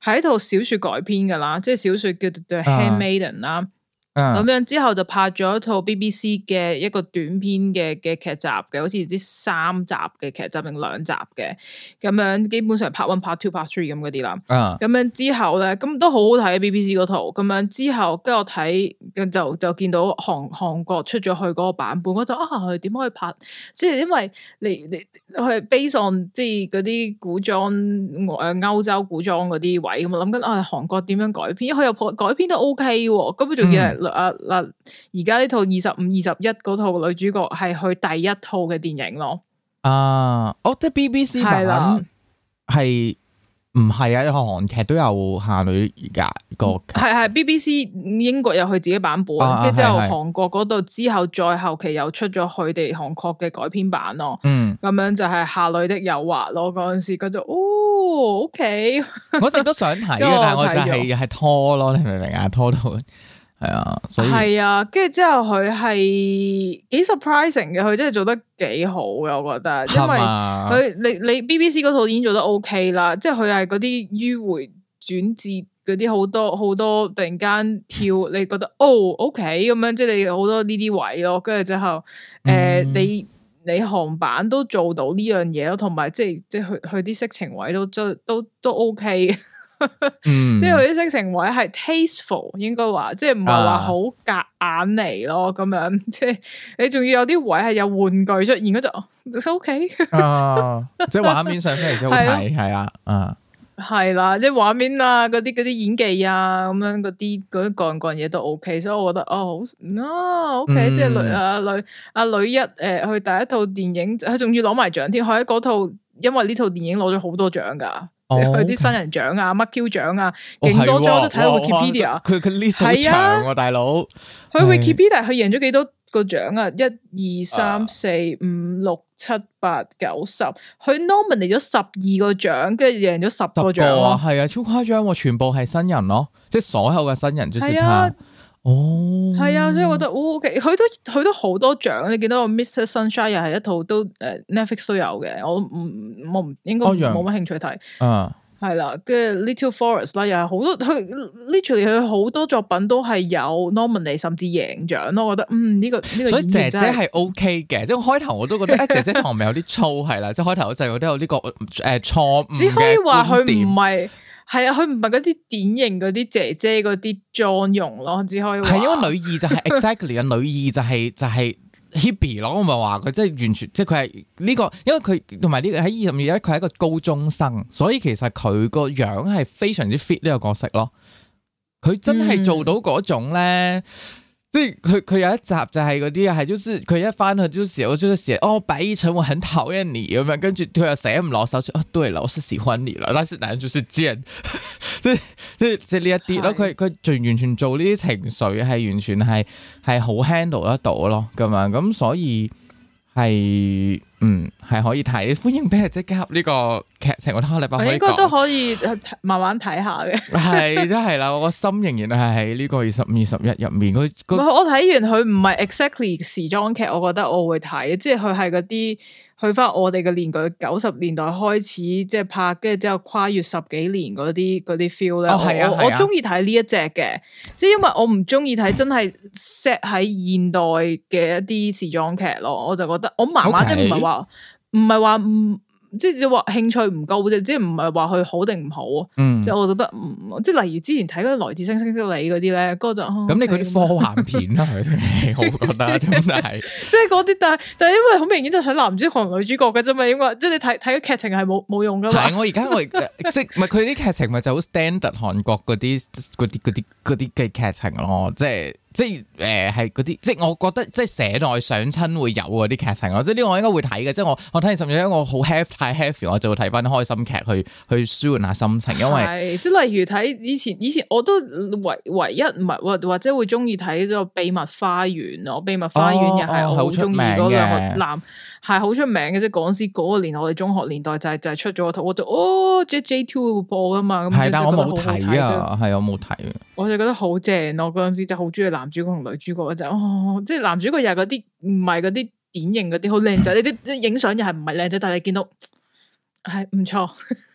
係一套小說改編噶啦，即係小說叫做《The Handmaiden》啦，嗯。咁、嗯、樣之後就拍咗一套 BBC 嘅一個短片嘅嘅劇集嘅，好似唔知三集嘅劇集定兩集嘅，咁樣基本上拍 one 拍 two 拍 three 咁嗰啲啦。咁、嗯、樣之後咧，咁都好好睇 BBC 嗰套咁樣之後，跟住我睇，咁就就見到韓韓國出咗去嗰個版本，我就啊佢點可以拍？即係因為你你去 base on 即係嗰啲古裝誒歐洲古裝嗰啲位，咁我諗緊啊韓國點樣改編，因為佢又改編都 OK 喎、啊，咁佢仲要係。啊嗱，而家呢套二十五、二十一嗰套女主角係佢第一套嘅電影咯。啊，哦，即係 B B C 版，係唔係啊？有韓劇都有下女而噶個，係係 B B C 英國有佢自己版本，跟住之後韓國嗰度之後再後期又出咗佢哋韓國嘅改編版咯。嗯，咁樣就係下女的誘惑咯。嗰陣時，跟住哦，O K，嗰時都想睇嘅，但係我就係係拖咯，你明唔明啊？拖到。係啊，係啊，跟住之後佢係幾 surprising 嘅，佢真係做得幾好嘅，我覺得，因為佢嗎你你 BBC 嗰套已經做得 OK 啦，即係佢係嗰啲迂回轉折嗰啲好多好多，突然間跳，你覺得哦 OK 咁樣，即係你好多呢啲位咯，跟住之後誒、呃嗯，你你韓版都做到呢樣嘢咯，同埋即係即係佢佢啲色情位都都都都 OK。即係佢啲色情位係 tasteful，應該話即係唔係話好夾眼嚟咯，咁樣即係你仲要有啲位係有玩具出現嗰就 OK，即係畫面上嚟即係好睇。係啊，啊係啦，啲畫面啊，嗰啲啲演技啊，咁樣嗰啲嗰啲各人各人嘢都 OK，所以我覺得哦好啊 OK，即係女啊女阿女一誒去第一套電影，佢仲要攞埋獎添，佢喺嗰套因為呢套電影攞咗好多獎噶。佢啲新人獎啊，乜 Q 獎啊，勁多咗都睇到個 Wikipedia，佢呢四係啊，大佬，佢 Wikipedia 佢贏咗幾多個獎啊，一二三四五六七八九十，佢 Nominee 咗十二個獎，跟住贏咗十個獎，啊，係啊，超誇張，啊，全部係新人咯，即係所有嘅新人即係哦，係啊，所以我覺得 OK，佢都佢都好多獎，你見到個 Mr Sunshine 又係一套都誒、呃、Netflix 都有嘅，我唔我唔應該冇乜興趣睇，嗯、啊，係啦，跟住 Little Forest 啦，又係好多，佢 literally 佢好多作品都係有 nominee 甚至贏獎，我覺得嗯呢個呢個，這個、所以姐姐係 OK 嘅，即係開頭我都覺得 姐姐同唔有啲粗係啦，即係開頭我就覺得有呢、這個誒錯誤嘅觀點。係啊，佢唔係嗰啲典型嗰啲姐姐嗰啲妝容咯，只可以係 因為女二就係 exactly 啊、就是，女二就係就係 Hebe 咯，我咪係話佢即係完全即係佢係呢個，因為佢同埋呢個喺二十而家佢係一個高中生，所以其實佢個樣係非常之 fit 呢個角色咯，佢真係做到嗰種咧。嗯即係佢佢有一集就係嗰啲啊，係就是佢一翻去時就寫、是，我就寫哦，白依晨，我很討厭你咁樣，跟住佢又寫唔攞手，哦，對啦，我是喜歡你啦，嗱， 所以大家就識、是、知，即係即係即係呢一啲咯，佢佢就完全做呢啲情緒係完全係係好 handle 得到咯，咁啊咁所以係。嗯，係可以睇，歡迎俾係即刻合呢個劇情，我下禮拜可以。應該都可以慢慢睇下嘅， 係真係啦，我個心仍然係喺呢個十二十一入面。我睇完佢唔係 exactly 時裝劇，我覺得我會睇，即係佢係嗰啲。去翻我哋嘅年代，九十年代開始即係拍，跟住之後跨越十幾年嗰啲啲 feel 咧，我我中意睇呢一隻嘅，即係因為我唔中意睇真係 set 喺現代嘅一啲時裝劇咯，我就覺得我麻麻真係唔係話唔係話唔。Okay. 即係就話興趣唔夠啫，即係唔係話佢好定唔好啊？嗯，即係我覺得，即、嗯、係例如之前睇嗰個來自星星的、嗯哦、那你嗰啲咧，嗰個就咁你佢啲科幻片啦，係好 覺得咁就係，即係嗰啲，但係 但係因為好明顯就睇男主角同女主角嘅啫嘛，因為即係你睇睇劇情係冇冇用噶嘛。係，我而家我即係唔係佢啲劇情咪就好 standard 韓國嗰啲嗰啲嗰啲嗰啲嘅劇情咯，即係。 即係誒係嗰啲，即係我覺得即係社內相親會有嗰啲劇情咯，即係呢個我應該會睇嘅，即係我我睇完十秒，因為我好 heavy 太 heavy，我就會睇翻開心劇去去舒緩下心情，因為即係例如睇以前以前我都唯唯一唔係或或者會中意睇咗《秘密花園》咯，哦，《秘密花園》又係我好中意嗰個男。哦哦係好出名嘅啫，嗰陣時嗰個年我哋中學年代就係就係出咗套，我就哦，J J Two 播噶嘛，咁就的覺得好睇。係我冇睇、啊，即我，啊、我就覺得好正咯。嗰陣時就好中意男主角同女主角，就哦，即係男主角又係嗰啲唔係嗰啲典型嗰啲好靚仔，你啲啲影相又係唔係靚仔，但係你見到。係唔錯，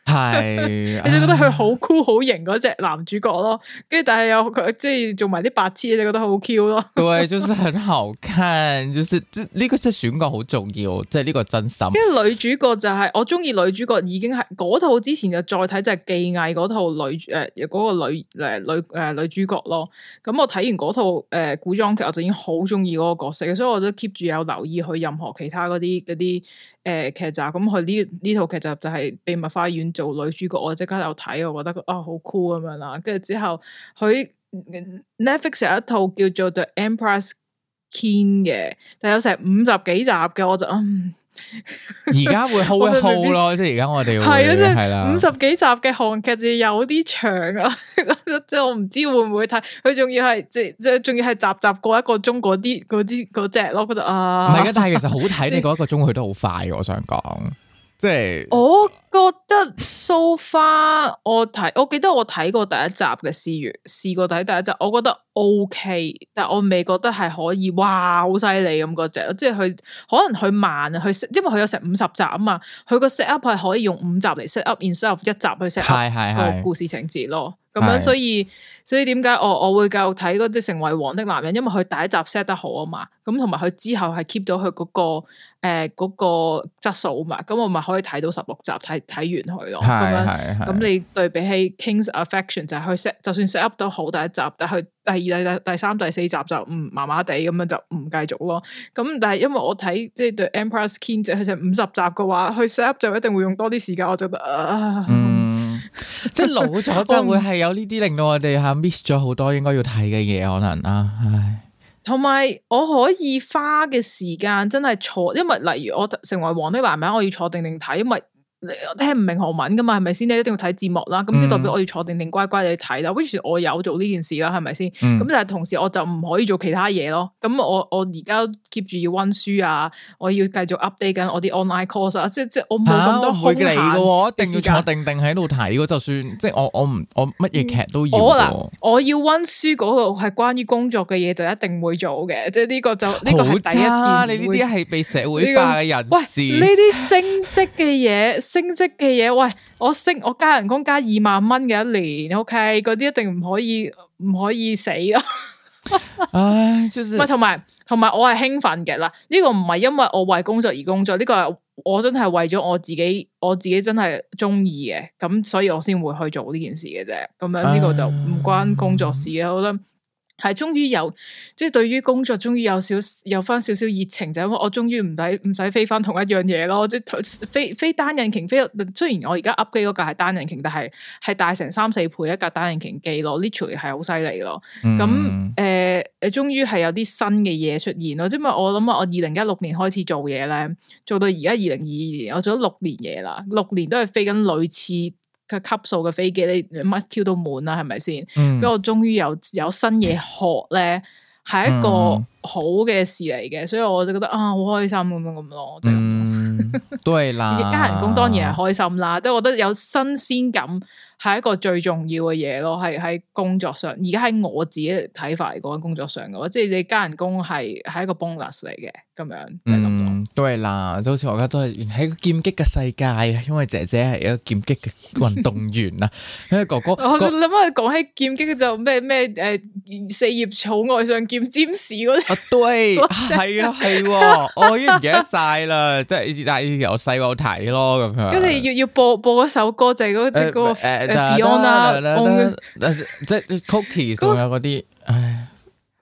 係 是 你就覺得佢好酷、好型嗰隻男主角咯，跟住但係又即係、就是、做埋啲白痴，你覺得好 cute 咯。對，就是很好看，就是呢、就是這個即係選角好重要，即係呢個真心。跟住女主角就係、是、我中意女主角，已經係嗰套之前就再睇就係《技藝》嗰套女誒，呃那個女誒女誒女主角咯。咁、嗯、我睇完嗰套誒、呃、古裝劇，我就已經好中意嗰個角色，所以我都 keep 住有留意去任何其他啲嗰啲。誒劇、呃、集，咁佢呢呢套劇集就係秘密花園做女主角，我即刻有睇，我覺得啊好、哦、cool 咁樣啦。跟住之後佢 Netflix 有一套叫做《The Empress King》嘅，但有成五十幾集嘅，我就嗯。而家 會 hold 一 hold 咯，即係而家我哋係啦，五十幾集嘅韓劇就有啲長啊，即 係我唔知會唔會睇，佢仲要係即即係仲要係集集過一個鐘嗰啲嗰啲嗰隻咯，覺得、那個那個那個那個、啊，唔係啊， 但係其實好睇，你過一個鐘佢都好快，我想講。即係，我覺得 so far，我睇，我記得我睇過第一集嘅思完，試過睇第一集，我覺得 OK，但我未覺得係可以，哇，好犀利咁嗰隻，即係佢可能佢慢啊，佢因為佢有成五十集啊嘛，佢個 set up 係可以用五集嚟 set up，instead of 一集去 set up 是是是是個故事情節咯。咁樣是所以所以點解我我會繼續睇嗰啲成為王的男人，因為佢第一集 set 得好啊嘛，咁同埋佢之後係 keep 到佢嗰、嗰個誒、呃嗰個質素嘛，咁我咪可以睇到十六集睇睇完佢咯。咁是樣，咁你對比起 King's Affection 就係可以 set，就算 set up 都好第一集，但係第二、第第三、第四集就唔麻麻地咁樣就唔繼續咯。咁但係因為我睇即係對 Empress Ki，即係五十集嘅話，佢 set up 就一定會用多啲時間，我覺得、呃嗯 即係老咗，真係會係有呢啲令到我哋吓 miss 咗好多應該要睇嘅嘢可能啦，唉。同埋 我可以花嘅時間真係坐，因為例如我成為王的男人，我要坐定定睇，因為。你聽唔明韓文噶嘛？係咪先？你一定要睇字幕啦。咁、嗯、即係代表我要坐定定乖乖地睇啦。which、嗯、我有做呢件事啦，係咪先？咁、嗯、但係同時我就唔可以做其他嘢咯。咁我我而家 keep 住要溫書啊，我要繼續 update 緊我啲 online course 啊。即即係我冇咁多空閒嘅，啊、一定要坐定定喺度睇。就算即係我我唔我乜嘢劇都要。我啦，我要溫書嗰度係關於工作嘅嘢，就一定會做嘅。即係呢個就呢、這個係、這個、第一件。你呢啲係被社會化嘅人士 喂。呢啲升職嘅嘢。 升職嘅嘢，喂，我升我加人工加二萬蚊嘅一年，OK，嗰啲一定唔可以唔可以死咯。唉、 uh, 就，唔同埋同埋，我係興奮嘅啦。呢個唔係因為我為工作而工作，呢、呢個係我真係為咗我自己，我自己真係中意嘅，咁所以我先會去做呢件事嘅啫。咁樣呢個就唔關工作事嘅，我覺得。係，終於有即係對於工作終於，終於有少有翻少少熱情，就因為我終於唔使唔使飛翻同一樣嘢咯，即係飛飛單引擎飛。雖然我而家 up 機嗰架係單引擎，但係係大成三四倍一架單引擎機咯，literally 係好犀利咯。咁誒，你終於係有啲新嘅嘢出現咯，即係我諗啊，我二零一六年開始做嘢咧，做到而家二零二二年，我做咗六年嘢啦，六年都係飛緊類似。個級數嘅飛機，你乜 Q 都滿啦，係咪先？咁、嗯、我終於有有新嘢學咧，係、嗯、一個好嘅事嚟嘅，所以我就覺得啊，好開心咁樣咁咯。嗯，嗯 對啦，加人工當然係開心啦，即係我覺得有新鮮感係一個最重要嘅嘢咯，係喺工作上。而家喺我自己睇法嚟講，工作上嘅話，即係你加人工係係一個 bonus 嚟嘅咁樣。嗯。都係啦，就好似我家都係喺個劍擊嘅世界，因為姐姐係一個劍擊嘅運動員啦。因為 哥哥，我諗起講起劍擊就咩咩誒，四葉草愛上劍尖士嗰啲。Whatever, 對，係啊係，我已經唔記得晒啦，即係以前但係要前我細個睇咯咁樣。跟住要要播播一首歌就係嗰隻嗰個誒 Fiona 即係 Cookies，仲有啲唉。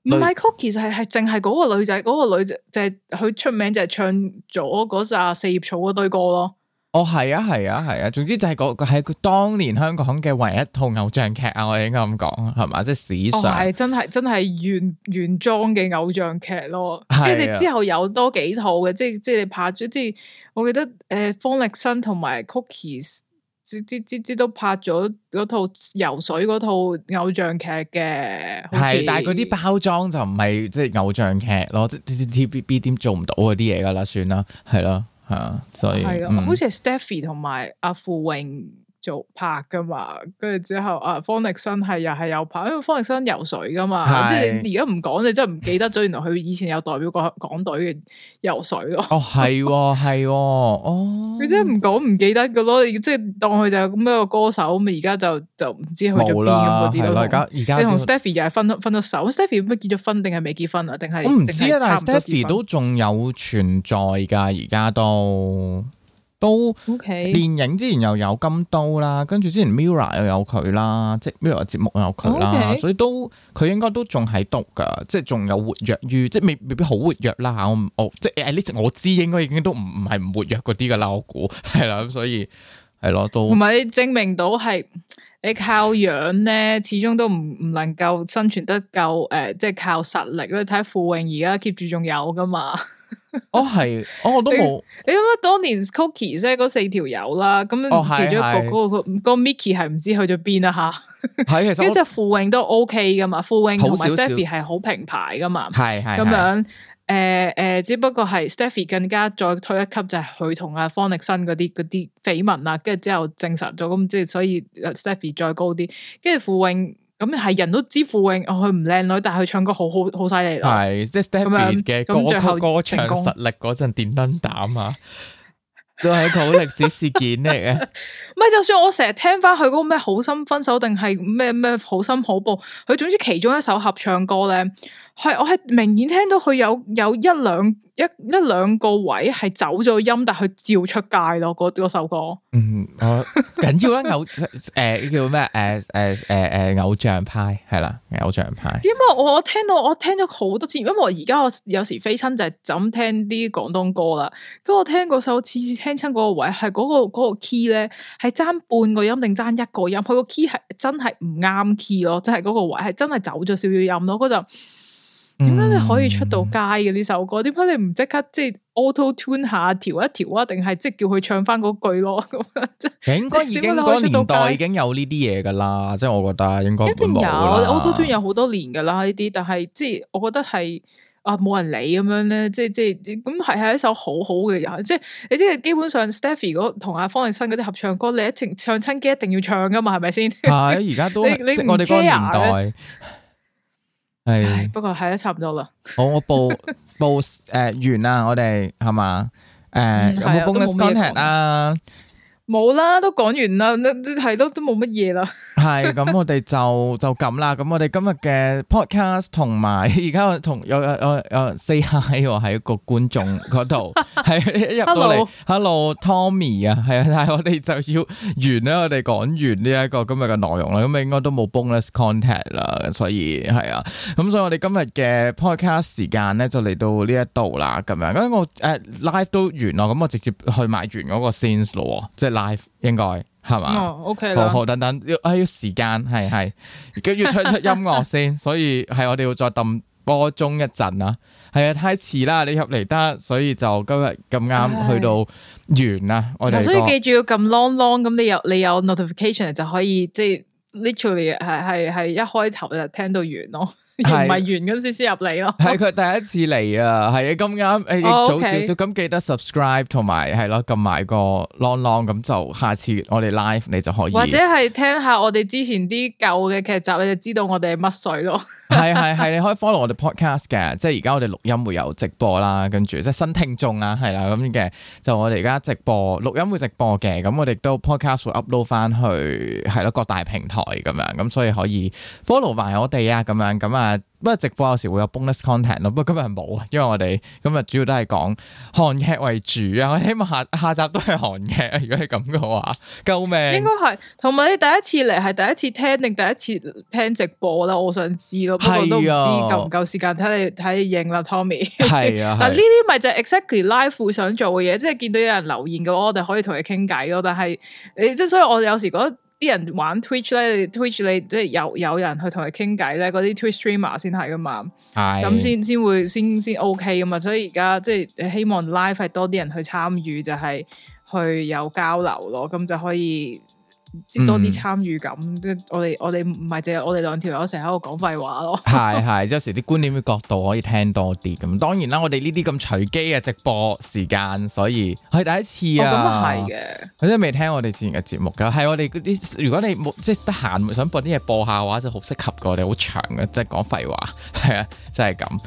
唔係 Cookies，係係淨係嗰個女仔，嗰、那個女就係、是、佢出名，就係唱咗嗰扎四葉草嗰堆歌咯。哦，係啊，係啊，係啊，啊，總之就係、那個係佢當年香港嘅唯一,一套偶像劇啊！我哋應該咁講係嘛，即係、就是、史上係、哦啊、真係真係原原裝嘅偶像劇咯。跟住、啊、之後有多幾套嘅，即係即係你拍咗即係，我記得誒、呃、方力申同埋 Cookies。都拍咗套游水套偶像劇嘅，係但係嗰啲包裝就唔係即係偶像劇咯，TVB 點做唔到嗰啲嘢噶啦，算啦，係咯，係啊，所以係啊、嗯，好似 Stephy 同埋、啊、阿傅穎。做拍噶嘛，跟住之後啊，方力申係又係有拍，因為方力申游水噶嘛，的即係而家唔講，你真係唔記得咗，原來佢以前有代表過港隊嘅游水咯， 哦。哦，係 係，哦，佢真係唔講唔記得噶咯，即係當佢就係咁樣個歌手，咁而家就就唔知去做邊咁嗰啲咯。而家而家你同 Stephy 又係分分咗手，Stephy 咁結咗婚定係未結婚啊？定係唔知啊，差唔多但係 Stephy 都仲有存在噶，而家都。都，OK。電影之前又有金刀啦，跟住之前 Mira 又有佢啦，即係 Mira 節目又有佢啦，Okay. 所以都佢應該都仲喺度噶，即係仲有活躍於，即係未未必好活躍啦嚇。我我即係誒，呢我知應該已經都唔唔係唔活躍嗰啲噶啦，我估係啦，咁所以係咯都。同埋你證明到係。你靠樣咧，始終都唔唔能夠生存得夠誒、呃，即係靠實力咯。睇傅穎而家 keep 住仲有噶嘛？哦係，哦我都冇。你諗下當年 Cookies 即係嗰四條友啦，咁、哦、其中一、那個嗰的、那個、那個、那個、Mickey 係唔知去咗邊啦吓。係其實跟住傅穎都 OK 噶嘛，傅穎同埋 Stephy 係好平排噶嘛。係係。咁樣。誒誒，只不過係 Stephy 更加再推一級，就係佢同阿方力申嗰啲嗰啲緋聞啊，跟住之後證實咗，咁即係所以 Stephy 再高啲，跟住傅穎，咁係人都知傅穎，佢唔靚女，但係佢唱歌好好好犀利啦，係即係 Stephy 嘅歌唱實力嗰陣電燈膽啊，都係一個好歷史事件嚟嘅。唔係 就算我成日聽翻佢嗰個咩好心分手定係咩咩好心好報，佢總之其中一首合唱歌咧。係，我係明顯聽到佢有有一兩一一兩個位係走咗音，但係佢照出街咯。嗰首歌，嗯，緊要啦，偶誒叫咩誒誒誒誒偶像派係啦，偶像派。因為我聽到我聽咗好多次，因為而家我有時飛親就係就咁聽啲廣東歌啦。咁我聽嗰首次次聽親嗰個位係嗰個個 key 咧，係爭半個音定爭一個音？佢個 key 係真係唔啱 key 咯，即係嗰個位係真係走咗少少音咯。嗰陣。點解、嗯、你可以出到街嘅呢首歌？點解你唔即刻即係 auto tune 下調一調啊？定係即係叫佢唱翻嗰句咯？咁 啊是，即係應該已經嗰年代已經有呢啲嘢噶啦。即係我覺得應該一定有，auto tune 有好多年噶啦呢啲。但係即係我覺得係啊，冇人理咁樣咧。即係即係咁係係一首好好嘅人。即係你即知，基本上 Stephy 同阿方力申嗰啲合唱歌，你一程唱唱親 K 一定要唱噶嘛？係咪先？係而家都 我哋個年代。 係是，不過係都差唔多啦。好，我報 報誒、呃、完啦，我哋係嘛？誒、呃嗯、有冇幫到鋼鐵啦？啊冇啦，都講完啦，係都都冇乜嘢啦。係 咁，我哋就就咁啦。咁我哋今日嘅 podcast 同埋而家同有有有 say hi 喎，喺個觀眾嗰度，係一 入到嚟，hello，Tommy 啊，係啊 Hello.，但係我哋就要完啦，我哋講完呢一個今日嘅內容啦，咁應該都冇 bonus content 啦，所以係啊，咁所以我哋今日嘅 podcast 時間咧就嚟到呢一度啦，咁樣咁我誒、uh, live 都完啦，咁我直接去買完嗰個 sense 咯，即係。應該係嘛，哦 okay、好好等等，要要時間，係係，跟住要推出音樂先， 所以係我哋要再撳波鐘一陣啊，係啊，太遲啦，你入嚟得，所以就今日咁啱去到完啦，是我哋、哦、所以記住要撳 long long，咁你有你有 notification 就可以，即、就、係、是、literally 係係係一開頭就聽到完咯、哦。係咪完咁先先入嚟咯？係佢第一次嚟啊，係啊，咁啱誒早少少，咁記得 subscribe 同埋係咯，撳埋個 long long，咁就下次我哋 live 你就可以，或者係聽下我哋之前啲舊嘅劇集，你就知道我哋乜水咯。係係係，你可以 follow 我哋 podcast 嘅，即係而家我哋錄音會有直播啦，跟住即係新聽眾啊，係啦咁嘅，就我哋而家直播錄音會直播嘅，咁我哋都 podcast 會 upload 翻去係咯各大平台咁樣，咁所以可以 follow 埋我哋啊，咁樣咁啊。不過直播有時會有 bonus content 咯，不過今日係冇啊，因為我哋今日主要都係講韓劇為主啊，我希望下下集都係韓劇，如果係咁嘅話，救命。應該係，同埋你第一次嚟係第一次聽定第一次聽直播啦，我想知咯，不過都唔知夠唔夠時間睇你睇認啦，Tommy。係 啊，嗱呢啲咪就係 exactly live 想做嘅嘢，即係見到有人留言嘅話，我哋可以同佢傾偈咯。但係你即係所以我哋有時覺得。啲人玩 Twitch 咧，Twitch 你即係有有人去同佢傾偈咧，嗰啲 Twitch streamer 先係噶嘛，咁先先會先先 OK 噶嘛，所以而家即係希望 live 係多啲人去參與，就係、是、去有交流咯，咁就可以。接多啲參與感，嗯、我哋我哋唔係淨係我哋兩條友成日喺度講廢話咯。係係是，有時啲觀念啲角度可以聽多啲咁。當然啦，我哋呢啲咁隨機嘅直播時間，所以係第一次啊。咁係嘅，佢都未聽我哋之前嘅節目㗎。係我哋嗰啲，如果你冇即係得閒想播啲嘢播下嘅話，就好適合㗎。我哋好長嘅，即係講廢話，係啊，即係咁，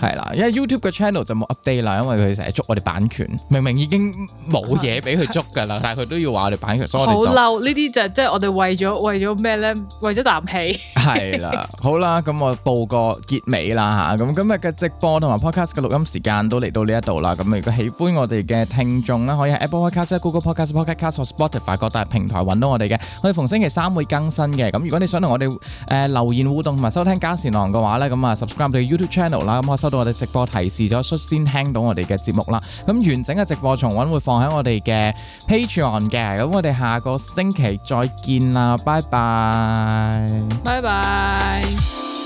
係啦、嗯。因為 YouTube 嘅 channel 就冇 update 啦，因為佢成日捉我哋版權，明明已經冇嘢俾佢捉㗎啦，啊、但係佢都要話我哋版權，所以我哋就。好嬲。呢啲就即係我哋為咗為咗咩咧？為咗啖氣。係啦，好啦，咁我報個結尾啦嚇。咁今日嘅直播同埋 Podcast 嘅錄音時間都嚟到呢一度啦。咁如果喜歡我哋嘅聽眾啦，可以喺 Apple Podcast、Google Podcast、Podcast 或 Spotify 各大平台揾到我哋嘅。我哋逢星期三會更新嘅。咁如果你想同我哋誒留言互動同埋收聽嘉善郎嘅話咧，咁啊 subscribe 我哋 YouTube Channel 啦，咁可以收到我哋直播提示咗，率先聽到我哋嘅節目啦。咁完整嘅直播重溫會放喺我哋嘅 Patreon 嘅。咁我哋下個星。下星期再見啦，拜拜，拜拜。